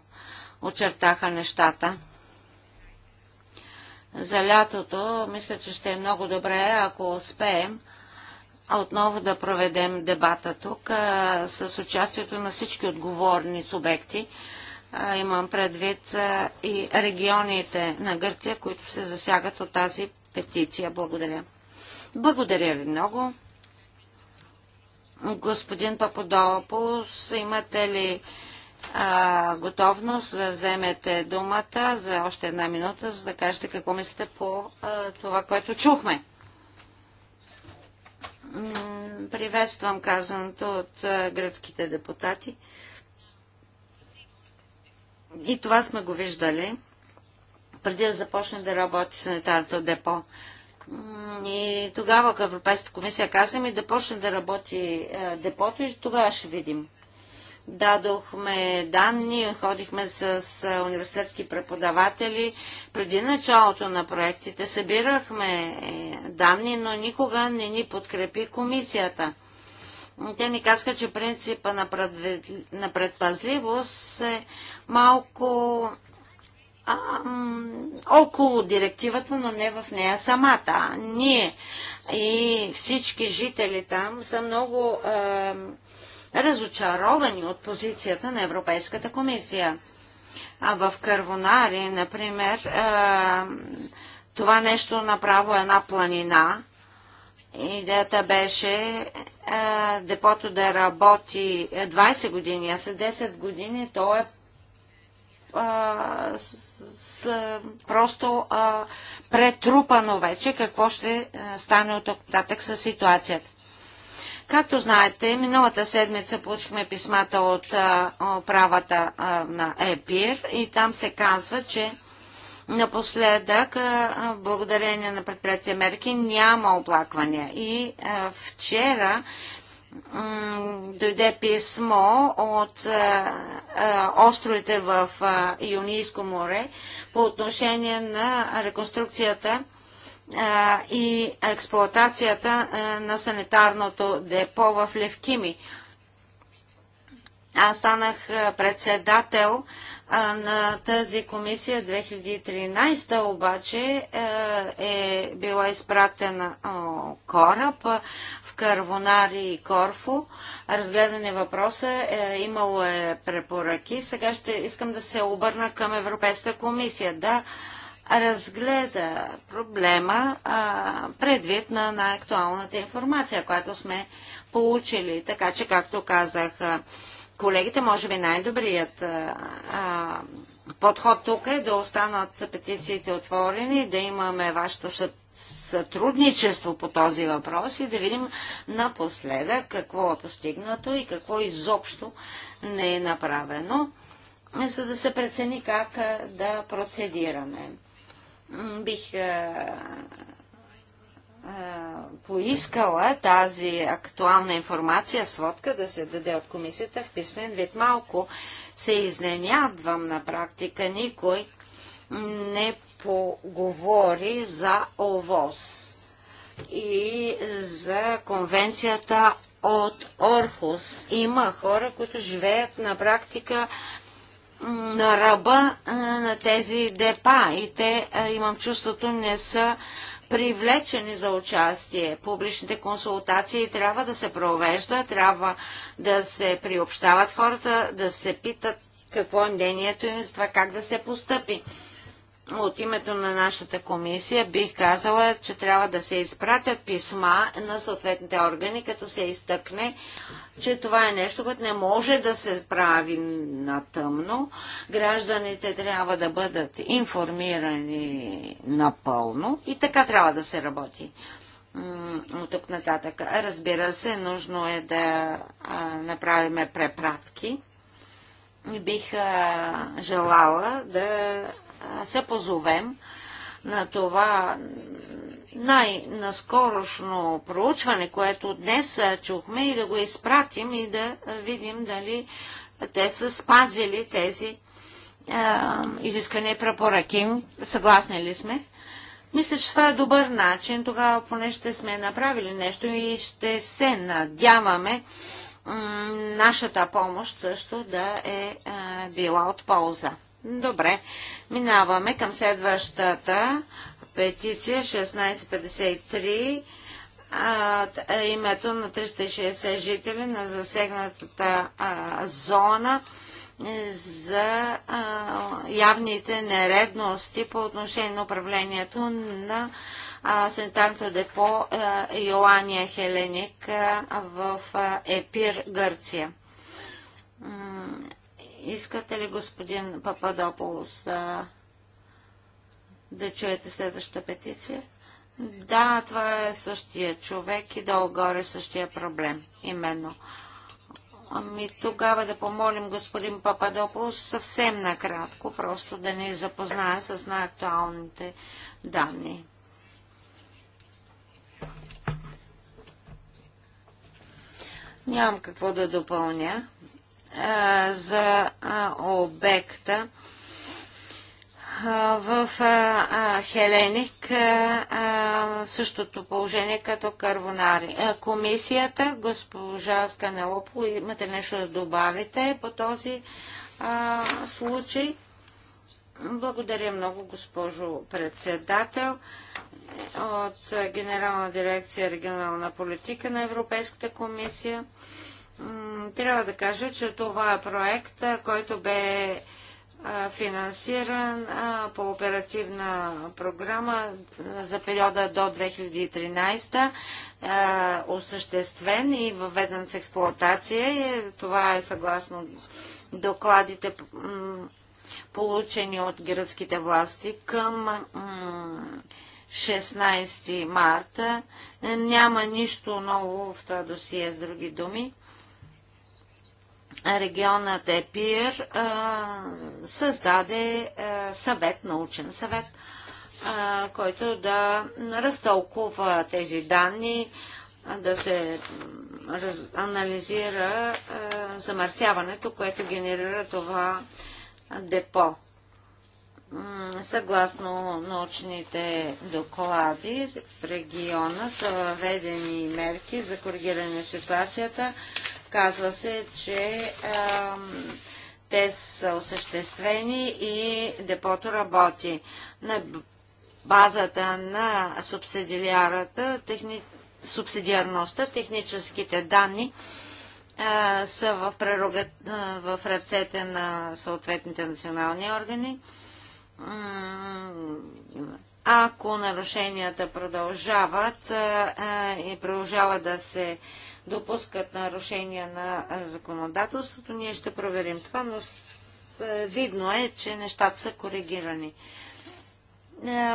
очертаха нещата за лятото, мисля, че ще е много добре, ако успеем отново да проведем дебата тук а, с участието на всички отговорни субекти. А, имам предвид а, и регионите на Гърция, които се засягат от тази петиция. Благодаря. Благодаря ви много. Господин Пападополос, имате ли а, готовност да вземете думата за още една минута, за да кажете какво мислите по а, това, което чухме. приветствам казаното от а, гръцките депутати. И това сме го виждали преди да започне да работи санитарното депо. И тогава Европейската комисия каза ми да почне да работи депото и тогава ще видим дадохме данни, ходихме с университетски преподаватели. Преди началото на проектите събирахме е, данни, но никога не ни подкрепи комисията. Те ни казаха, че принципа на, предпазливост е малко а, около директивата, но не в нея самата. Ние и всички жители там са много. А, разочаровани от позицията на Европейската комисия. А в Кървонари, например, е, това нещо направо е една планина. Идеята беше е, депото да работи 20 години, а след 10 години то е, е с, просто е, претрупано вече какво ще стане от оттатък с ситуацията. Както знаете, миналата седмица получихме писмата от правата на ЕПИР и там се казва, че Напоследък, благодарение на предприятия мерки, няма оплаквания. И вчера дойде писмо от островите в Юнийско море по отношение на реконструкцията и експлоатацията на санитарното депо в Левкими. Аз станах председател на тази комисия 2013 обаче е била изпратена кораб в Карвонари и Корфу. разгледане въпроса, е, имало е препоръки. Сега ще искам да се обърна към Европейската комисия. Да, разгледа проблема а, предвид на, на актуалната информация, която сме получили. Така че, както казах, колегите, може би най-добрият подход тук е да останат петициите отворени, да имаме вашето сътрудничество по този въпрос и да видим напоследък какво е постигнато и какво изобщо не е направено, за да се прецени как да процедираме бих поискала тази актуална информация, сводка да се даде от комисията в писмен вид. Малко се изненядвам на практика. Никой не поговори за ОВОС и за конвенцията от Орхус. Има хора, които живеят на практика на ръба на тези депа и те, имам чувството, не са привлечени за участие. Публичните консултации трябва да се провеждат, трябва да се приобщават хората, да се питат какво е мнението им за това как да се поступи от името на нашата комисия бих казала, че трябва да се изпратят писма на съответните органи, като се изтъкне, че това е нещо, което не може да се прави на тъмно. Гражданите трябва да бъдат информирани напълно и така трябва да се работи от тук нататък. Разбира се, нужно е да направиме препратки. Бих желала да се позовем на това най-наскорошно проучване, което днес чухме и да го изпратим и да видим дали те са спазили тези е, изискани и препоръки. Съгласни ли сме? Мисля, че това е добър начин. Тогава поне ще сме направили нещо и ще се надяваме нашата помощ също да е е била от полза. Добре, минаваме към следващата петиция 1653 е името на 360 жители на засегнатата а, зона е, за а, явните нередности по отношение на управлението на а, санитарното депо а, е, Йоания Хеленик а, в а, Епир, Гърция. Искате ли, господин Пападополос, да, да чуете следващата петиция? Да, това е същия човек и долу-горе същия проблем. Именно. Ами тогава да помолим господин Пападополос съвсем накратко, просто да ни запознае с най-актуалните данни. Нямам какво да допълня за обекта в Хеленик в същото положение като Карвонари. Комисията, госпожа Сканелопо, имате нещо да добавите по този случай? Благодаря много, госпожо председател. От Генерална дирекция регионална политика на Европейската комисия трябва да кажа, че това е проект, който бе финансиран по оперативна програма за периода до 2013, осъществен и въведен в експлуатация. Това е съгласно докладите получени от гръцките власти към 16 марта. Няма нищо ново в това досие, с други думи регионът Епир създаде съвет, научен съвет, който да разтълкува тези данни, да се раз, анализира замърсяването, което генерира това депо. Съгласно научните доклади в региона са въведени мерки за коригиране на ситуацията, Казва се, че а, те са осъществени и депото работи. На базата на техни... субсидиарността, техническите данни а, са в, прерога... в ръцете на съответните национални органи. Ако нарушенията продължават а, и продължават да се допускат нарушения на законодателството. Ние ще проверим това, но видно е, че нещата са коригирани.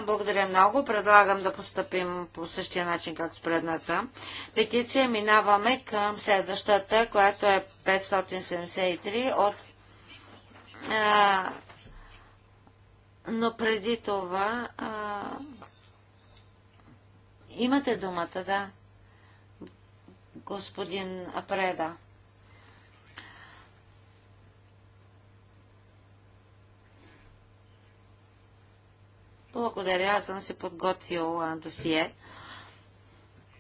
Благодаря много. Предлагам да поступим по същия начин, както предната петиция. Минаваме към следващата, която е 573 от... А, но преди това... А, имате думата, да господин Апреда. Благодаря, аз съм си подготвил досие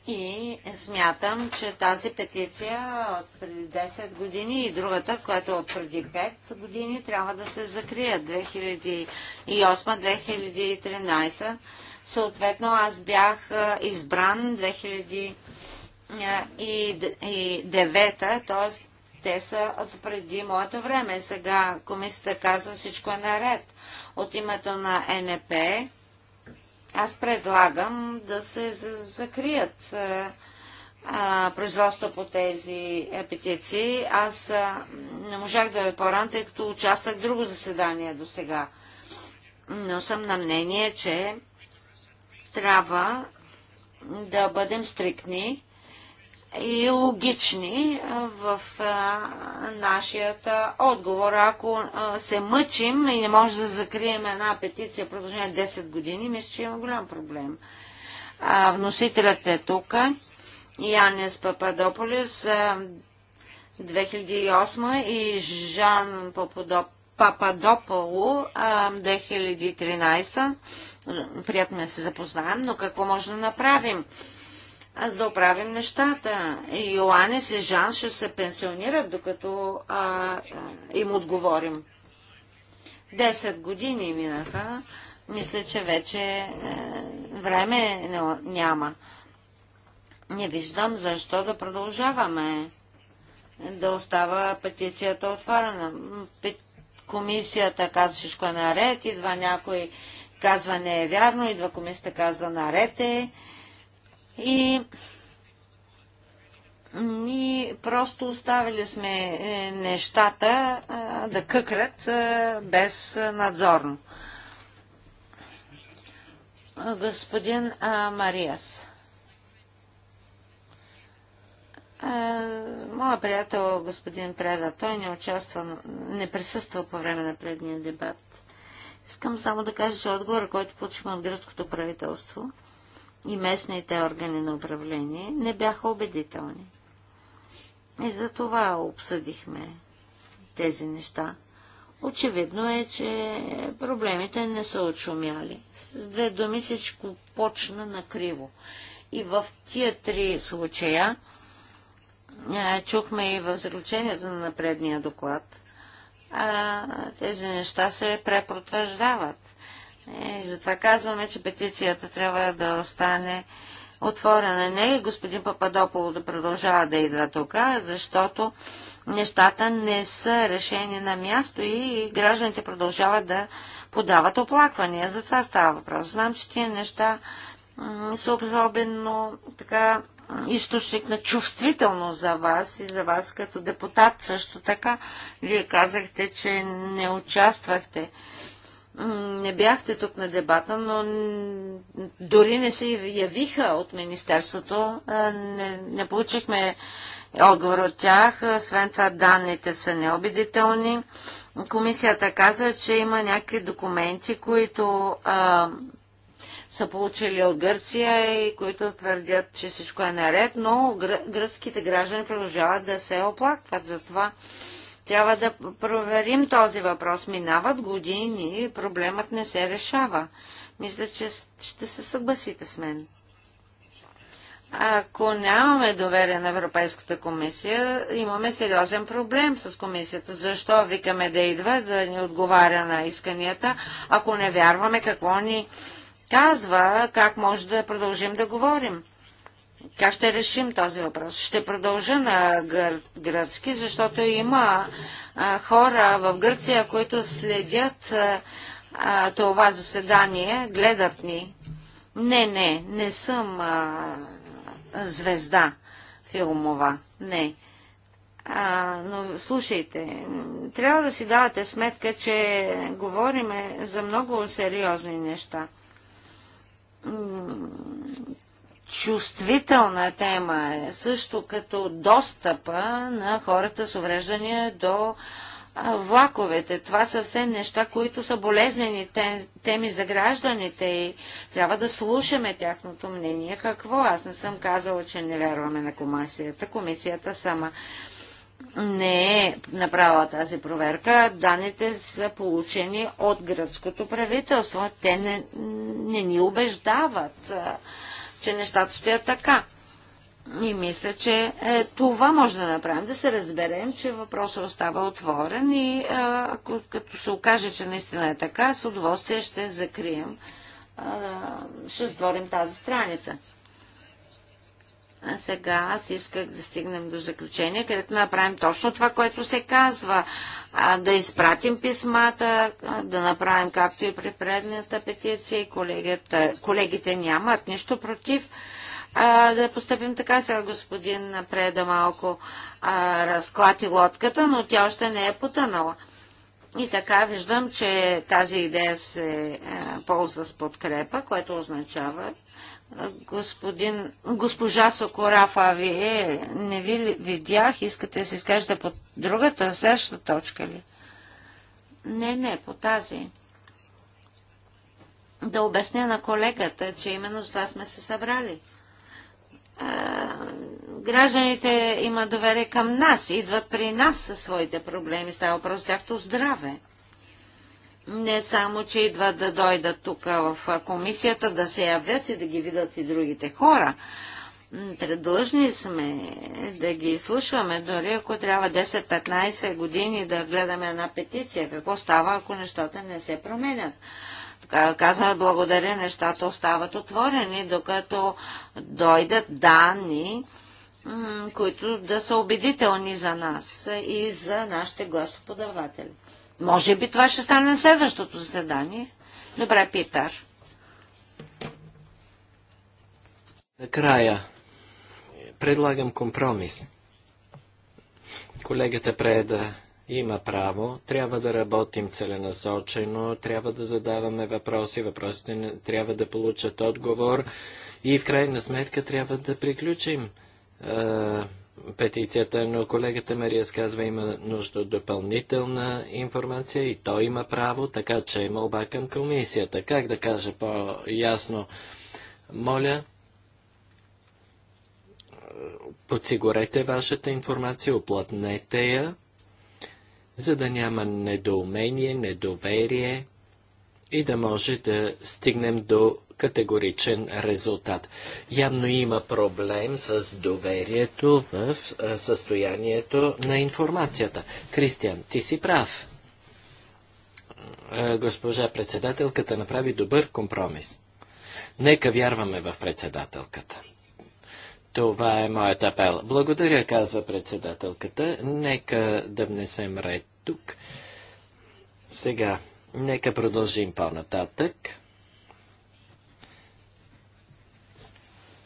и смятам, че тази петиция от преди 10 години и другата, която е от преди 5 години, трябва да се закрият 2008-2013. Съответно, аз бях избран 2000 и, и девета, т.е. те са от преди моето време. Сега комисията казва всичко е наред. От името на НП аз предлагам да се закрият производство по тези петиции. Аз не можах да е по ран тъй като участвах в друго заседание до сега. Но съм на мнение, че трябва да бъдем стрикни и логични в нашия отговор. Ако се мъчим и не може да закрием една петиция в продължение 10 години, мисля, че има голям проблем. Вносителят е тук. Янес Пападополис 2008 и Жан Пападополу 2013. Приятно е да се запознаем, но какво може да направим? за да оправим нещата. Йоанес и Жан ще се пенсионират, докато а, им отговорим. Десет години минаха. Мисля, че вече е, време няма. Не виждам защо да продължаваме да остава петицията Пет, Комисията казва всичко е наред, идва някой казва не е вярно, идва комисията казва наред е и ние просто оставили сме е, нещата е, да къкрат е, без надзорно. Господин Мариас. Моя приятел, господин Преда, той не участва, не присъства по време на предния дебат. Искам само да кажа, че отговор, който получихме от гръцкото правителство – и местните органи на управление не бяха убедителни. И за това обсъдихме тези неща. Очевидно е, че проблемите не са очумяли. С две думи всичко почна накриво. И в тия три случая, чухме и възручението заключението на предния доклад, тези неща се препротвърждават. И е, затова казваме, че петицията трябва да остане отворена. Не и господин Пападополо да продължава да идва тук, защото нещата не са решени на място и гражданите продължават да подават оплаквания. За това става въпрос. Знам, че тия неща са особено така източник на чувствително за вас и за вас като депутат също така. Вие казахте, че не участвахте не бяхте тук на дебата, но дори не се явиха от Министерството. Е, не, не получихме отговор от тях. Е, освен това, данните са необедителни. Комисията каза, че има някакви документи, които а, са получили от Гърция и които твърдят, че всичко е наред, но гръцките граждани продължават да се оплакват. за това трябва да проверим този въпрос. Минават години и проблемът не се решава. Мисля, че ще се съгласите с мен. Ако нямаме доверие на Европейската комисия, имаме сериозен проблем с комисията. Защо викаме да идва, да ни отговаря на исканията, ако не вярваме какво ни казва, как може да продължим да говорим. Как ще решим този въпрос? Ще продължа на гър... гръцки, защото има а, хора в Гърция, които следят а, а, това заседание, гледат ни. Не, не, не съм а, звезда филмова. Не. А, но слушайте, трябва да си давате сметка, че говориме за много сериозни неща чувствителна тема е, също като достъпа на хората с увреждания до влаковете. Това са все неща, които са болезнени теми за гражданите и трябва да слушаме тяхното мнение. Какво? Аз не съм казала, че не вярваме на комисията. Комисията сама не е направила тази проверка. Даните са получени от гръцкото правителство. Те не, не ни убеждават че нещата стоят така. И мисля, че е, това може да направим, да се разберем, че въпросът остава отворен и е, ако като се окаже, че наистина е така, с удоволствие ще закрием, е, ще затворим тази страница. А сега аз исках да стигнем до заключение, където направим точно това, което се казва. А, да изпратим писмата, да направим както и при предната петиция. Колегата, колегите нямат нищо против. А, да поступим така сега, господин Преда малко а, разклати лодката, но тя още не е потънала. И така виждам, че тази идея се а, ползва с подкрепа, което означава, Господин, госпожа Сокорафа, вие не ви видях, искате да се изкажете по другата, следващата точка ли? Не, не, по тази. Да обясня на колегата, че именно за това сме се събрали. А, гражданите имат доверие към нас, идват при нас със своите проблеми, става въпрос тяхто здраве не само, че идват да дойдат тук в комисията, да се явят и да ги видят и другите хора. предлъжни сме да ги слушаме, дори ако трябва 10-15 години да гледаме една петиция. Какво става, ако нещата не се променят? Казваме благодаря, нещата остават отворени, докато дойдат данни, които да са убедителни за нас и за нашите гласоподаватели. Може би това ще стане на следващото заседание. Добре, Питър. Накрая предлагам компромис. Колегата Преда има право, трябва да работим целенасочено, трябва да задаваме въпроси, въпросите не, трябва да получат отговор и в крайна сметка трябва да приключим петицията, но колегата Мария сказва има нужда от допълнителна информация и той има право, така че е молба към комисията. Как да кажа по-ясно? Моля, подсигурете вашата информация, оплътнете я, за да няма недоумение, недоверие и да може да стигнем до категоричен резултат. Явно има проблем с доверието в състоянието на информацията. Кристиан, ти си прав. Госпожа председателката направи добър компромис. Нека вярваме в председателката. Това е моят апел. Благодаря, казва председателката. Нека да внесем ред тук. Сега, нека продължим по-нататък.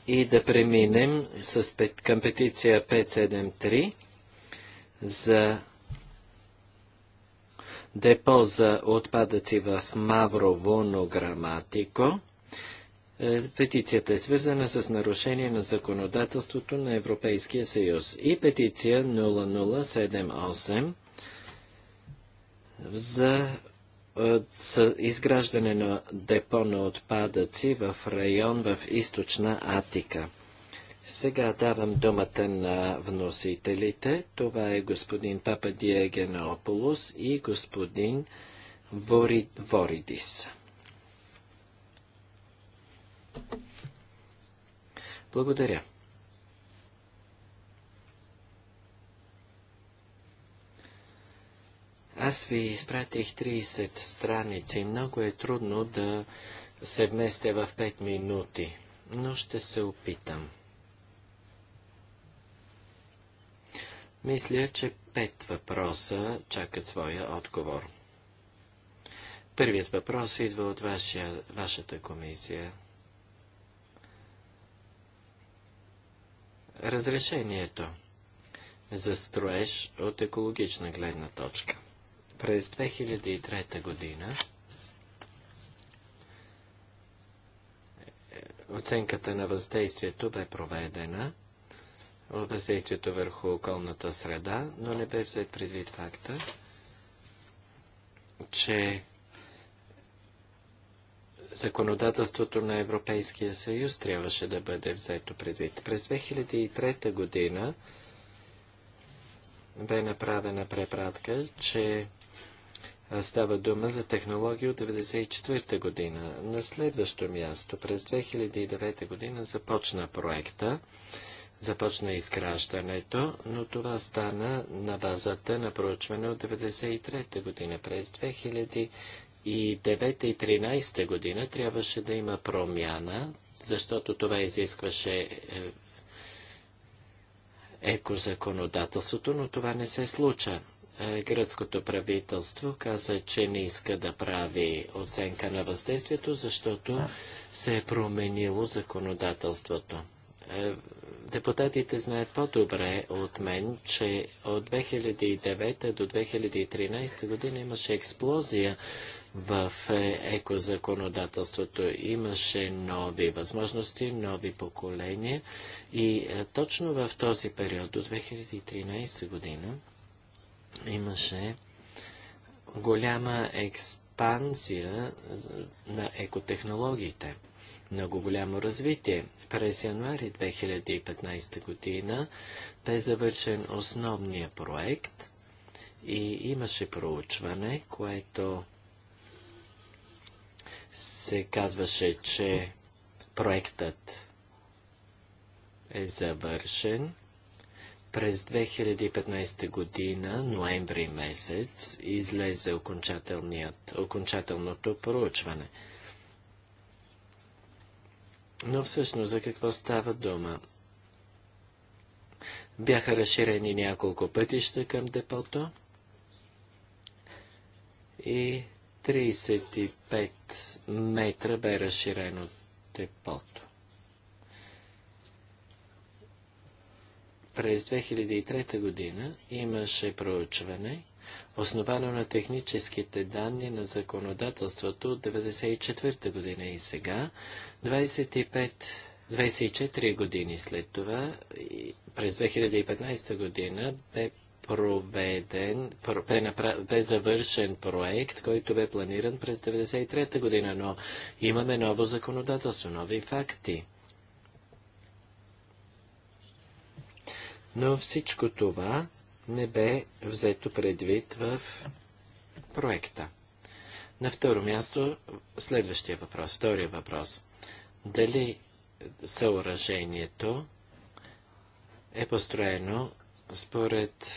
и да преминем с, към петиция 573 за депо за отпадъци в Маврово, но граматико. Е, петицията е свързана с нарушение на законодателството на Европейския съюз и петиция 0078 за е, изграждане на депо на отпадъци в район в източна Атика. Сега давам думата на вносителите. Това е господин Папа Генополус и господин Вори... Воридис. Благодаря. Аз ви изпратих 30 страници. Много е трудно да се вместя в 5 минути, но ще се опитам. Мисля, че пет въпроса чакат своя отговор. Първият въпрос идва от вашия, вашата комисия. Разрешението за строеж от екологична гледна точка. През 2003 година е, оценката на въздействието бе проведена, въздействието върху околната среда, но не бе взет предвид факта, че законодателството на Европейския съюз трябваше да бъде взето предвид. През 2003 година бе направена препратка, че Става дума за технология от 1994 година. На следващо място, през 2009 година започна проекта, започна изграждането, но това стана на базата на проучване от 1993 година. През 2009 и 2013 година трябваше да има промяна, защото това изискваше е, е, екозаконодателството, но това не се случа. Е, гръцкото правителство каза, че не иска да прави оценка на въздействието, защото се е променило законодателството. Е, депутатите знаят по-добре от мен, че от 2009 до 2013 година имаше експлозия в е, екозаконодателството. Имаше нови възможности, нови поколения и точно в този период до 2013 година имаше голяма експансия на екотехнологиите, много голямо развитие. През януари 2015 година бе завършен основния проект и имаше проучване, което се казваше, че проектът е завършен през 2015 година, ноември месец, излезе окончателното проучване. Но всъщност за какво става дума? Бяха разширени няколко пътища към депото и 35 метра бе разширено депото. През 2003 година имаше проучване, основано на техническите данни на законодателството от 1994 година и сега, 25 24 години след това, през 2015 година, бе проведен, бе, направ, бе завършен проект, който бе планиран през 1993 година, но имаме ново законодателство, нови факти. Но всичко това не бе взето предвид в проекта. На второ място, следващия въпрос, втория въпрос. Дали съоръжението е построено според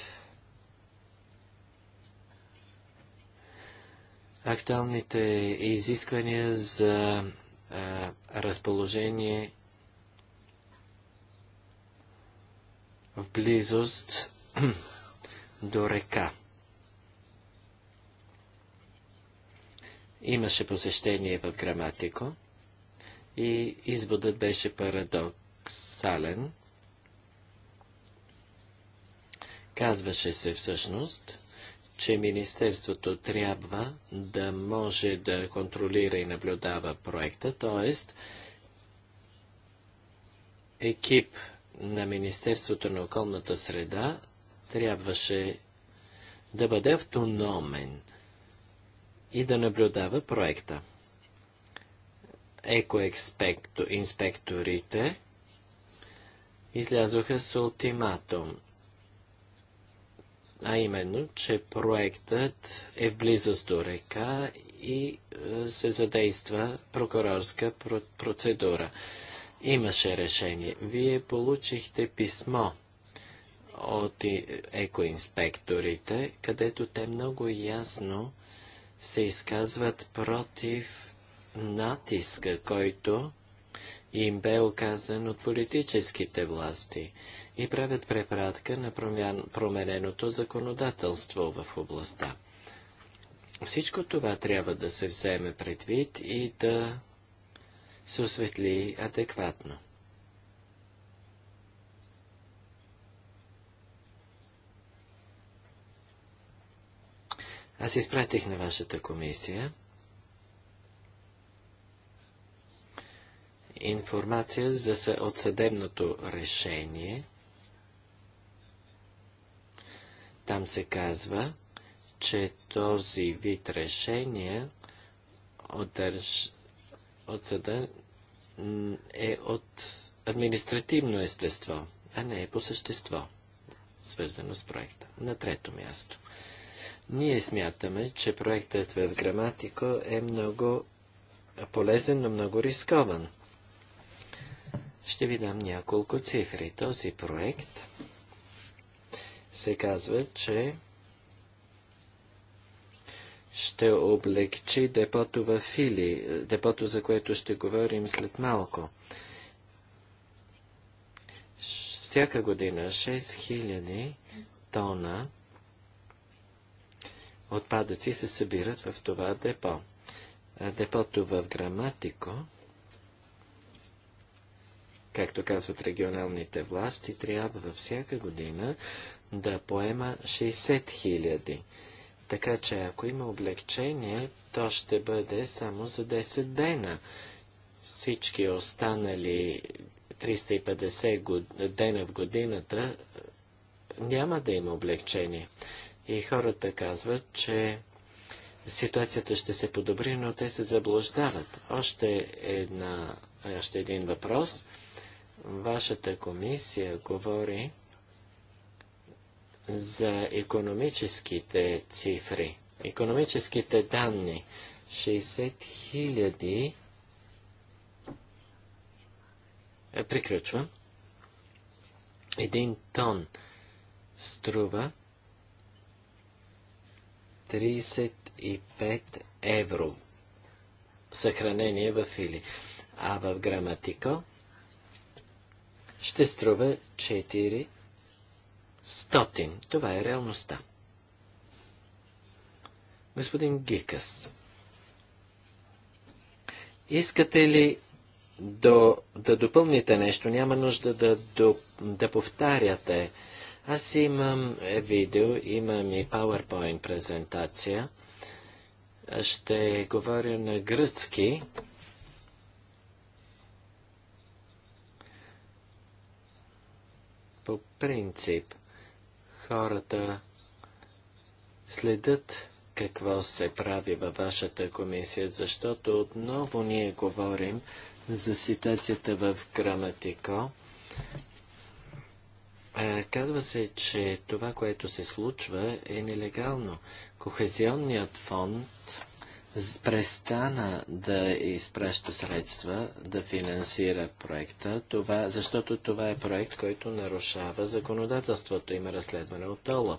актуалните изисквания за а, разположение в близост до река. Имаше посещение в граматико и изводът беше парадоксален. Казваше се всъщност, че Министерството трябва да може да контролира и наблюдава проекта, т.е. екип на Министерството на околната среда трябваше да бъде автономен и да наблюдава проекта. Екоинспекторите излязоха с ултиматум, а именно, че проектът е в близост до река и е, се задейства прокурорска процедура. Имаше решение. Вие получихте писмо от екоинспекторите, където те много ясно се изказват против натиска, който им бе оказан от политическите власти и правят препратка на промененото законодателство в областта. Всичко това трябва да се вземе предвид и да се осветли адекватно. Аз изпратих на вашата комисия информация за, от съдебното решение. Там се казва, че този вид решение отдържа от съда е от административно естество, а не е по същество, свързано с проекта. На трето място. Ние смятаме, че проектът в граматико е много полезен, но много рискован. Ще ви дам няколко цифри. Този проект се казва, че ще облегчи депото в Фили, депото, за което ще говорим след малко. Всяка година 6000 тона отпадъци се събират в това депо. Депото в Граматико, както казват регионалните власти, трябва всяка година да поема 60 000 така че ако има облегчение, то ще бъде само за 10 дена. Всички останали 350 год... дена в годината е, няма да има облегчение. И хората казват, че ситуацията ще се подобри, но те се заблуждават. Още, една, още един въпрос. Вашата комисия говори за економическите цифри, економическите данни. 60 хиляди 000... Е, приключва. Един тон струва 35 евро съхранение в Или. А в граматико ще струва 4 стотин. Това е реалността. Господин Гикас, искате ли до, да допълните нещо? Няма нужда да, до, да повтаряте. Аз имам е, видео, имам и PowerPoint презентация. Ще говоря на гръцки. По принцип, хората следят какво се прави във вашата комисия, защото отново ние говорим за ситуацията в Граматико. Казва се, че това, което се случва, е нелегално. Кохезионният фонд престана да изпраща средства да финансира проекта, това, защото това е проект, който нарушава законодателството. Има разследване от ОЛАФ.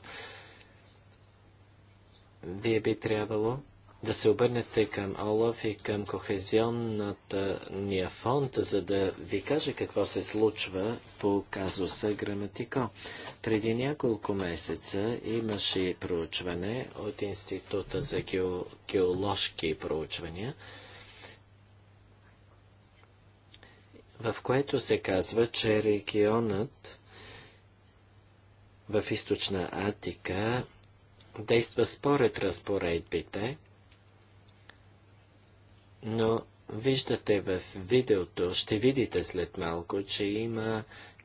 Вие би трябвало да се обърнете към Олаф и към Кохезионната ния фонд, за да ви каже какво се случва по казуса Граматико. Преди няколко месеца имаше проучване от Института за гео... геоложки проучвания, в което се казва, че регионът в източна Атика действа според разпоредбите, но виждате в видеото, ще видите след малко, че има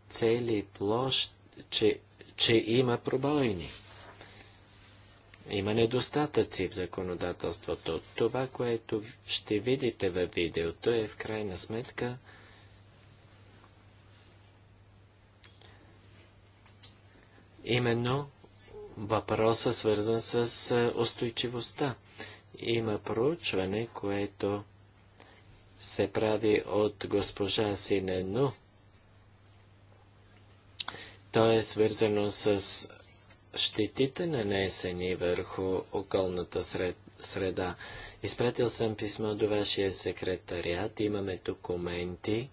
цели площ, че, че има пробойни. Има недостатъци в законодателството. Това, което ще видите във видеото е в крайна сметка именно въпроса свързан с устойчивостта. Има проучване, което се прави от госпожа Синено. То е свързано с щетите нанесени върху околната сред, среда. Изпратил съм писмо до вашия секретариат. Имаме документи,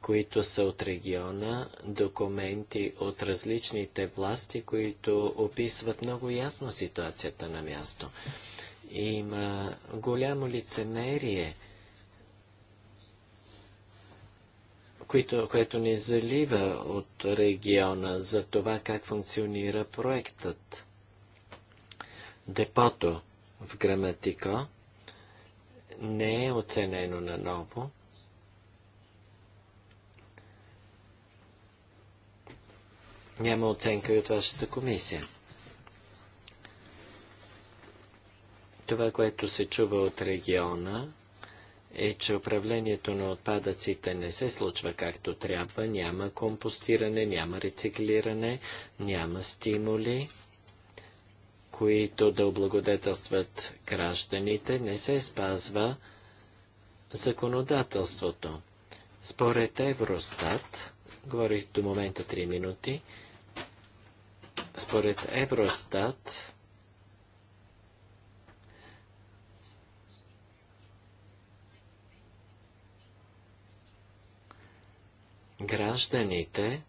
които са от региона, документи от различните власти, които описват много ясно ситуацията на място. Има голямо лицемерие, което, което не залива от региона за това как функционира проектът. Депото в Граматико не е оценено наново. Няма оценка и от вашата комисия. Това, което се чува от региона, е, че управлението на отпадъците не се случва както трябва, няма компостиране, няма рециклиране, няма стимули, които да облагодетелстват гражданите, не се спазва законодателството. Според Евростат, говорих до момента 3 минути, според Евростат, гражданите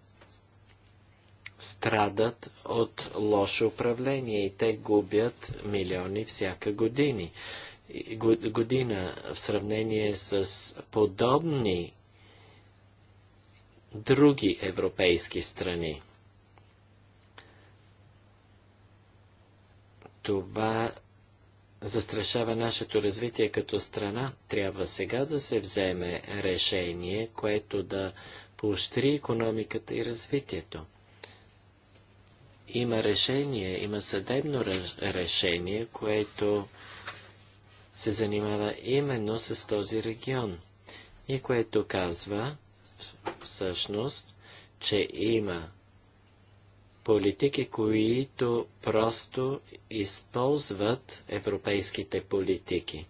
страдат от лошо управление и те губят милиони всяка години. година в сравнение с подобни други европейски страни. Това застрашава нашето развитие като страна. Трябва сега да се вземе решение, което да поощри економиката и развитието. Има решение, има съдебно решение, което се занимава именно с този регион и което казва всъщност, че има политики, които просто използват европейските политики.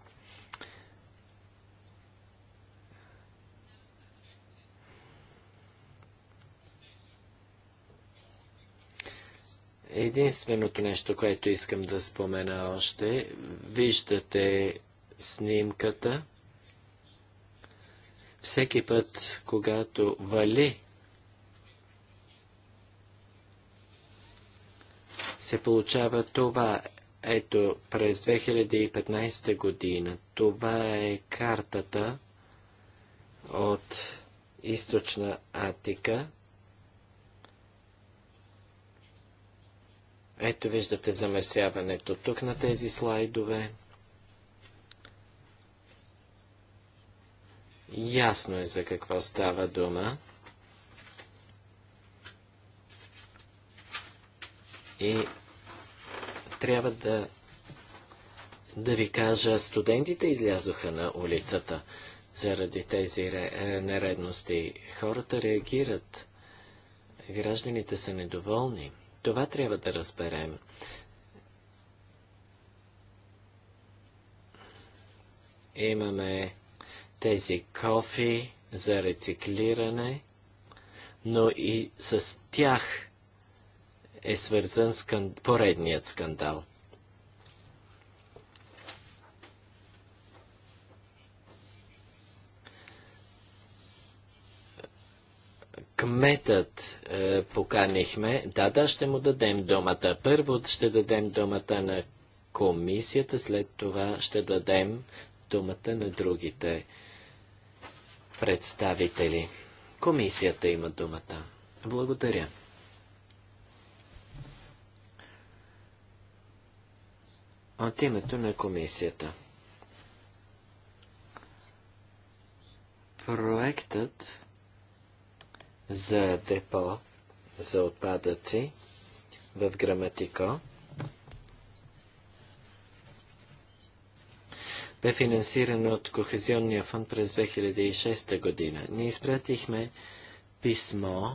Единственото нещо, което искам да спомена още, виждате снимката. Всеки път, когато вали, се получава това. Ето, през 2015 година това е картата от източна Атика. Ето виждате замесяването тук на тези слайдове. Ясно е за какво става дума. И трябва да, да ви кажа, студентите излязоха на улицата заради тези ре, е, нередности. Хората реагират. Гражданите са недоволни. Това трябва да разберем. Имаме тези кофи за рециклиране, но и с тях е свързан скан... поредният скандал. кметът е, поканихме. Да, да, ще му дадем думата. Първо ще дадем думата на комисията, след това ще дадем думата на другите представители. Комисията има думата. Благодаря. От името на комисията. Проектът за депо за отпадъци в Граматико. бе финансирано от Кохезионния фонд през 2006 година. Ние изпратихме писмо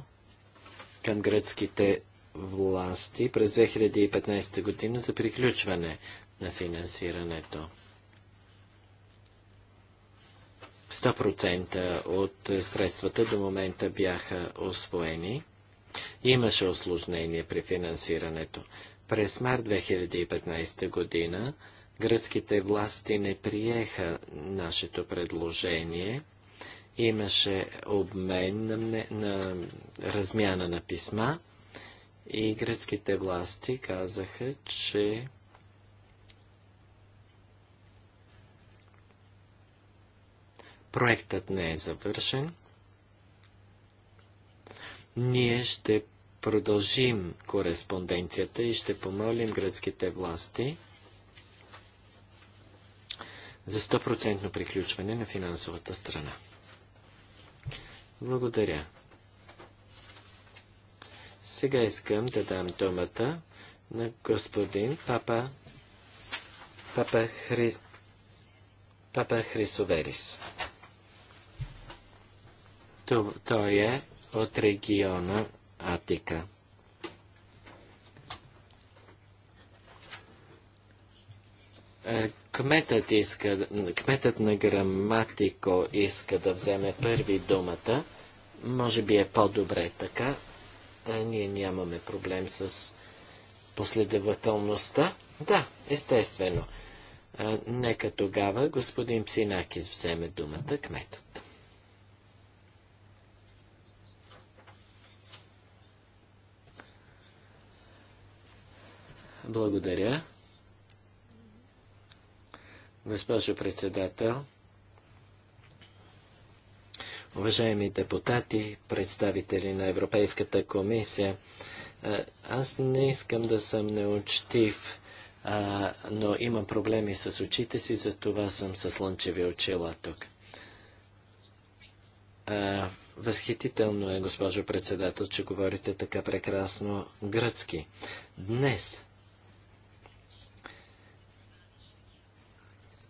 към гръцките власти през 2015 година за приключване на финансирането. 100% от средствата до момента бяха освоени. Имаше осложнение при финансирането. През март 2015 година гръцките власти не приеха нашето предложение. Имаше обмен на, мне, на размяна на писма и гръцките власти казаха, че Проектът не е завършен. Ние ще продължим кореспонденцията и ще помолим гръцките власти за 100% приключване на финансовата страна. Благодаря. Сега искам да дам думата на господин Папа, Папа, Хри... Папа Хрисоверис. Той е от региона Атика. Е, кметът, иска, кметът на Граматико иска да вземе първи думата. Може би е по-добре така. А ние нямаме проблем с последователността. Да, естествено. А, е, нека тогава господин Псинакис вземе думата кметът. Благодаря. Госпожо председател, уважаеми депутати, представители на Европейската комисия, аз не искам да съм неучтив, а, но имам проблеми с очите си, затова съм с слънчеви очила тук. А, възхитително е, госпожо председател, че говорите така прекрасно гръцки. Днес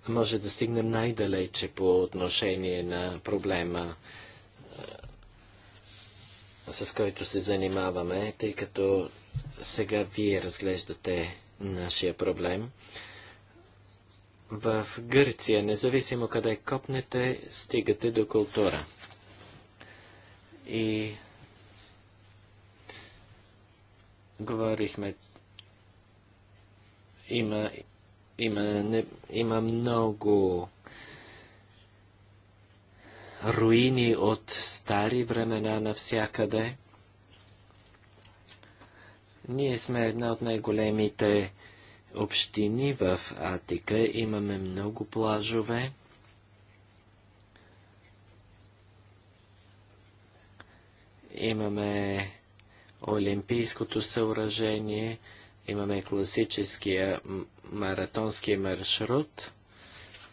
може да стигнем най-далече по отношение на проблема, с който се занимаваме, тъй като сега вие разглеждате нашия проблем. В Гърция, независимо къде копнете, стигате до култура. И говорихме има има, не, има много руини от стари времена навсякъде. Ние сме една от най-големите общини в Атика. Имаме много плажове. Имаме Олимпийското съоръжение, имаме класическия Маратонския маршрут,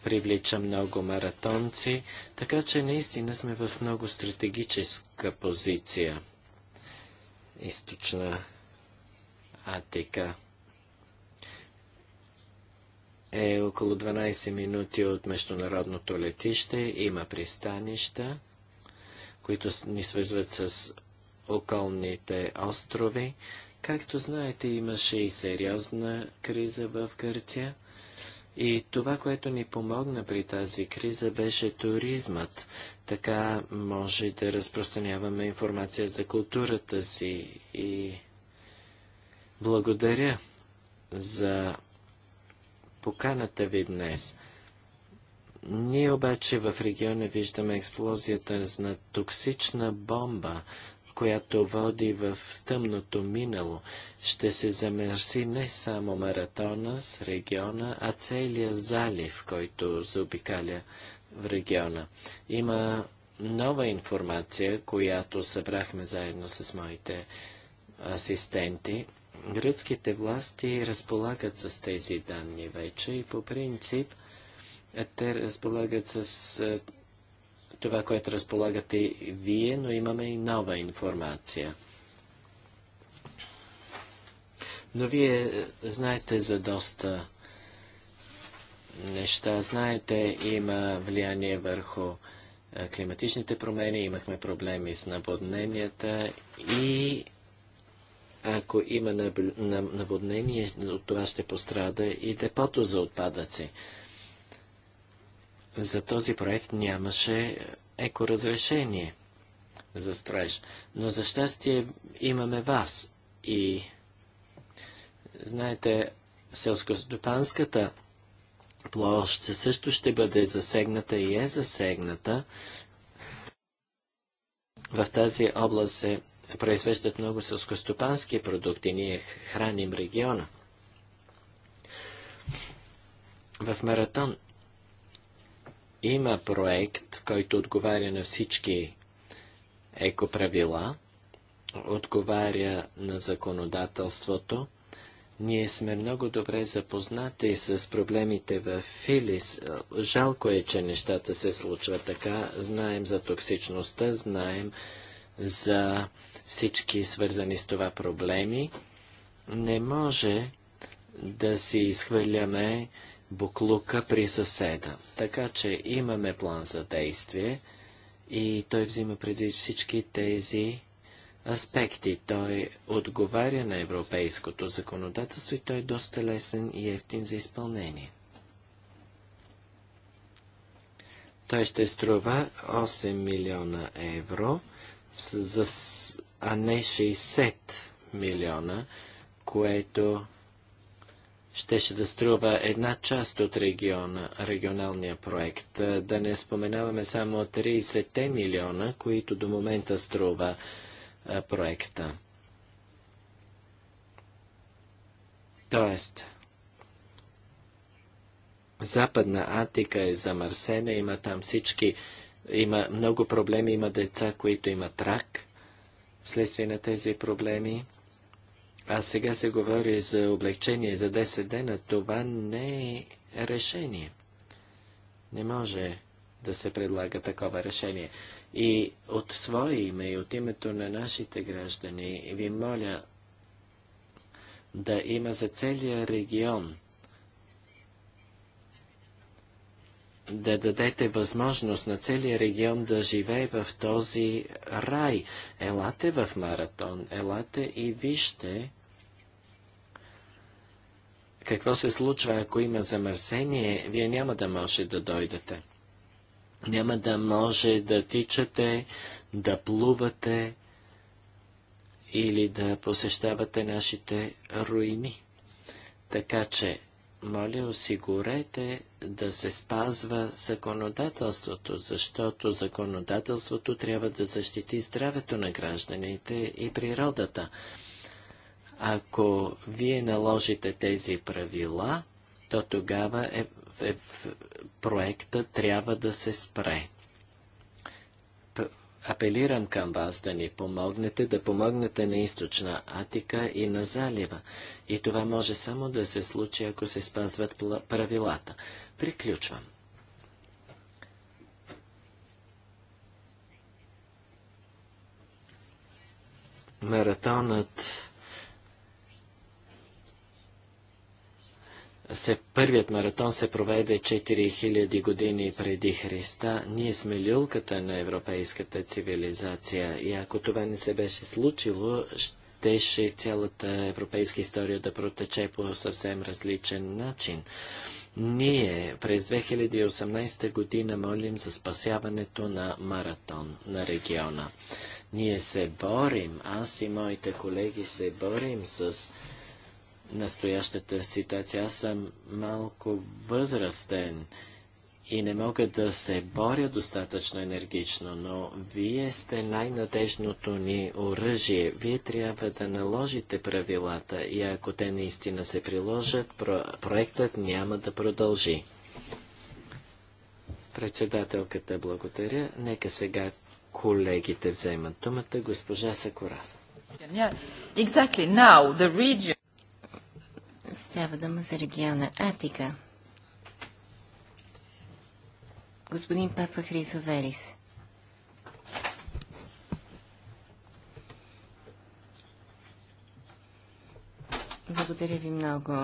привлича много маратонци, така че наистина сме в много стратегическа позиция. Източна Атика е около 12 минути от международното летище, има пристанища, които ни свързват с околните острови. Както знаете, имаше и сериозна криза в Гърция. И това, което ни помогна при тази криза, беше туризмът. Така може да разпространяваме информация за културата си и благодаря за поканата ви днес. Ние обаче в региона виждаме експлозията на токсична бомба, която води в тъмното минало. Ще се замерси не само маратона с региона, а целият залив, който заобикаля в региона. Има нова информация, която събрахме заедно с моите асистенти. Гръцките власти разполагат с тези данни вече и по принцип – те разполагат с това, което разполагате вие, но имаме и нова информация. Но вие е, знаете за доста неща. Знаете, има влияние върху е, климатичните промени, имахме проблеми с наводненията и ако има наводнение, от това ще пострада и депото за отпадъци за този проект нямаше екоразрешение за строеж. Но за щастие имаме вас и знаете, селскостопанската площ също ще бъде засегната и е засегната. В тази област се произвеждат много селскостопански продукти. Ние храним региона. В маратон има проект, който отговаря на всички екоправила, отговаря на законодателството. Ние сме много добре запознати с проблемите в Филис. Жалко е, че нещата се случват така. Знаем за токсичността, знаем за всички свързани с това проблеми. Не може да си изхвърляме буклука при съседа. Така че имаме план за действие и той взима предвид всички тези аспекти. Той отговаря на европейското законодателство и той е доста лесен и ефтин за изпълнение. Той ще струва 8 милиона евро, а не 60 милиона, което щеше да струва една част от региона, регионалния проект. Е, да не споменаваме само 30 милиона, които до момента струва е, проекта. Тоест, Западна Атика е замърсена, има там всички, има много проблеми, има деца, които имат рак, вследствие на тези проблеми. А сега се говори за облегчение за 10 дена. Това не е решение. Не може да се предлага такова решение. И от свое име и от името на нашите граждани ви моля да има за целия регион да дадете възможност на целия регион да живее в този рай. Елате в маратон, елате и вижте какво се случва, ако има замърсение, вие няма да може да дойдете. Няма да може да тичате, да плувате или да посещавате нашите руини. Така че, моля, осигурете да се спазва законодателството, защото законодателството трябва да защити здравето на гражданите и природата. Ако вие наложите тези правила, то тогава е, е, проекта трябва да се спре. П апелирам към вас да ни помогнете, да помогнете на източна Атика и на залива. И това може само да се случи, ако се спазват правилата. Приключвам. Маратонът се, първият маратон се проведе 4000 години преди Христа. Ние сме люлката на европейската цивилизация и ако това не се беше случило, щеше цялата европейска история да протече по съвсем различен начин. Ние през 2018 година молим за спасяването на маратон на региона. Ние се борим, аз и моите колеги се борим с настоящата ситуация. Аз съм малко възрастен и не мога да се боря достатъчно енергично, но вие сте най-надежното ни оръжие. Вие трябва да наложите правилата и ако те наистина се приложат, про проектът няма да продължи. Председателката благодаря. Нека сега колегите вземат думата. Госпожа Сакурав. Yeah, exactly now the region... Става дума за региона Атика господин Папа Хризоверис. Благодаря ви много,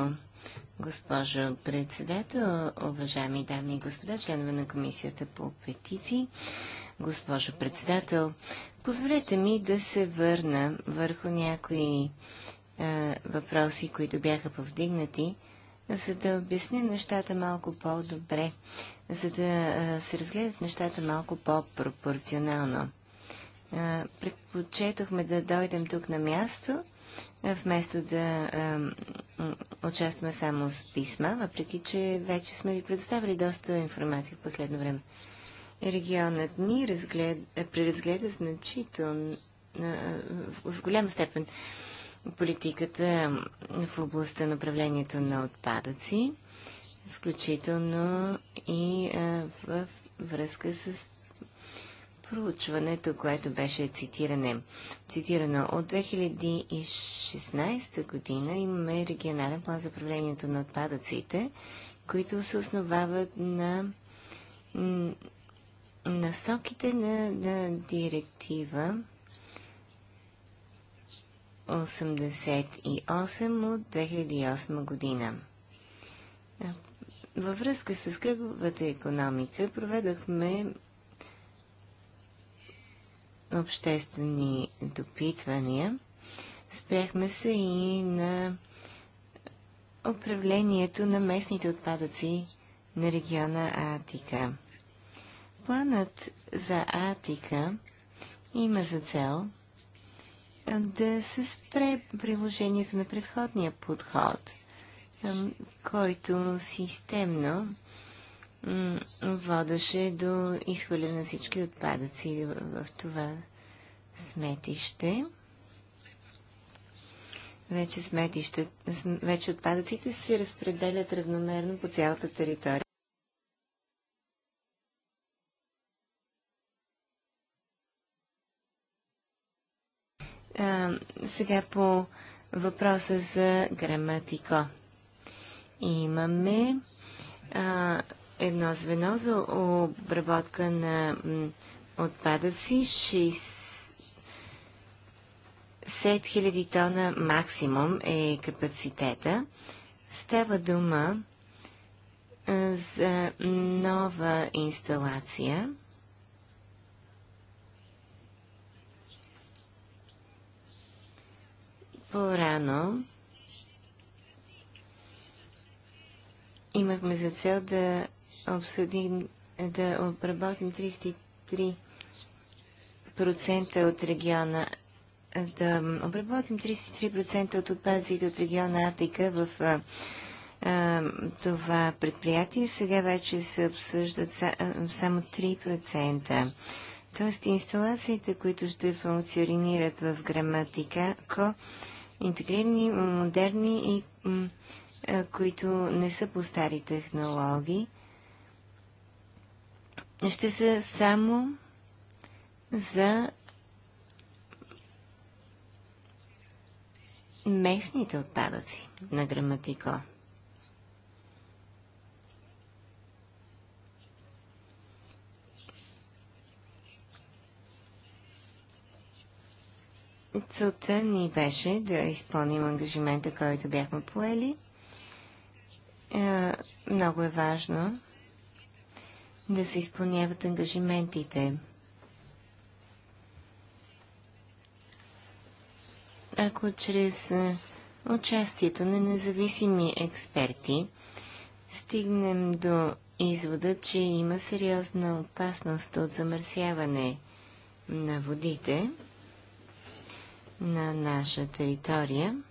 госпожо председател, уважаеми дами и господа, членове на Комисията по петиции. Госпожо председател, позволете ми да се върна върху някои е, въпроси, които бяха повдигнати, за да обясня нещата малко по-добре за да се разгледат нещата малко по-пропорционално. Предпочетохме да дойдем тук на място, вместо да участваме само с писма, въпреки че вече сме ви предоставили доста информация в последно време. Регионът ни разглед... преразгледа значително в голяма степен политиката в областта на управлението на отпадъци включително и в връзка с проучването, което беше цитиране. Цитирано от 2016 година имаме регионален план за управлението на отпадъците, които се основават на насоките на, на директива 88 от 2008 година. Във връзка с кръговата економика проведохме обществени допитвания. Спряхме се и на управлението на местните отпадъци на региона Атика. Планът за Атика има за цел да се спре приложението на предходния подход – който системно водеше до изхвърляне на всички отпадъци в това сметище. Вече, сметище, вече отпадъците се разпределят равномерно по цялата територия. А, сега по въпроса за граматико. Имаме а, едно звено за обработка на отпадъци 60 000 тона максимум е капацитета. Става дума за нова инсталация. По-рано имахме за цел да обсъдим, да обработим 33% от региона, да обработим 33% от отпадъците от региона Атика в а, това предприятие. Сега вече се обсъждат само 3%. Тоест инсталациите, които ще функционират в граматика, ко, интегрирани, модерни и които не са по стари технологии, ще са само за местните отпадъци на граматико. Целта ни беше да изпълним ангажимента, който бяхме поели – е, много е важно да се изпълняват ангажиментите. Ако чрез е, участието на независими експерти стигнем до извода, че има сериозна опасност от замърсяване на водите на наша територия,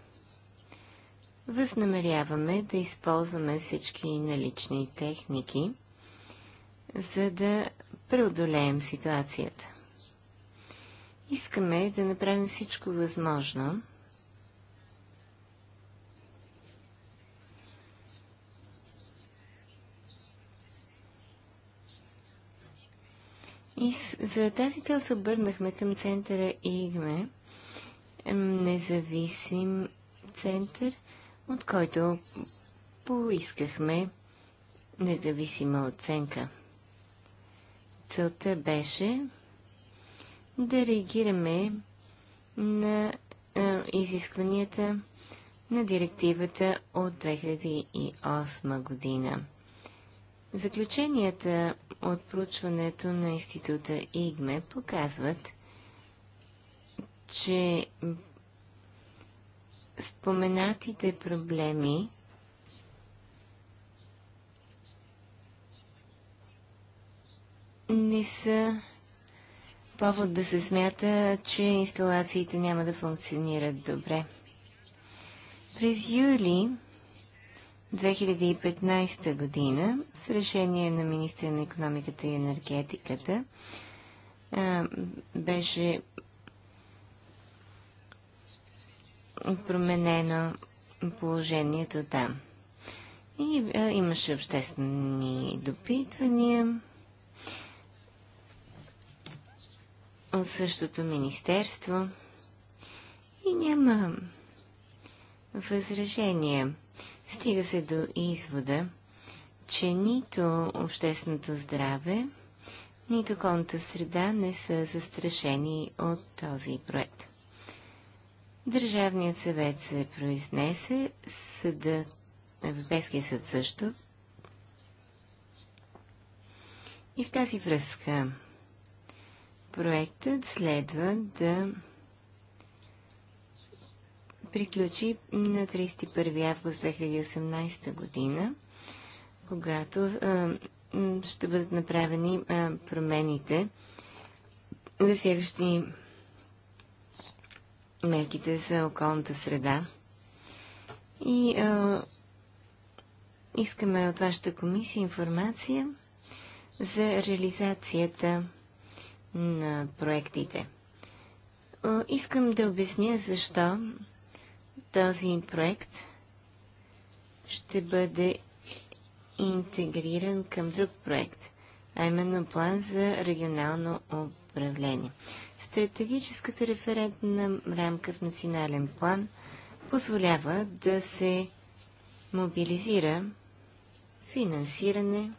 възнамеряваме да използваме всички налични техники, за да преодолеем ситуацията. Искаме да направим всичко възможно, И за тази цел се обърнахме към центъра ИГМЕ, независим център, от който поискахме независима оценка. Целта беше да реагираме на изискванията на директивата от 2008 година. Заключенията от проучването на института ИГМЕ показват, че споменатите проблеми не са повод да се смята, че инсталациите няма да функционират добре. През юли 2015 година с решение на министра на економиката и енергетиката беше променено положението там. И а, е, имаше обществени допитвания от същото министерство и няма възражение. Стига се до извода, че нито общественото здраве, нито конта среда не са застрашени от този проект. Държавният съвет се произнесе, съда, Европейския съд също. И в тази връзка проектът следва да приключи на 31 август 2018 година, когато а, ще бъдат направени а, промените, засягащи мерките за околната среда. И а, искаме от вашата комисия информация за реализацията на проектите. А, искам да обясня защо този проект ще бъде интегриран към друг проект, а именно план за регионално управление. Стратегическата референтна рамка в национален план позволява да се мобилизира финансиране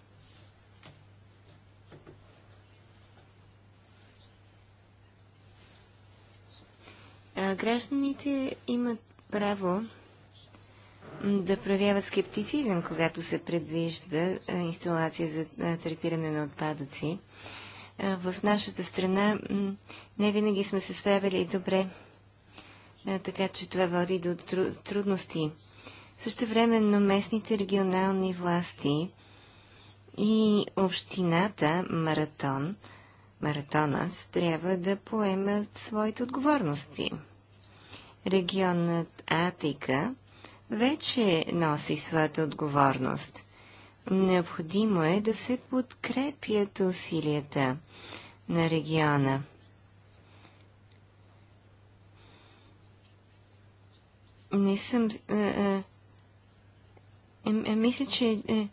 гражданите имат право да проявяват скептицизъм, когато се предвижда инсталация за третиране на отпадъци в нашата страна не винаги сме се справили добре, така че това води до трудности. Също времено местните регионални власти и общината Маратон, Маратонас, трябва да поемат своите отговорности. Регионът Атика вече носи своята отговорност – Необходимо е да се подкрепят усилията на региона. Не съм. А, а, а, мисля, че е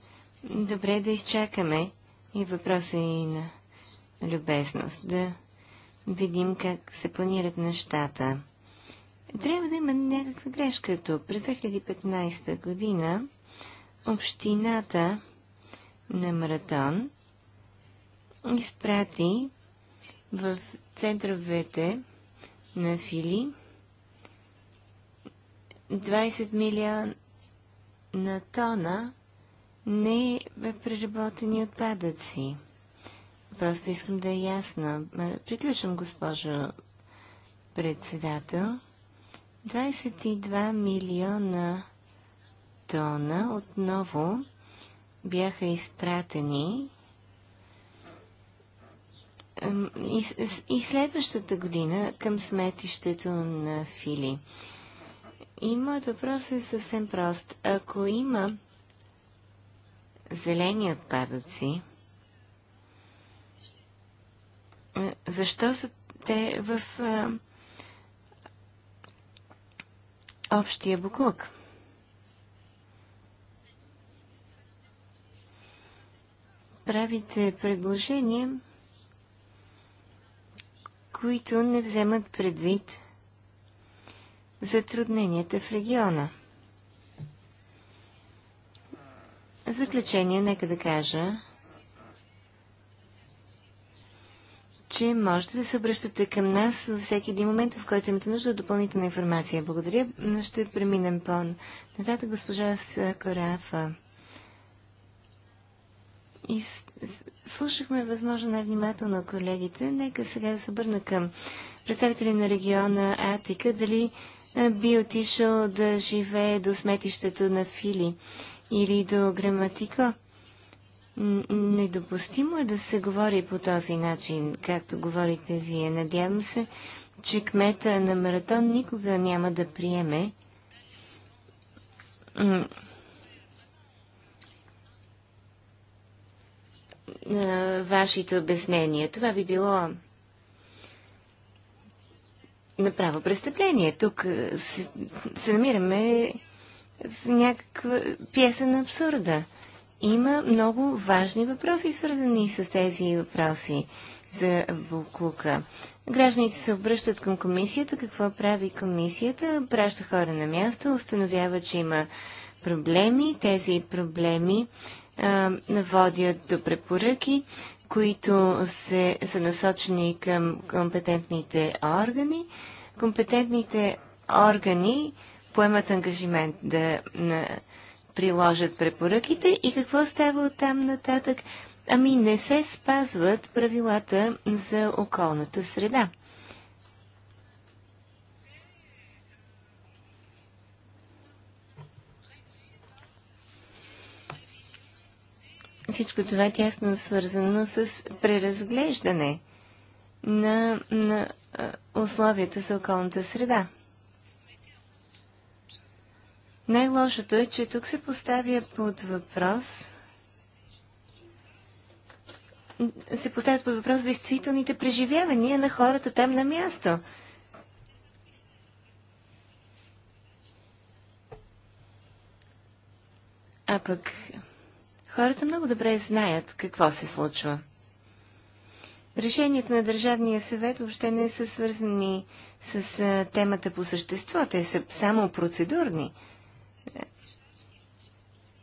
добре да изчакаме и въпроса е и на любезност. Да видим как се планират нещата. Трябва да има някаква грешка тук. През 2015 година общината на Маратон изпрати в центровете на Фили 20 милиона тона не преработени отпадъци. Просто искам да е ясно. Приключвам, госпожо председател. 22 милиона тона отново бяха изпратени и, следващата година към сметището на Фили. И моят въпрос е съвсем прост. Ако има зелени отпадъци, защо са те в общия буклук? правите предложения, които не вземат предвид затрудненията в региона. В заключение, нека да кажа, че можете да се обръщате към нас във всеки един момент, в който имате нужда от допълнителна информация. Благодаря. Ще преминем по-нататък госпожа Сакорафа. И слушахме възможно най-внимателно колегите. Нека сега да се обърна към представители на региона Атика, дали би отишъл да живее до сметището на Фили или до Граматико. Недопустимо е да се говори по този начин, както говорите вие. Надявам се, че кмета на Маратон никога няма да приеме вашите обяснения. Това би било направо престъпление. Тук се, се намираме в някаква пиеса на абсурда. Има много важни въпроси, свързани с тези въпроси за Буклука. Гражданите се обръщат към комисията. Какво прави комисията? Праща хора на място, установява, че има проблеми. Тези проблеми водят до препоръки, които се, са насочени към компетентните органи. Компетентните органи поемат ангажимент да на, приложат препоръките и какво става от там нататък? Ами не се спазват правилата за околната среда. Всичко това е тясно свързано с преразглеждане на, на условията за околната среда. Най-лошото е, че тук се поставя под въпрос се поставят под въпрос действителните преживявания на хората там на място. А пък Хората много добре знаят какво се случва. Решенията на Държавния съвет въобще не са свързани с темата по същество. Те са само процедурни.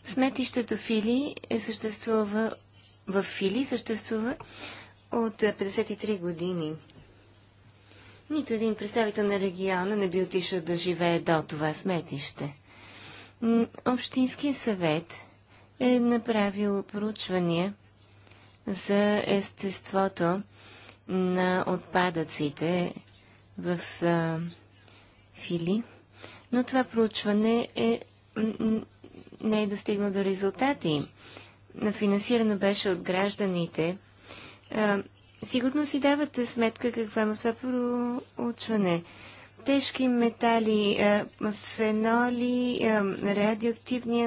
Сметището Фили е съществува в Фили съществува от 53 години. Нито един представител на региона не би отишъл да живее до това сметище. Общинския съвет е направило проучвания за естеството на отпадъците в а, Фили, но това проучване е, не е достигнало до резултати. Финансирано беше от гражданите. А, сигурно си давате сметка какво е това проучване тежки метали, е, феноли, е, радиоактивни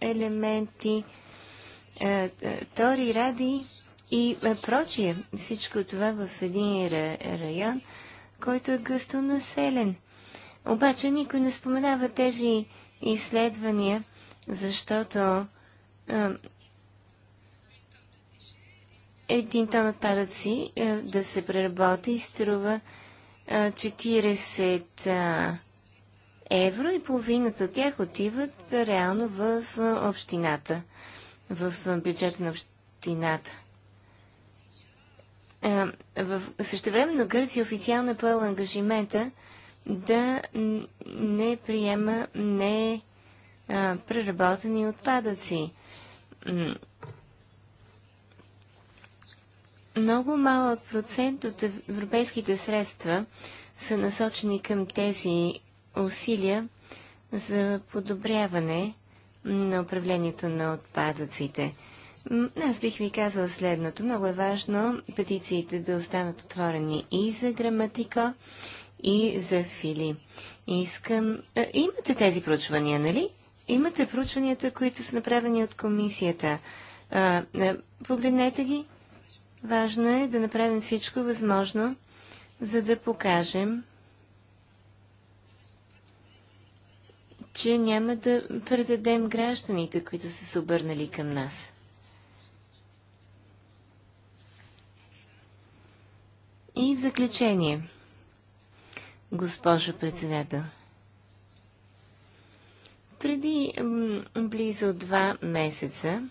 елементи, е, тори, ради и прочие. Всичко това в един район, който е гъсто населен. Обаче никой не споменава тези изследвания, защото един тон отпадъци да се преработи и струва 40 евро и половината от тях отиват реално в общината, в бюджета на общината. В същевременно Гърция официално е поела ангажимента да не приема не преработени отпадъци. Много малък процент от европейските средства са насочени към тези усилия за подобряване на управлението на отпадъците. Аз бих ви казала следното. Много е важно петициите да останат отворени и за граматика, и за фили. Искам... А, имате тези проучвания, нали? Имате проучванията, които са направени от комисията. А, а, погледнете ги, Важно е да направим всичко възможно, за да покажем, че няма да предадем гражданите, които са се обърнали към нас. И в заключение, госпожо председател, преди близо два месеца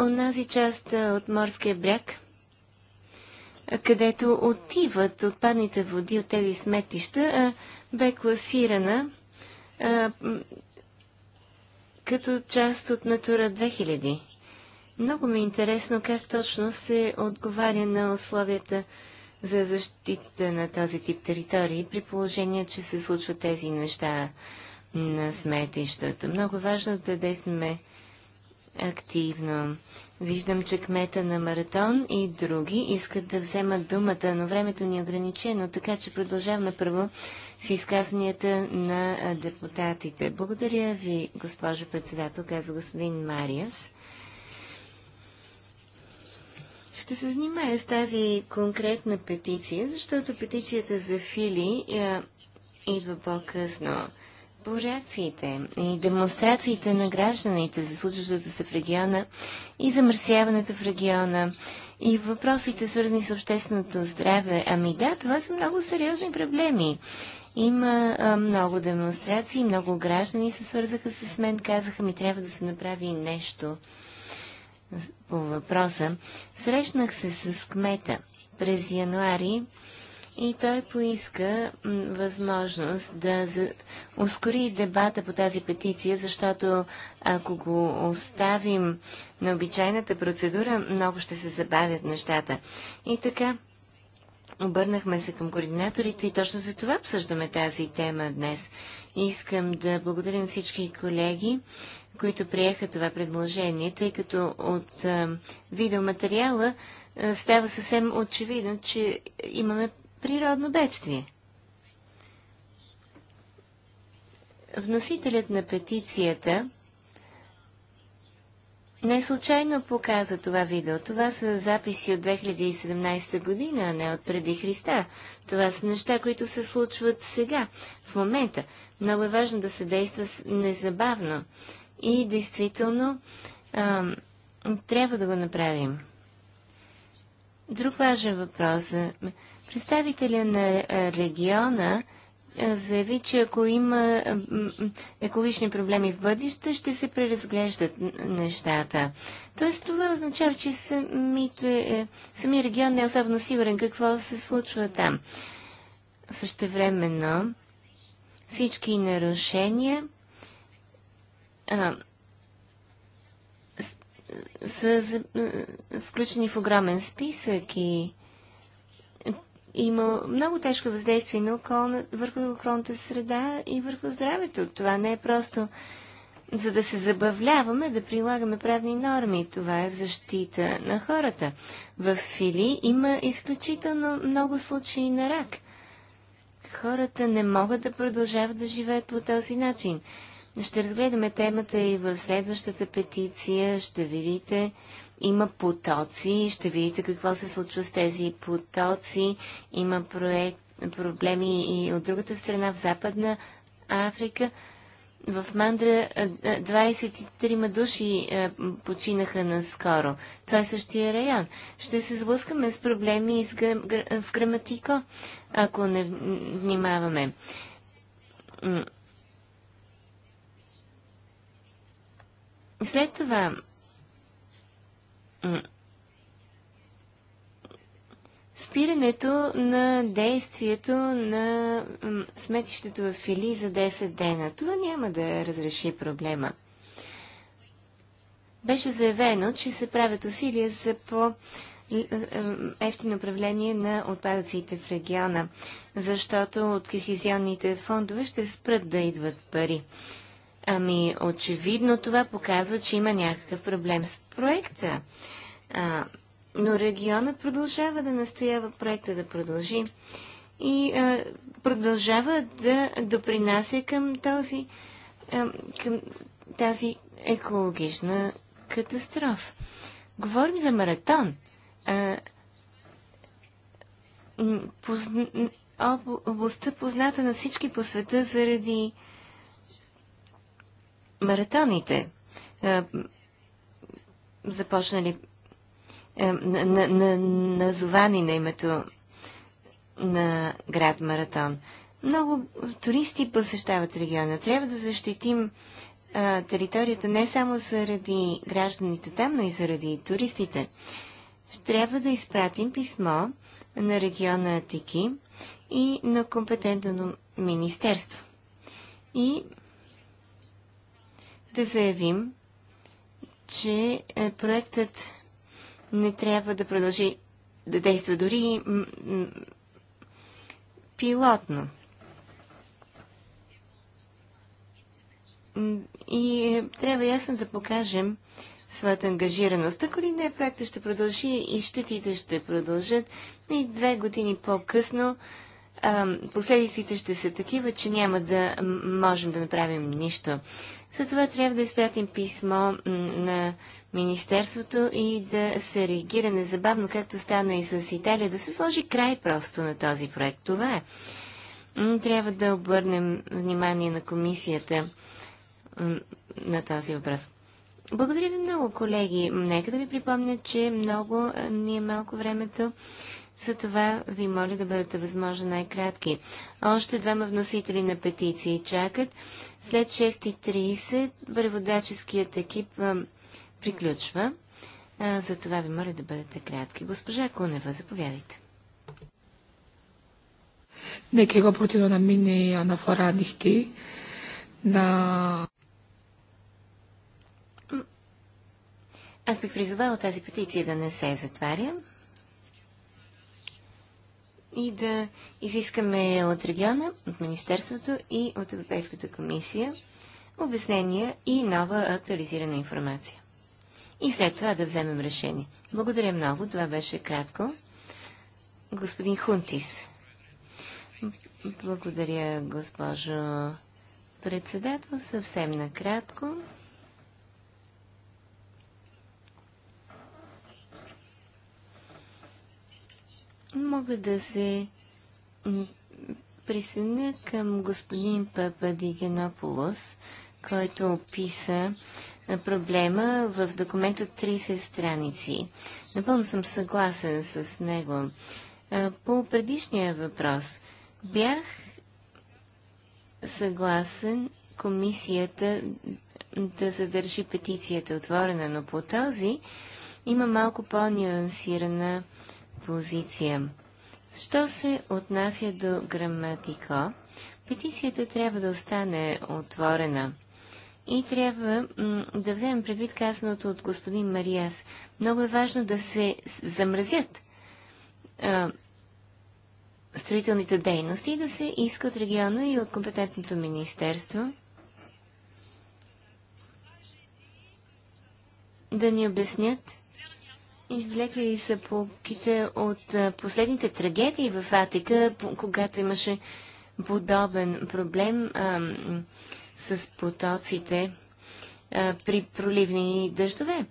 онази част от морския бряг, където отиват отпадните води от тези сметища, бе класирана като част от Натура 2000. Много ми е интересно как точно се отговаря на условията за защита на този тип територии, при положение, че се случват тези неща на сметището. Много важно да действаме активно. Виждам, че кмета на маратон и други искат да вземат думата, но времето ни е ограничено, така че продължаваме първо с изказванията на депутатите. Благодаря ви, госпожо председател, каза господин Мариас. Ще се занимая с тази конкретна петиция, защото петицията за Фили идва по-късно реакциите и демонстрациите на гражданите за случващото се в региона и замърсяването в региона и въпросите свързани с общественото здраве. Ами да, това са много сериозни проблеми. Има а, много демонстрации, много граждани се свързаха с мен, казаха ми трябва да се направи нещо по въпроса. Срещнах се с кмета през януари и той поиска възможност да ускори дебата по тази петиция, защото ако го оставим на обичайната процедура, много ще се забавят нещата. И така, обърнахме се към координаторите и точно за това обсъждаме тази тема днес. Искам да благодарим всички колеги, които приеха това предложение, тъй като от видеоматериала става съвсем очевидно, че имаме природно бедствие. Вносителят на петицията не случайно показа това видео. Това са записи от 2017 година, а не от преди Христа. Това са неща, които се случват сега, в момента. Много е важно да се действа незабавно. И действително а, трябва да го направим. Друг важен въпрос. Представителя на региона заяви, че ако има екологични проблеми в бъдеще, ще се преразглеждат нещата. Тоест това означава, че самите, е, самия регион не е особено сигурен какво се случва там. Същевременно всички нарушения а, с, с, са включени в огромен списък и има много тежко въздействие на околна, върху околната среда и върху здравето. Това не е просто за да се забавляваме, да прилагаме правни норми. Това е в защита на хората. В Фили има изключително много случаи на рак. Хората не могат да продължават да живеят по този начин. Ще разгледаме темата и в следващата петиция. Ще видите има потоци. Ще видите какво се случва с тези потоци. Има проект, проблеми и от другата страна в Западна Африка. В Мандра 23 души починаха наскоро. Това е същия район. Ще се сблъскаме с проблеми в граматико, ако не внимаваме. След това спирането на действието на сметището в Фили за 10 дена. Това няма да разреши проблема. Беше заявено, че се правят усилия за по ефтино управление на отпадъците в региона, защото от кохезионните фондове ще спрат да идват пари. Ами, очевидно това показва, че има някакъв проблем с проекта. А, но регионът продължава да настоява проекта да продължи и а, продължава да допринася към този, а, към тази екологична катастрофа. Говорим за маратон. А, позна, областта позната на всички по света заради маратоните, е, започнали е, назовани на името на град Маратон. Много туристи посещават региона. Трябва да защитим е, територията не само заради гражданите там, но и заради туристите. Трябва да изпратим писмо на региона Атики и на компетентно министерство. И да заявим, че е, проектът не трябва да продължи да действа дори пилотно. И е, трябва ясно да покажем своята ангажираност. Ако ли не, проектът ще продължи и щетите ще продължат. И две години по-късно последиците ще са такива, че няма да можем да направим нищо. За това трябва да изпратим писмо на Министерството и да се реагира незабавно, както стана и с Италия, да се сложи край просто на този проект. Това е. Трябва да обърнем внимание на комисията на този въпрос. Благодаря ви много, колеги. Нека да ви припомня, че много ни е малко времето. За това ви моля да бъдете възможно най-кратки. Още двама вносители на петиции чакат. След 6.30 преводаческият екип а, приключва. А, за това ви моля да бъдете кратки. Госпожа Кунева, заповядайте. Нека го εγώ на мини μείνει αναφορά ανοιχτή, Аз бих призовала тази петиция да не се затваря и да изискаме от региона, от Министерството и от Европейската комисия обяснения и нова актуализирана информация. И след това да вземем решение. Благодаря много. Това беше кратко. Господин Хунтис. Благодаря, госпожо председател. Съвсем накратко. Мога да се присъединя към господин Папа Дигенополос, който описа проблема в документ от 30 страници. Напълно съм съгласен с него. По предишния въпрос бях съгласен комисията да задържи петицията отворена, но по този има малко по-нюансирана позиция. Що се отнася до граматика, петицията трябва да остане отворена. И трябва да вземем предвид казаното от господин Мариас. Много е важно да се замразят а, строителните дейности и да се иска от региона и от компетентното министерство да ни обяснят извлекли са полките от последните трагедии в Атика, когато имаше подобен проблем а, с потоците а, при проливни дъждове.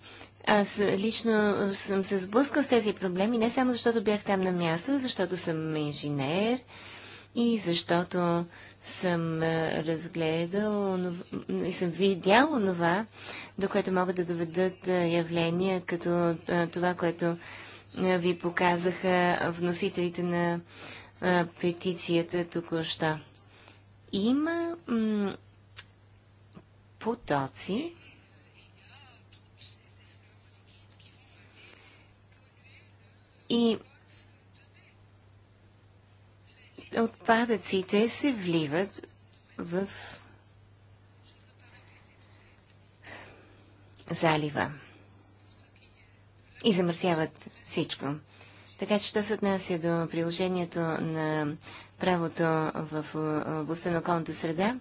Аз лично съм се сблъскал с тези проблеми не само защото бях там на място, защото съм инженер и защото съм разгледал и съм видял онова, до което могат да доведат явления, като това, което ви показаха вносителите на петицията току-що. Има потоци, и отпадъците се вливат в залива и замърсяват всичко. Така че, що се отнася до приложението на правото в областта на околната среда,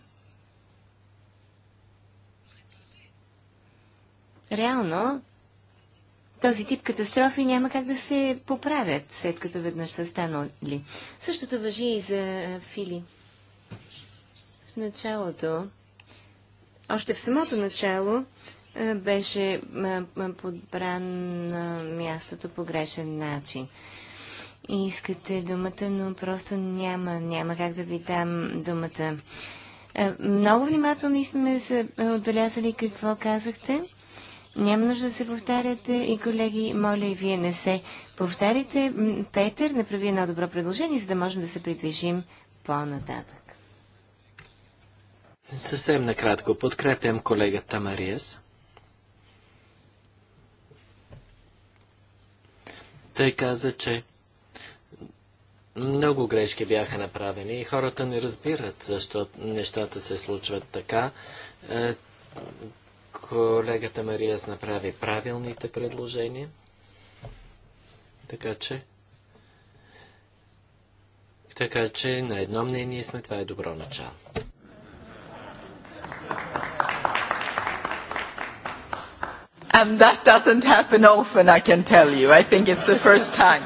реално този тип катастрофи няма как да се поправят, след като веднъж са станали. Същото въжи и за Фили. В началото, още в самото начало, беше подбран на мястото по грешен начин. Искате думата, но просто няма, няма как да ви дам думата. Много внимателно сме отбелязали какво казахте. Няма нужда да се повтаряте и колеги, моля и вие не се повтаряйте. Петър, направи едно добро предложение, за да можем да се придвижим по-нататък. Съвсем накратко подкрепям колегата Мариес. Той каза, че много грешки бяха направени и хората не разбират защо нещата се случват така. Е, Колегата Мария направи правилните предложения. Така че. Така че на едно мнение сме, това е добро начало. And that doesn't happen often, I can tell you. I think it's the first time.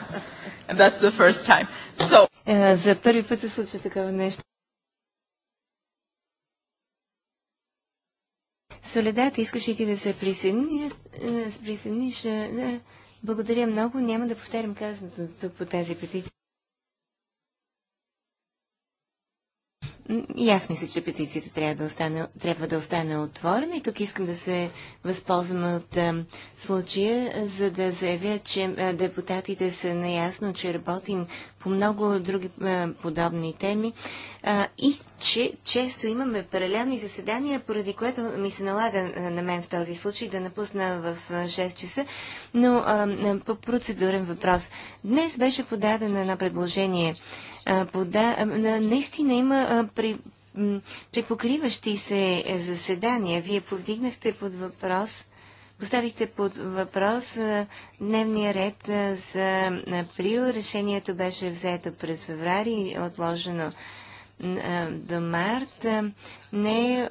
And that's the first time. So... Е, за първи път се случва такова нещо. Соледата, искаш ли ти да се е, присъединиш? присъединиш? Благодаря много. Няма да повтарям казаното тук по тази петиция. И аз мисля, че петицията трябва да остане, трябва да остане отворена и тук искам да се възползвам от а, случая, за да заявя, че а, депутатите са наясно, че работим по много други а, подобни теми а, и че често имаме паралелни заседания, поради което ми се налага а, на мен в този случай да напусна в а, 6 часа, но а, по процедурен въпрос. Днес беше подадено на предложение пода... наистина има при... припокриващи се е, заседания. Вие повдигнахте под въпрос Поставихте под въпрос дневния ред за април. Решението беше взето през феврари, отложено до март. Не е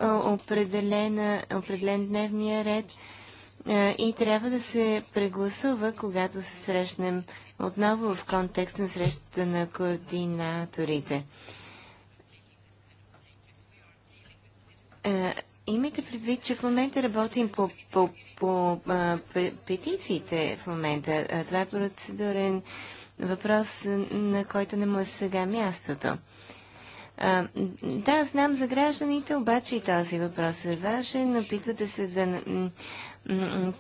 определен дневния ред и трябва да се прегласува, когато се срещнем отново в контекст на срещата на координаторите. Е, имайте предвид, че в момента работим по, по, по а, петициите в момента. Това е процедурен въпрос, на който не му е сега мястото. А, да, знам за гражданите, обаче и този въпрос е важен. Опитвате се да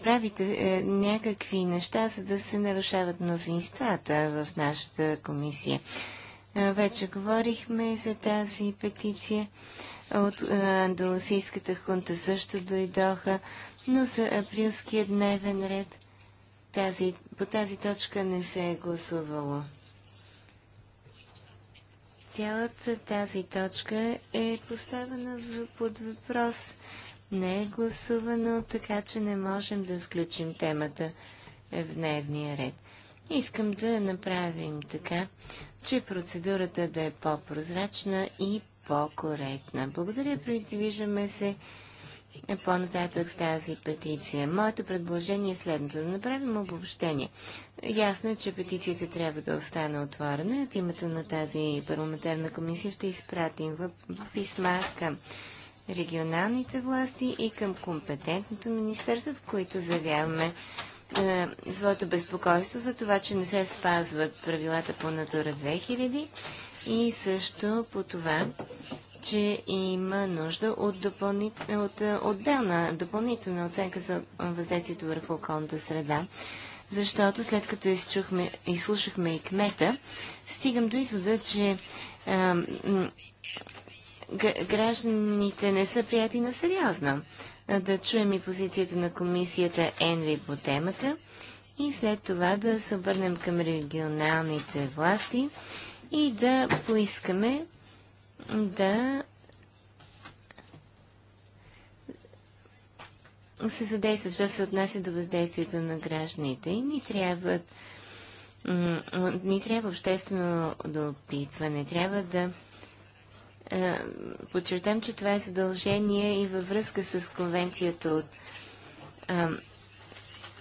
правите е, някакви неща, за да се нарушават мнозинствата в нашата комисия. Вече говорихме за тази петиция. От Андалусийската хунта също дойдоха, но за априлския дневен ред тази, по тази точка не се е гласувало. Цялата тази точка е поставена в, под въпрос не е гласувано, така че не можем да включим темата в дневния ред. Искам да направим така, че процедурата да е по-прозрачна и по-коректна. Благодаря, придвижваме се по-нататък с тази петиция. Моето предложение е следното. Да направим обобщение. Ясно е, че петицията трябва да остане отворена. От името на тази парламентарна комисия ще изпратим писма към регионалните власти и към компетентното министерство, в които заявяваме е, своето безпокойство за това, че не се спазват правилата по Натура 2000 и също по това, че има нужда от, допълни... от е, отделна допълнителна оценка за въздействието върху околната среда, защото след като изчухме, изслушахме и кмета, стигам до извода, че е, гражданите не са прияти на сериозно. Да чуем и позицията на комисията ЕНВИ по темата и след това да се обърнем към регионалните власти и да поискаме да се задейства, защото се отнася до въздействието на гражданите. И ни трябва, ни трябва обществено допитване. Трябва да е, подчертам, че това е задължение и във връзка с конвенцията от е,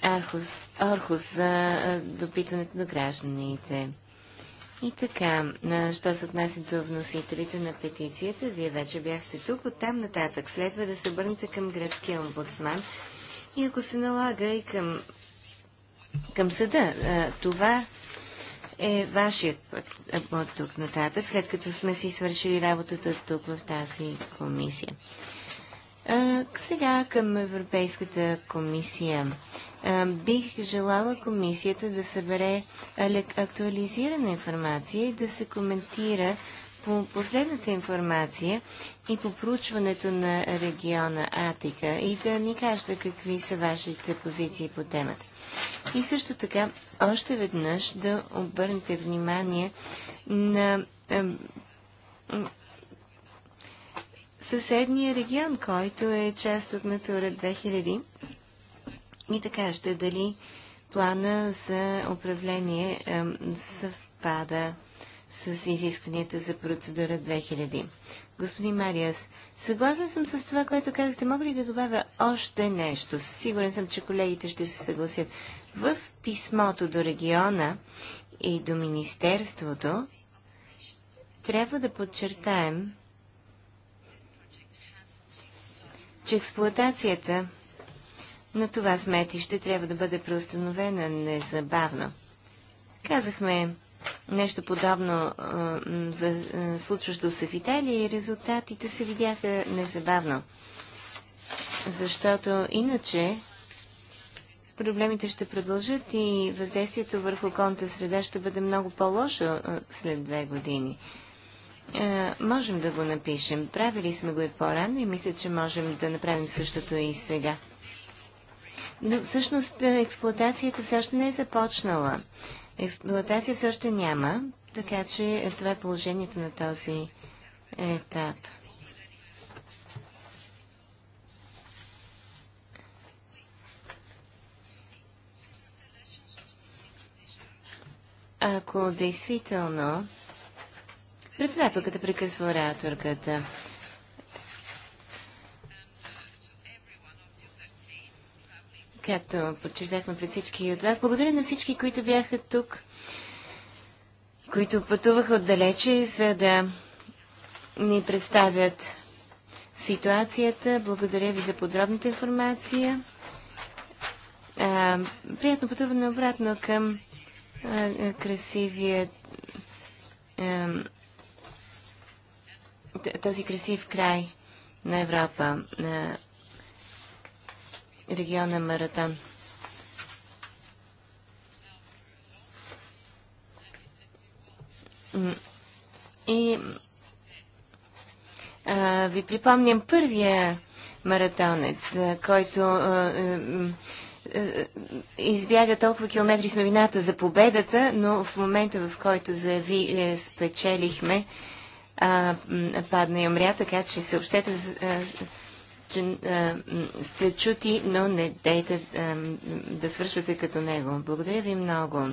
Архус, Орхус за е, допитването на гражданите. И така, що се отнася до вносителите на петицията, вие вече бяхте тук, оттам нататък следва да се обърнете към гръцкия омбудсман и ако се налага и към, към съда. Това е вашият път е, от тук нататък, след като сме си свършили работата тук в тази комисия. А, сега към Европейската комисия. А, бих желала комисията да събере актуализирана информация и да се коментира по последната информация и по проучването на региона Атика и да ни кажете какви са вашите позиции по темата. И също така, още веднъж да обърнете внимание на съседния регион, който е част от Натура 2000 и така ще дали плана за управление съвпада с изискванията за процедура 2000. Господин Мариас, Съгласна съм с това, което казахте. Мога ли да добавя още нещо? Сигурен съм, че колегите ще се съгласят. В писмото до региона и до Министерството трябва да подчертаем, че експлуатацията на това сметище трябва да бъде преустановена незабавно. Казахме нещо подобно а, за а, случващо се в Италия и резултатите се видяха незабавно. Защото иначе проблемите ще продължат и въздействието върху околната среда ще бъде много по-лошо след две години. А, можем да го напишем. Правили сме го и по-рано и мисля, че можем да направим същото и сега. Но всъщност експлуатацията все още не е започнала. Експлуатация все още няма, така че това е положението на този етап. Ако действително председателката прекъсва ораторката. както подчертахме пред всички от вас. Благодаря на всички, които бяха тук, които пътуваха отдалече, за да ни представят ситуацията. Благодаря ви за подробната информация. А, приятно пътуване обратно към а, красивия а, този красив край на Европа региона Маратон. И а, ви припомням първия маратонец, който а, а, избяга толкова километри с новината за победата, но в момента, в който заяви е, спечелихме, а, падна и умря, така че съобщете за, че а, сте чути, но не дейте а, да свършвате като него. Благодаря ви много.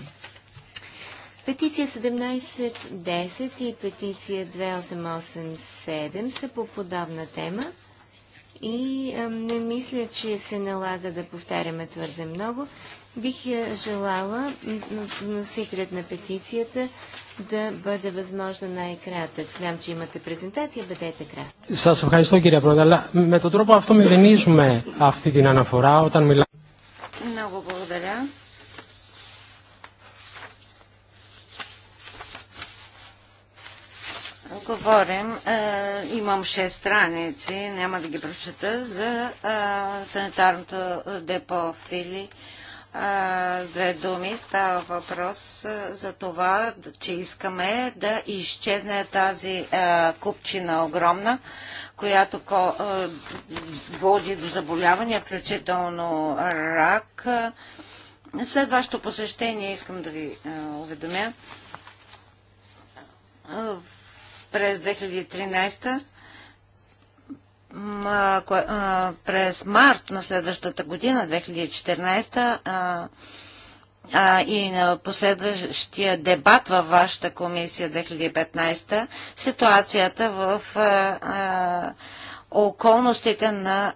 Петиция 1710 и петиция 2887 са по подобна тема и а, не мисля, че се налага да повтаряме твърде много. Бих желала носителят на петицията да бъде възможно най-кратък. Знам, че имате презентация, бъдете кратък. Сас ευχαριστώ кирия Πρόεδρε, αλλά με τον τρόπο αυτό μηδενίζουμε αυτή την αναφορά όταν μιλάμε. Много благодаря. Говорим, е, имам 6 страници, няма да ги прочета, за е, санитарното депо Фили. Е, две думи. Става въпрос за това, че искаме да изчезне тази купчина огромна, която води до заболявания, включително рак. След вашето посещение искам да ви уведомя. През 2013 през март на следващата година, 2014, и на последващия дебат във вашата комисия 2015, ситуацията в околностите на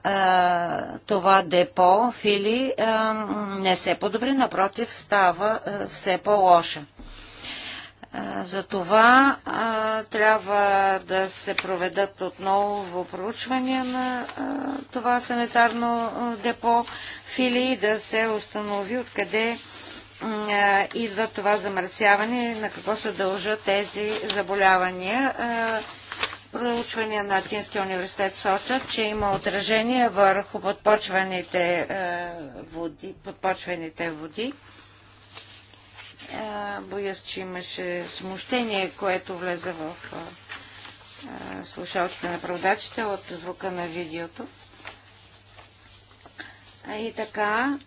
това депо Фили не се подобри, напротив става все по-лоша. За това трябва да се проведат отново проучвания на а, това санитарно депо Фили и да се установи откъде а, идва това замърсяване, и на какво се дължат тези заболявания. Проучвания на Атинския университет сочат, че има отражение върху подпочваните води. Подпочвените води Боя че имаше смущение, което влезе в слушалките на преводачите от звука на видеото. И така,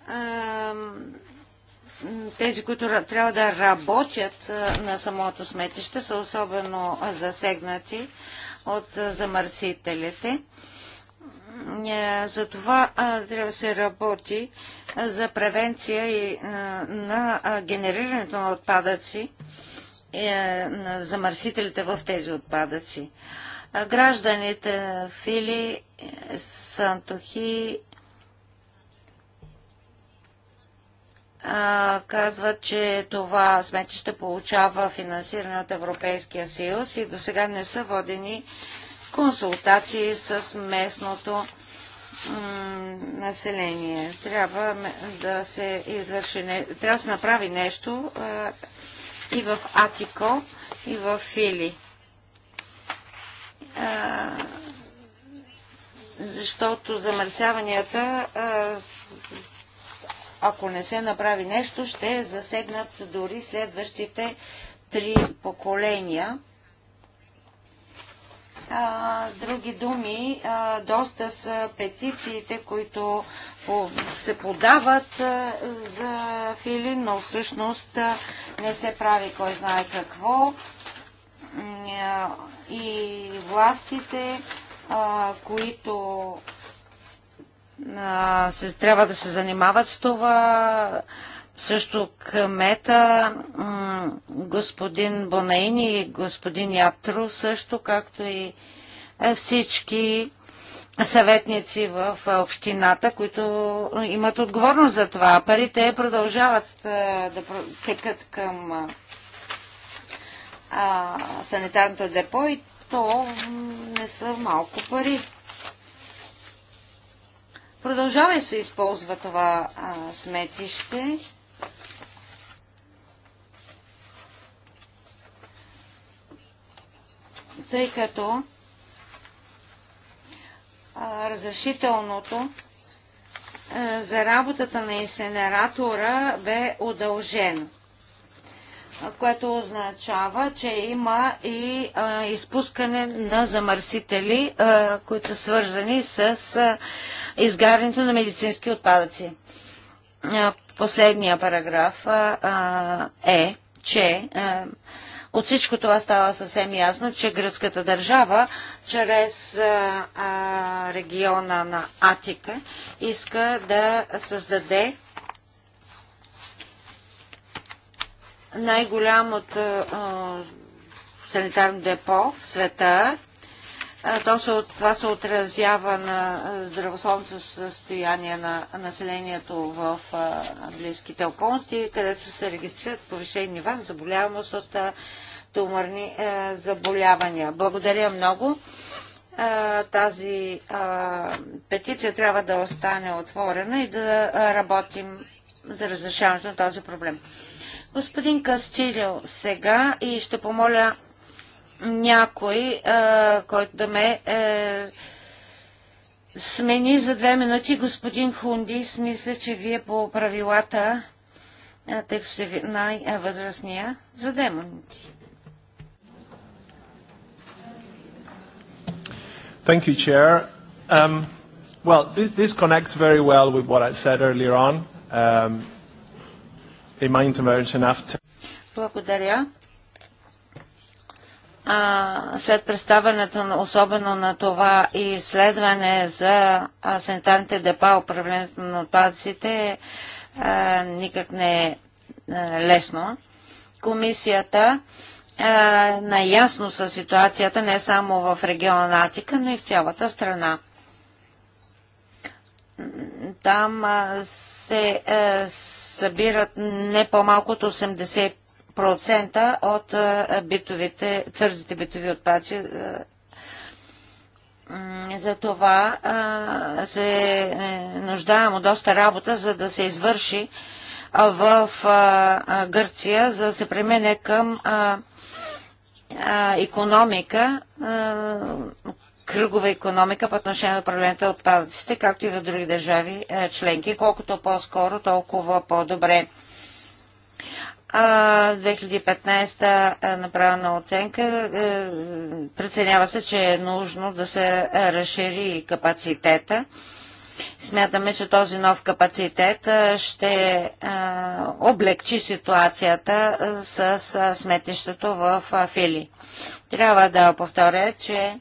тези, които трябва да работят на самото сметище, са особено засегнати от замърсителите. Е, за това трябва да се работи за превенция и на генерирането на отпадъци, е, на замърсителите в тези отпадъци. Гражданите Фили, Сантохи, казват, че това сметище получава финансиране от Европейския съюз и до сега не са водени консултации с местното население. Трябва да се извърши, трябва да се направи нещо а, и в Атико, и в Фили. А, защото замърсяванията, ако не се направи нещо, ще засегнат дори следващите три поколения. А, други думи, а, доста са петициите, които по, се подават а, за филин, но всъщност а, не се прави кой знае какво. А, и властите, а, които а, се, трябва да се занимават с това, а, също кмета господин Бонейни и господин Ятро също както и е, всички съветници в е, общината, които имат отговорност за това. Парите продължават е, да текат към а, санитарното депо и то не са малко пари. Продължава и се използва това а, сметище. тъй като разрешителното за работата на инсенератора бе удължено което означава, че има и изпускане на замърсители, които са свързани с изгарянето на медицински отпадъци. последния параграф е, че от всичко това става съвсем ясно, че гръцката държава, чрез а, а, региона на Атика, иска да създаде най-голямото санитарно депо в света то се, това се отразява на здравословното състояние на населението в близките околности, където се регистрират повишени нива на заболяваност от туморни заболявания. Благодаря много. Тази петиция трябва да остане отворена и да работим за разрешаването на този проблем. Господин Кастилио сега и ще помоля някой, а, който да ме е, смени за две минути. Господин Хундис, мисля, че вие по правилата, тъй като сте най-възрастния, за две минути. Thank you, Chair. Um, well, this, this connects very well with what I said earlier on um, in my intervention after. Благодаря а, след на особено на това изследване за санитарните депа, управлението на отпадците, а, никак не е а, лесно. Комисията а, наясно са ситуацията не само в региона Атика, но и в цялата страна. Там а, се а, събират не по-малко от 85 процента от битовите, твърдите битови отпадъци. За това се е, нуждаем от доста работа, за да се извърши в Гърция, за да се премене към економика, кръгова економика по отношение на управлението на отпадъците, както и в други държави е, членки. Колкото по-скоро, толкова по-добре. 2015 направена оценка е, преценява се, че е нужно да се е, разшири капацитета. Смятаме, че този нов капацитет е, ще облегчи ситуацията с сметището в Фили. Трябва да повторя, че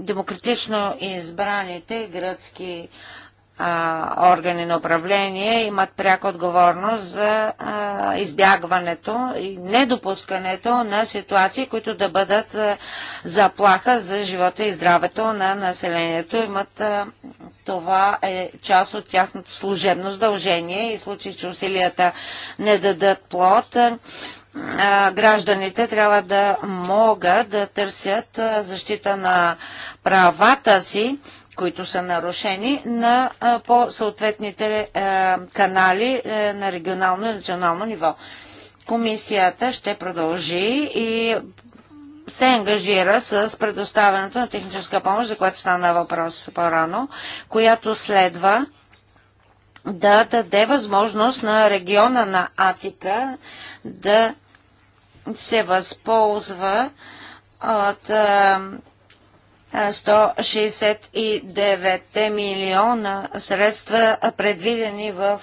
демократично избраните гръцки а, органи на управление имат пряка отговорност за а, избягването и недопускането на ситуации, които да бъдат а, заплаха за живота и здравето на населението. Имат а, това е част от тяхното служебно задължение и случай, че усилията не дадат плод. гражданите трябва да могат да търсят защита на правата си които са нарушени, на, по съответните е, канали е, на регионално и национално ниво. Комисията ще продължи и се ангажира с предоставянето на техническа помощ, за която стана въпрос по-рано, която следва да даде възможност на региона на Атика да се възползва от е, 169 милиона средства предвидени в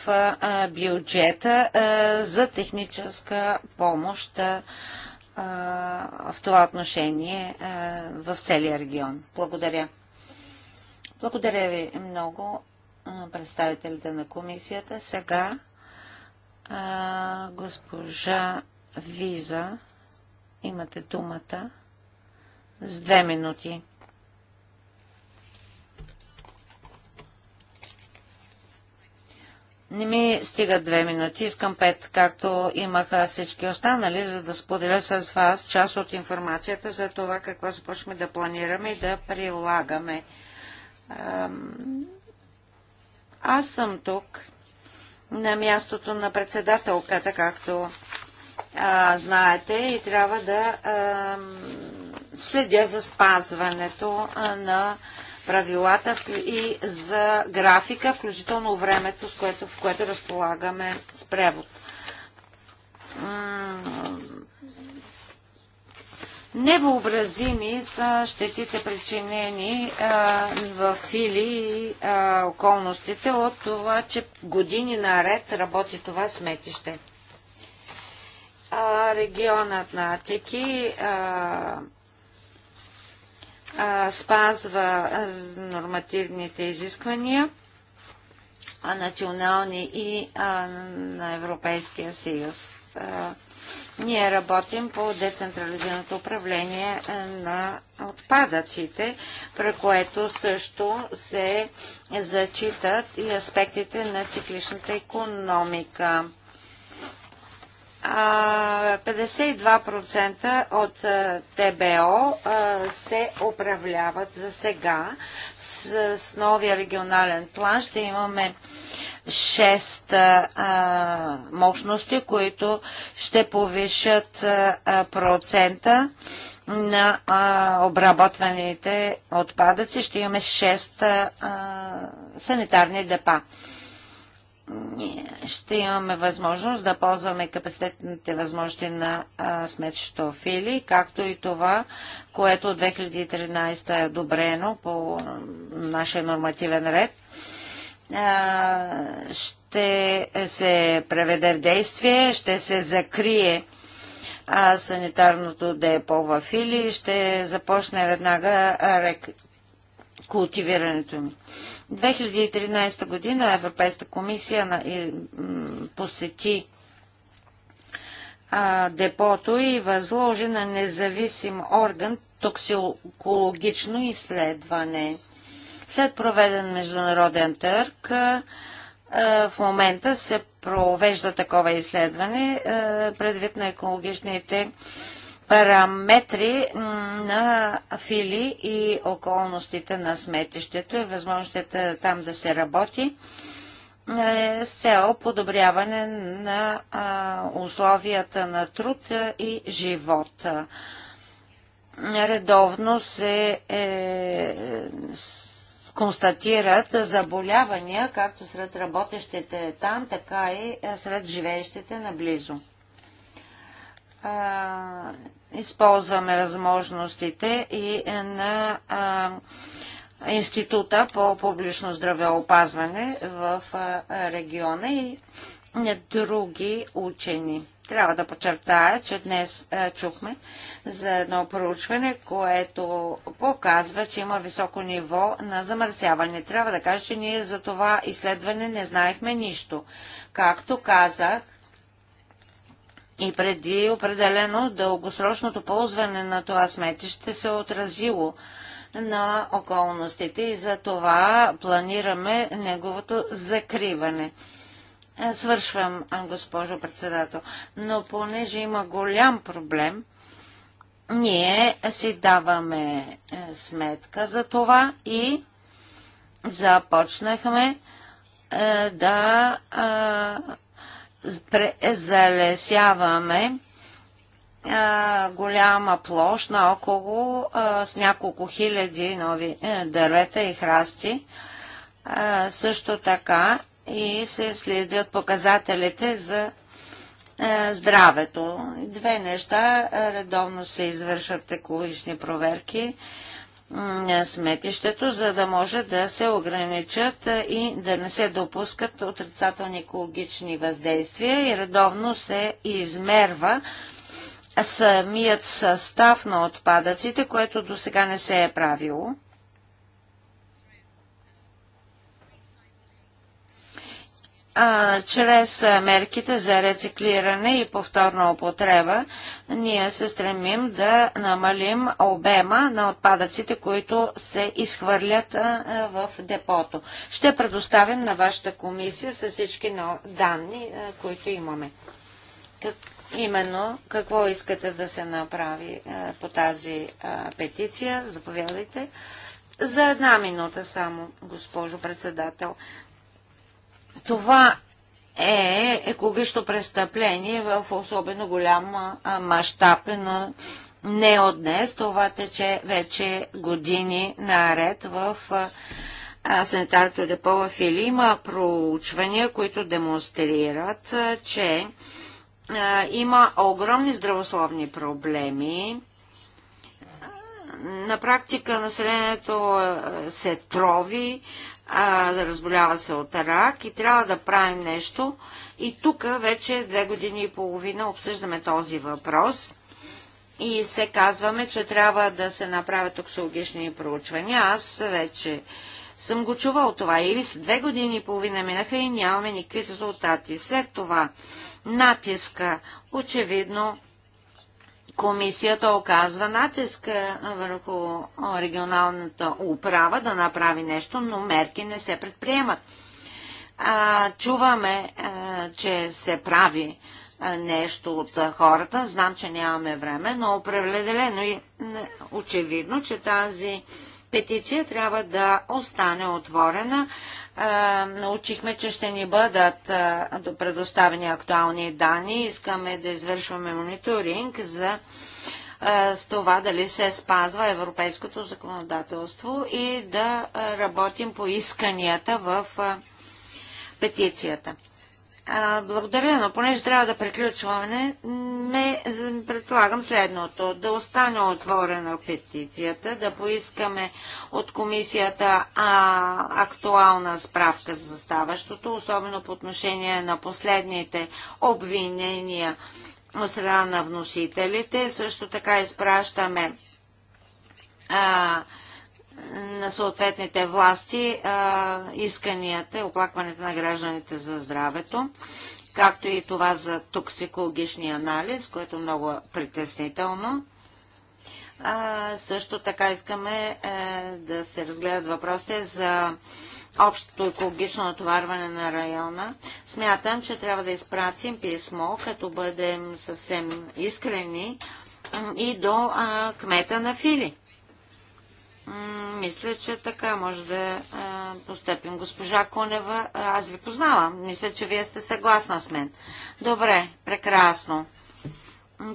бюджета за техническа помощ в това отношение в целия регион. Благодаря. Благодаря ви много представителите на комисията. Сега госпожа Виза, имате думата с две минути. Не ми стигат две минути, искам пет, както имаха всички останали, за да споделя с вас част от информацията за това какво започваме да планираме и да прилагаме. Аз съм тук на мястото на председателката, както а, знаете, и трябва да а, следя за спазването на правилата и за графика, включително времето, с което, в което разполагаме с превод. Невъобразими са щетите причинени в Фили и околностите от това, че години наред работи това сметище. А, регионът на Атики а, а, спазва а, нормативните изисквания а, национални и а, на Европейския съюз. А, ние работим по децентрализираното управление на отпадъците, при което също се зачитат и аспектите на цикличната економика. 52% от ТБО се управляват за сега. С, с новия регионален план ще имаме 6 мощности, които ще повишат процента на а, обработваните отпадъци. Ще имаме 6 санитарни депа. Ние ще имаме възможност да ползваме капацитетните възможности на сметчето Фили, както и това, което от 2013 е одобрено по нашия нормативен ред. Ще се преведе в действие, ще се закрие санитарното депо в Фили и ще започне веднага рек... култивирането ми. 2013 година Европейска комисия на, и, посети а, депото и възложи на независим орган токсикологично изследване. След проведен международен търг, а, в момента се провежда такова изследване а, предвид на екологичните а, параметри на фили и околностите на сметището и възможностите там да се работи е, с цел подобряване на условията на труд и живот. Редовно се е, констатират заболявания както сред работещите там, така и е, сред живеещите наблизо използваме възможностите и на а, Института по публично здравеопазване в а, региона и на други учени. Трябва да подчертая, че днес а, чухме за едно проучване, което показва, че има високо ниво на замърсяване. Трябва да кажа, че ние за това изследване не знаехме нищо. Както казах, и преди определено дългосрочното ползване на това сметище се е отразило на околностите и за това планираме неговото закриване. Е, свършвам, госпожо председател. Но понеже има голям проблем, ние си даваме е, сметка за това и започнахме да залесяваме голяма площ наоколо около с няколко хиляди нови е, дървета и храсти. също така и се следят показателите за е, здравето. Две неща. Редовно се извършват екологични проверки сметището, за да може да се ограничат и да не се допускат отрицателни екологични въздействия и редовно се измерва самият състав на отпадъците, което до сега не се е правило. а, чрез мерките за рециклиране и повторна употреба, ние се стремим да намалим обема на отпадъците, които се изхвърлят а, в депото. Ще предоставим на вашата комисия с всички данни, а, които имаме. Как, именно какво искате да се направи а, по тази а, петиция? Заповядайте. За една минута само, госпожо председател. Това е екологично престъпление в особено голям мащаб на не от днес. Това тече вече години наред в санитарното депо в Фили. Има проучвания, които демонстрират, че има огромни здравословни проблеми. На практика населението се трови, а, разболява се от рак и трябва да правим нещо. И тук вече две години и половина обсъждаме този въпрос и се казваме, че трябва да се направят токсологични проучвания. Аз вече съм го чувал това. Или с две години и половина минаха и нямаме никакви резултати. След това натиска очевидно Комисията оказва натиск върху регионалната управа да направи нещо, но мерки не се предприемат. чуваме, че се прави нещо от хората. Знам, че нямаме време, но определено и очевидно, че тази петиция трябва да остане отворена. Е, научихме, че ще ни бъдат е, предоставени актуални данни. Искаме да извършваме мониторинг за е, с това дали се спазва европейското законодателство и да работим по исканията в петицията. А, благодаря, но понеже трябва да приключваме, ме предлагам следното. Да остане отворена петицията, да поискаме от комисията а, актуална справка за заставащото, особено по отношение на последните обвинения от страна на вносителите. Също така изпращаме а, на съответните власти исканията исканията, оплакването на гражданите за здравето, както и това за токсикологичния анализ, което е много е притеснително. също така искаме е, да се разгледат въпросите за общото екологично натоварване на района. Смятам, че трябва да изпратим писмо, като бъдем съвсем искрени и до а, кмета на Фили мисля, че така може да е, постъпим. Госпожа Конева, е, аз ви познавам. Мисля, че вие сте съгласна с мен. Добре, прекрасно.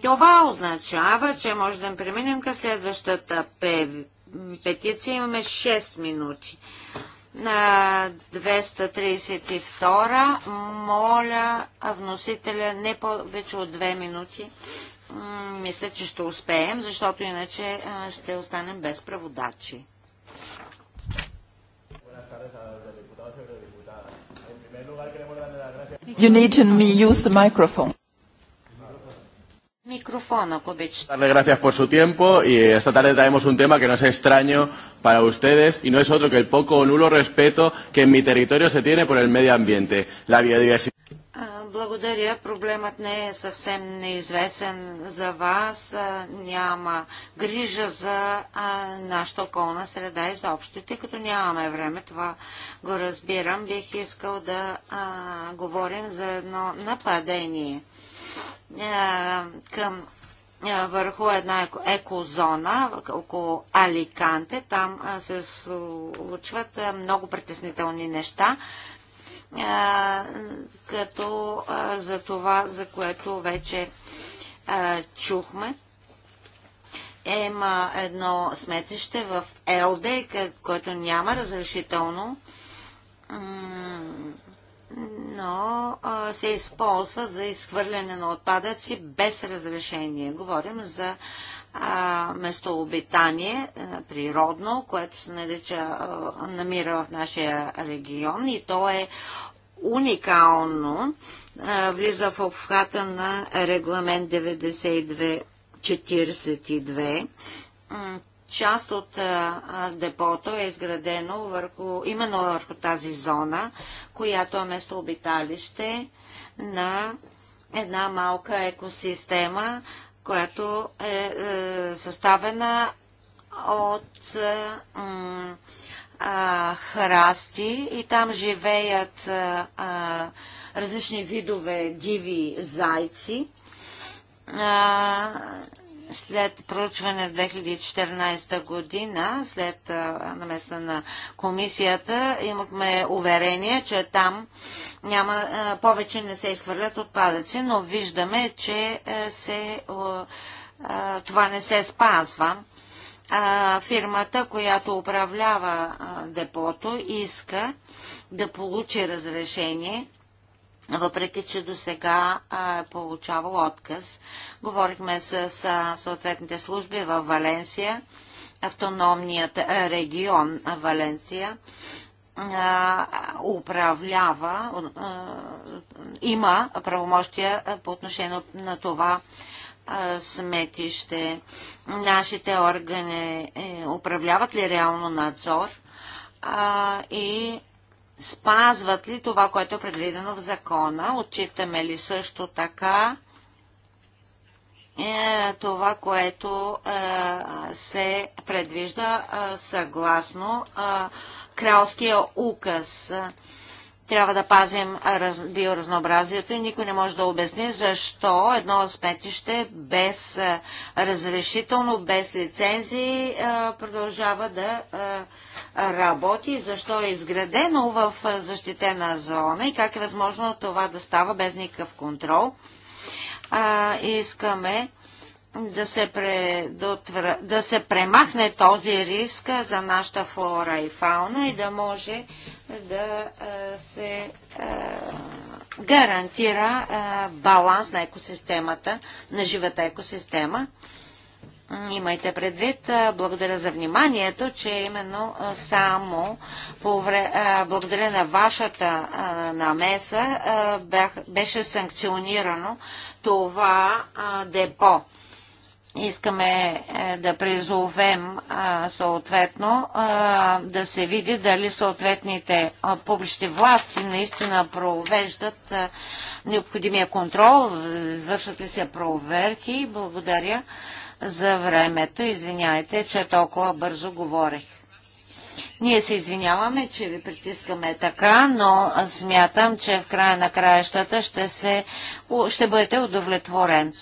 Това означава, че може да преминем към следващата петиция. Имаме 6 минути. На 232 моля вносителя не повече от 2 минути мисля, че ще успеем, защото иначе ще останем без преводачи. You need to use the microphone. Darle gracias por su tiempo y esta tarde traemos un tema que no es extraño para ustedes y no es otro que el poco o nulo respeto que en mi territorio se tiene por el medio ambiente, la biodiversidad. Благодаря. Проблемът не е съвсем неизвестен за вас. Няма грижа за нашата околна среда изобщо. Тъй като нямаме време, това го разбирам, бих искал да а, говорим за едно нападение а, към върху една екозона около Аликанте. Там се случват много притеснителни неща като за това, за което вече чухме. Има едно сметище в ЛД, което няма разрешително, но се използва за изхвърляне на отпадъци без разрешение. Говорим за а, местообитание а, е, природно, което се нарича, а, е, намира в нашия регион и то е уникално а, е, влиза в обхвата на регламент 9242. Част от а, депото е изградено върху, именно върху тази зона, която е местообиталище на една малка екосистема, която е, е съставена от е, храсти и там живеят е, различни видове диви зайци след проучване в 2014 година, след намеса на комисията, имахме уверение, че там няма, повече не се изхвърлят отпадъци, но виждаме, че се, това не се спазва. Фирмата, която управлява депото, иска да получи разрешение въпреки че до сега е получавал отказ. Говорихме с, съответните служби в Валенсия, автономният регион Валенсия управлява, има правомощия по отношение на това сметище. Нашите органи е, управляват ли реално надзор и спазват ли това, което е предвидено в закона, отчитаме ли също така е, това, което е, се предвижда е, съгласно е, кралския указ. Трябва да пазим раз, биоразнообразието и никой не може да обясни защо едно сметище без е, разрешително, без лицензии е, продължава да работи, защо е изградено в защитена зона и как е възможно това да става без никакъв контрол. А, искаме да се, предотвра... да се премахне този риск за нашата флора и фауна и да може да се гарантира баланс на екосистемата, на живата екосистема. Имайте предвид, благодаря за вниманието, че именно само благодаря на вашата намеса беше санкционирано това депо. Искаме е, да призовем съответно да се види дали съответните публични власти наистина провеждат необходимия контрол, извършват ли се проверки. Благодаря за времето. Извинявайте, че толкова бързо говорех. Ние се извиняваме, че ви притискаме така, но смятам, че в края на краищата ще, се, ще бъдете удовлетворен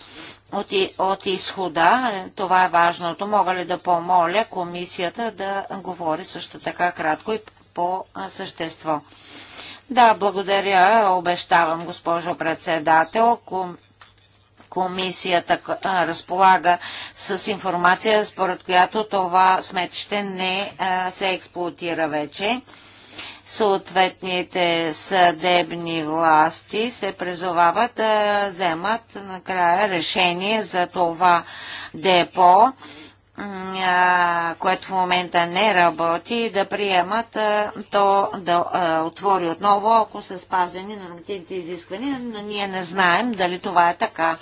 от, от изхода. Това е важното. Мога ли да помоля комисията да говори също така кратко и по същество? Да, благодаря. Обещавам, госпожо председател. Ком комисията разполага с информация, според която това сметище не се експлуатира вече. Съответните съдебни власти се призовават да вземат накрая решение за това депо което в момента не работи, да приемат то да отвори отново, ако са спазени нормативните изисквания, но ние не знаем дали това е така.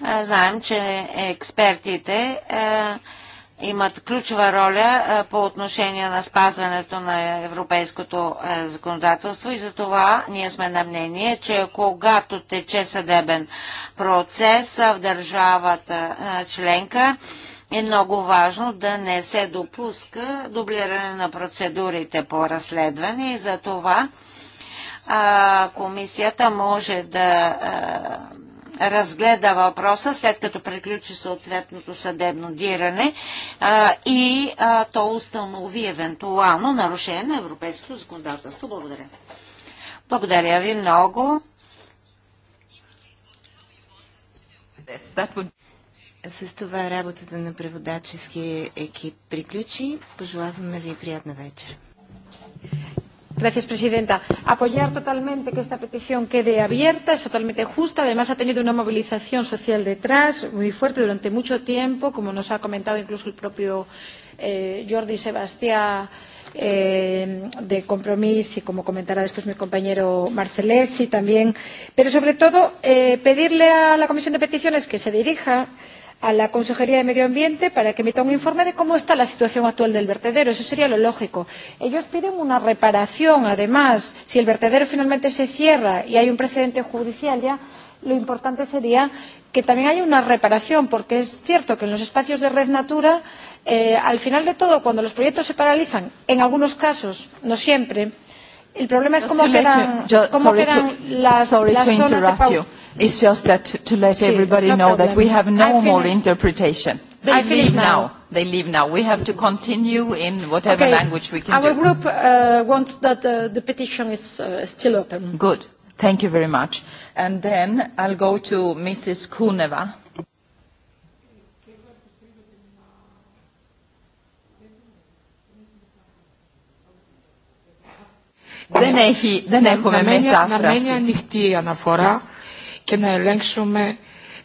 Знаем, че експертите имат ключова роля по отношение на спазването на европейското законодателство и за това ние сме на мнение, че когато тече съдебен процес в държавата членка, е много важно да не се допуска дублиране на процедурите по разследване и за това комисията може да а, разгледа въпроса, след като приключи съответното съдебно диране а, и а, то установи евентуално нарушение на европейското законодателство. Благодаря. Благодаря ви много. С това работата на преводаческия екип приключи. Пожелаваме ви приятна вечер. Señora presidenta. Apoyar totalmente que esta petición quede abierta, es totalmente justa. Además, ha tenido una movilización social detrás muy fuerte durante mucho tiempo, como nos ha comentado incluso el propio eh, Jordi Sebastián eh, de compromiso y como comentará después mi compañero Marcelesi también. Pero sobre todo, eh, pedirle a la Comisión de Peticiones que se dirija a la Consejería de Medio Ambiente para que emita un informe de cómo está la situación actual del vertedero. Eso sería lo lógico. Ellos piden una reparación, además. Si el vertedero finalmente se cierra y hay un precedente judicial ya, lo importante sería que también haya una reparación, porque es cierto que en los espacios de red natura, eh, al final de todo, cuando los proyectos se paralizan, en algunos casos, no siempre, el problema es cómo quedan, cómo quedan las, las zonas de pau. It's just that to let everybody know that we have no normal interpretation. They leave now. They leave now. We have to continue in whatever okay. language we can Our do. Our group uh, wants that uh, the petition is uh, still open. Good. Thank you very much. And then I'll go to Mrs. Kuneva. Δεν έχει, δεν έχουμε μετάφραση. Να μένει ανοιχτή η αναφορά και να ελέγξουμε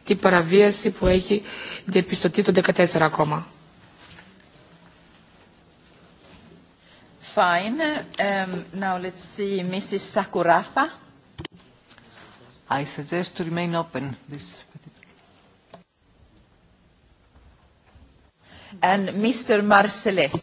την παραβίαση που έχει διαπιστωτεί το 14 ακόμα. Fine. Um, now let's see Mrs. Sakurafa. I suggest to remain open. This. And Mr. Marcellesi.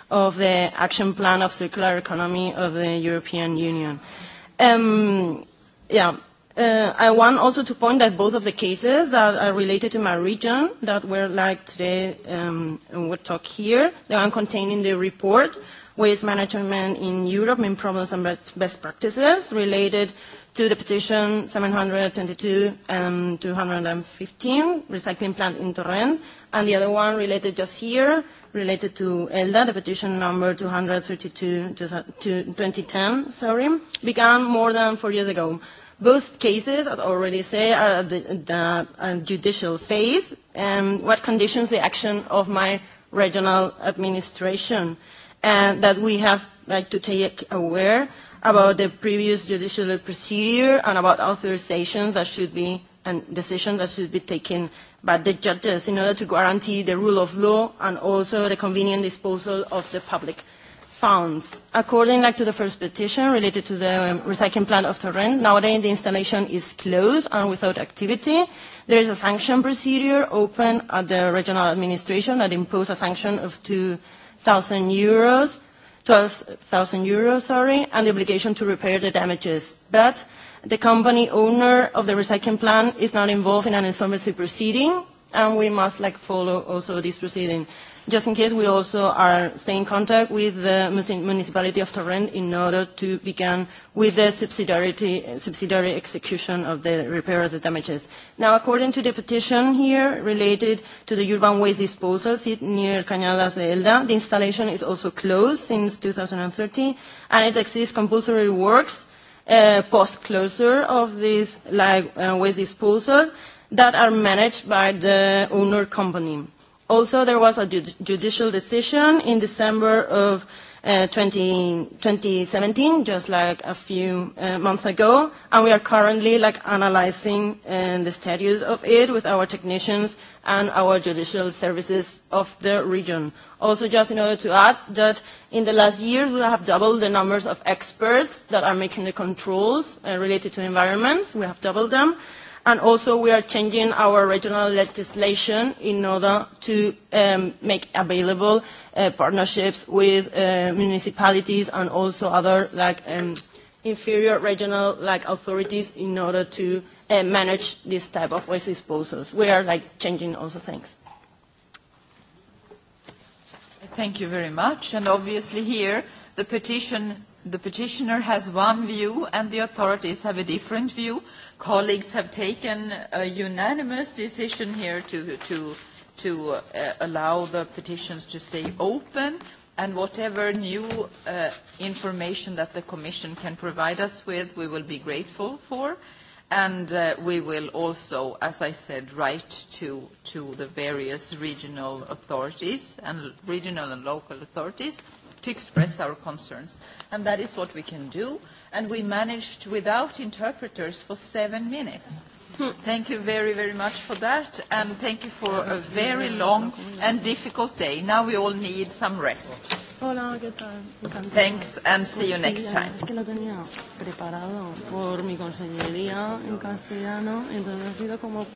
of the Action Plan of Circular Economy of the European Union. Um, yeah, uh, I want also to point that both of the cases that are related to my region that were like today um, and we'll talk here, the one contained in the report, waste management in Europe, main problems and best practices related to the petition 722 and 215, recycling plant in Torrent, and the other one related just here, related to ELDA, the petition number 232 2010, sorry, began more than four years ago. Both cases, as already say, are at the, the judicial phase. Um, what conditions the action of my regional administration uh, that we have like, to take aware about the previous judicial procedure and about authorization that should be and decisions that should be taken but the judges in order to guarantee the rule of law and also the convenient disposal of the public funds. According like, to the first petition related to the recycling plant of Torrent, nowadays the installation is closed and without activity. There is a sanction procedure open at the regional administration that imposed a sanction of 2,000 euros, 12,000 euros, sorry, and the obligation to repair the damages. But The company owner of the recycling plant is not involved in an insolvency proceeding, and we must like follow also this proceeding. Just in case, we also are staying in contact with the municipality of Torrent in order to begin with the subsidiarity, subsidiary execution of the repair of the damages. Now, according to the petition here related to the urban waste disposal near Cañadas de Elda, the installation is also closed since 2013, and it exists compulsory works post-closure of this waste disposal that are managed by the owner company. Also, there was a judicial decision in December of 2017, just like a few months ago, and we are currently, like, analyzing the status of it with our technicians and our judicial services of the region. Also, just in order to add that in the last year, we have doubled the numbers of experts that are making the controls uh, related to environments. We have doubled them. And also, we are changing our regional legislation in order to um, make available uh, partnerships with uh, municipalities and also other like um, inferior regional like authorities in order to uh, manage this type of waste disposals. We are like changing also things. Thank you very much. And obviously here, the petition the petitioner has one view and the authorities have a different view. Colleagues have taken a unanimous decision here to, to, to uh, allow the petitions to stay open and whatever new uh, information that the Commission can provide us with, we will be grateful for. And we will also, as I said, write to the various regional authorities and regional and local authorities to express our concerns. And that is what we can do. And we managed without interpreters for seven minutes. Thank you very, very much for that, and thank you for a very long and difficult day. Now we all need some rest. Thanks and see you next time. Es que lo tenía preparado por mi en castellano, entonces ha sido como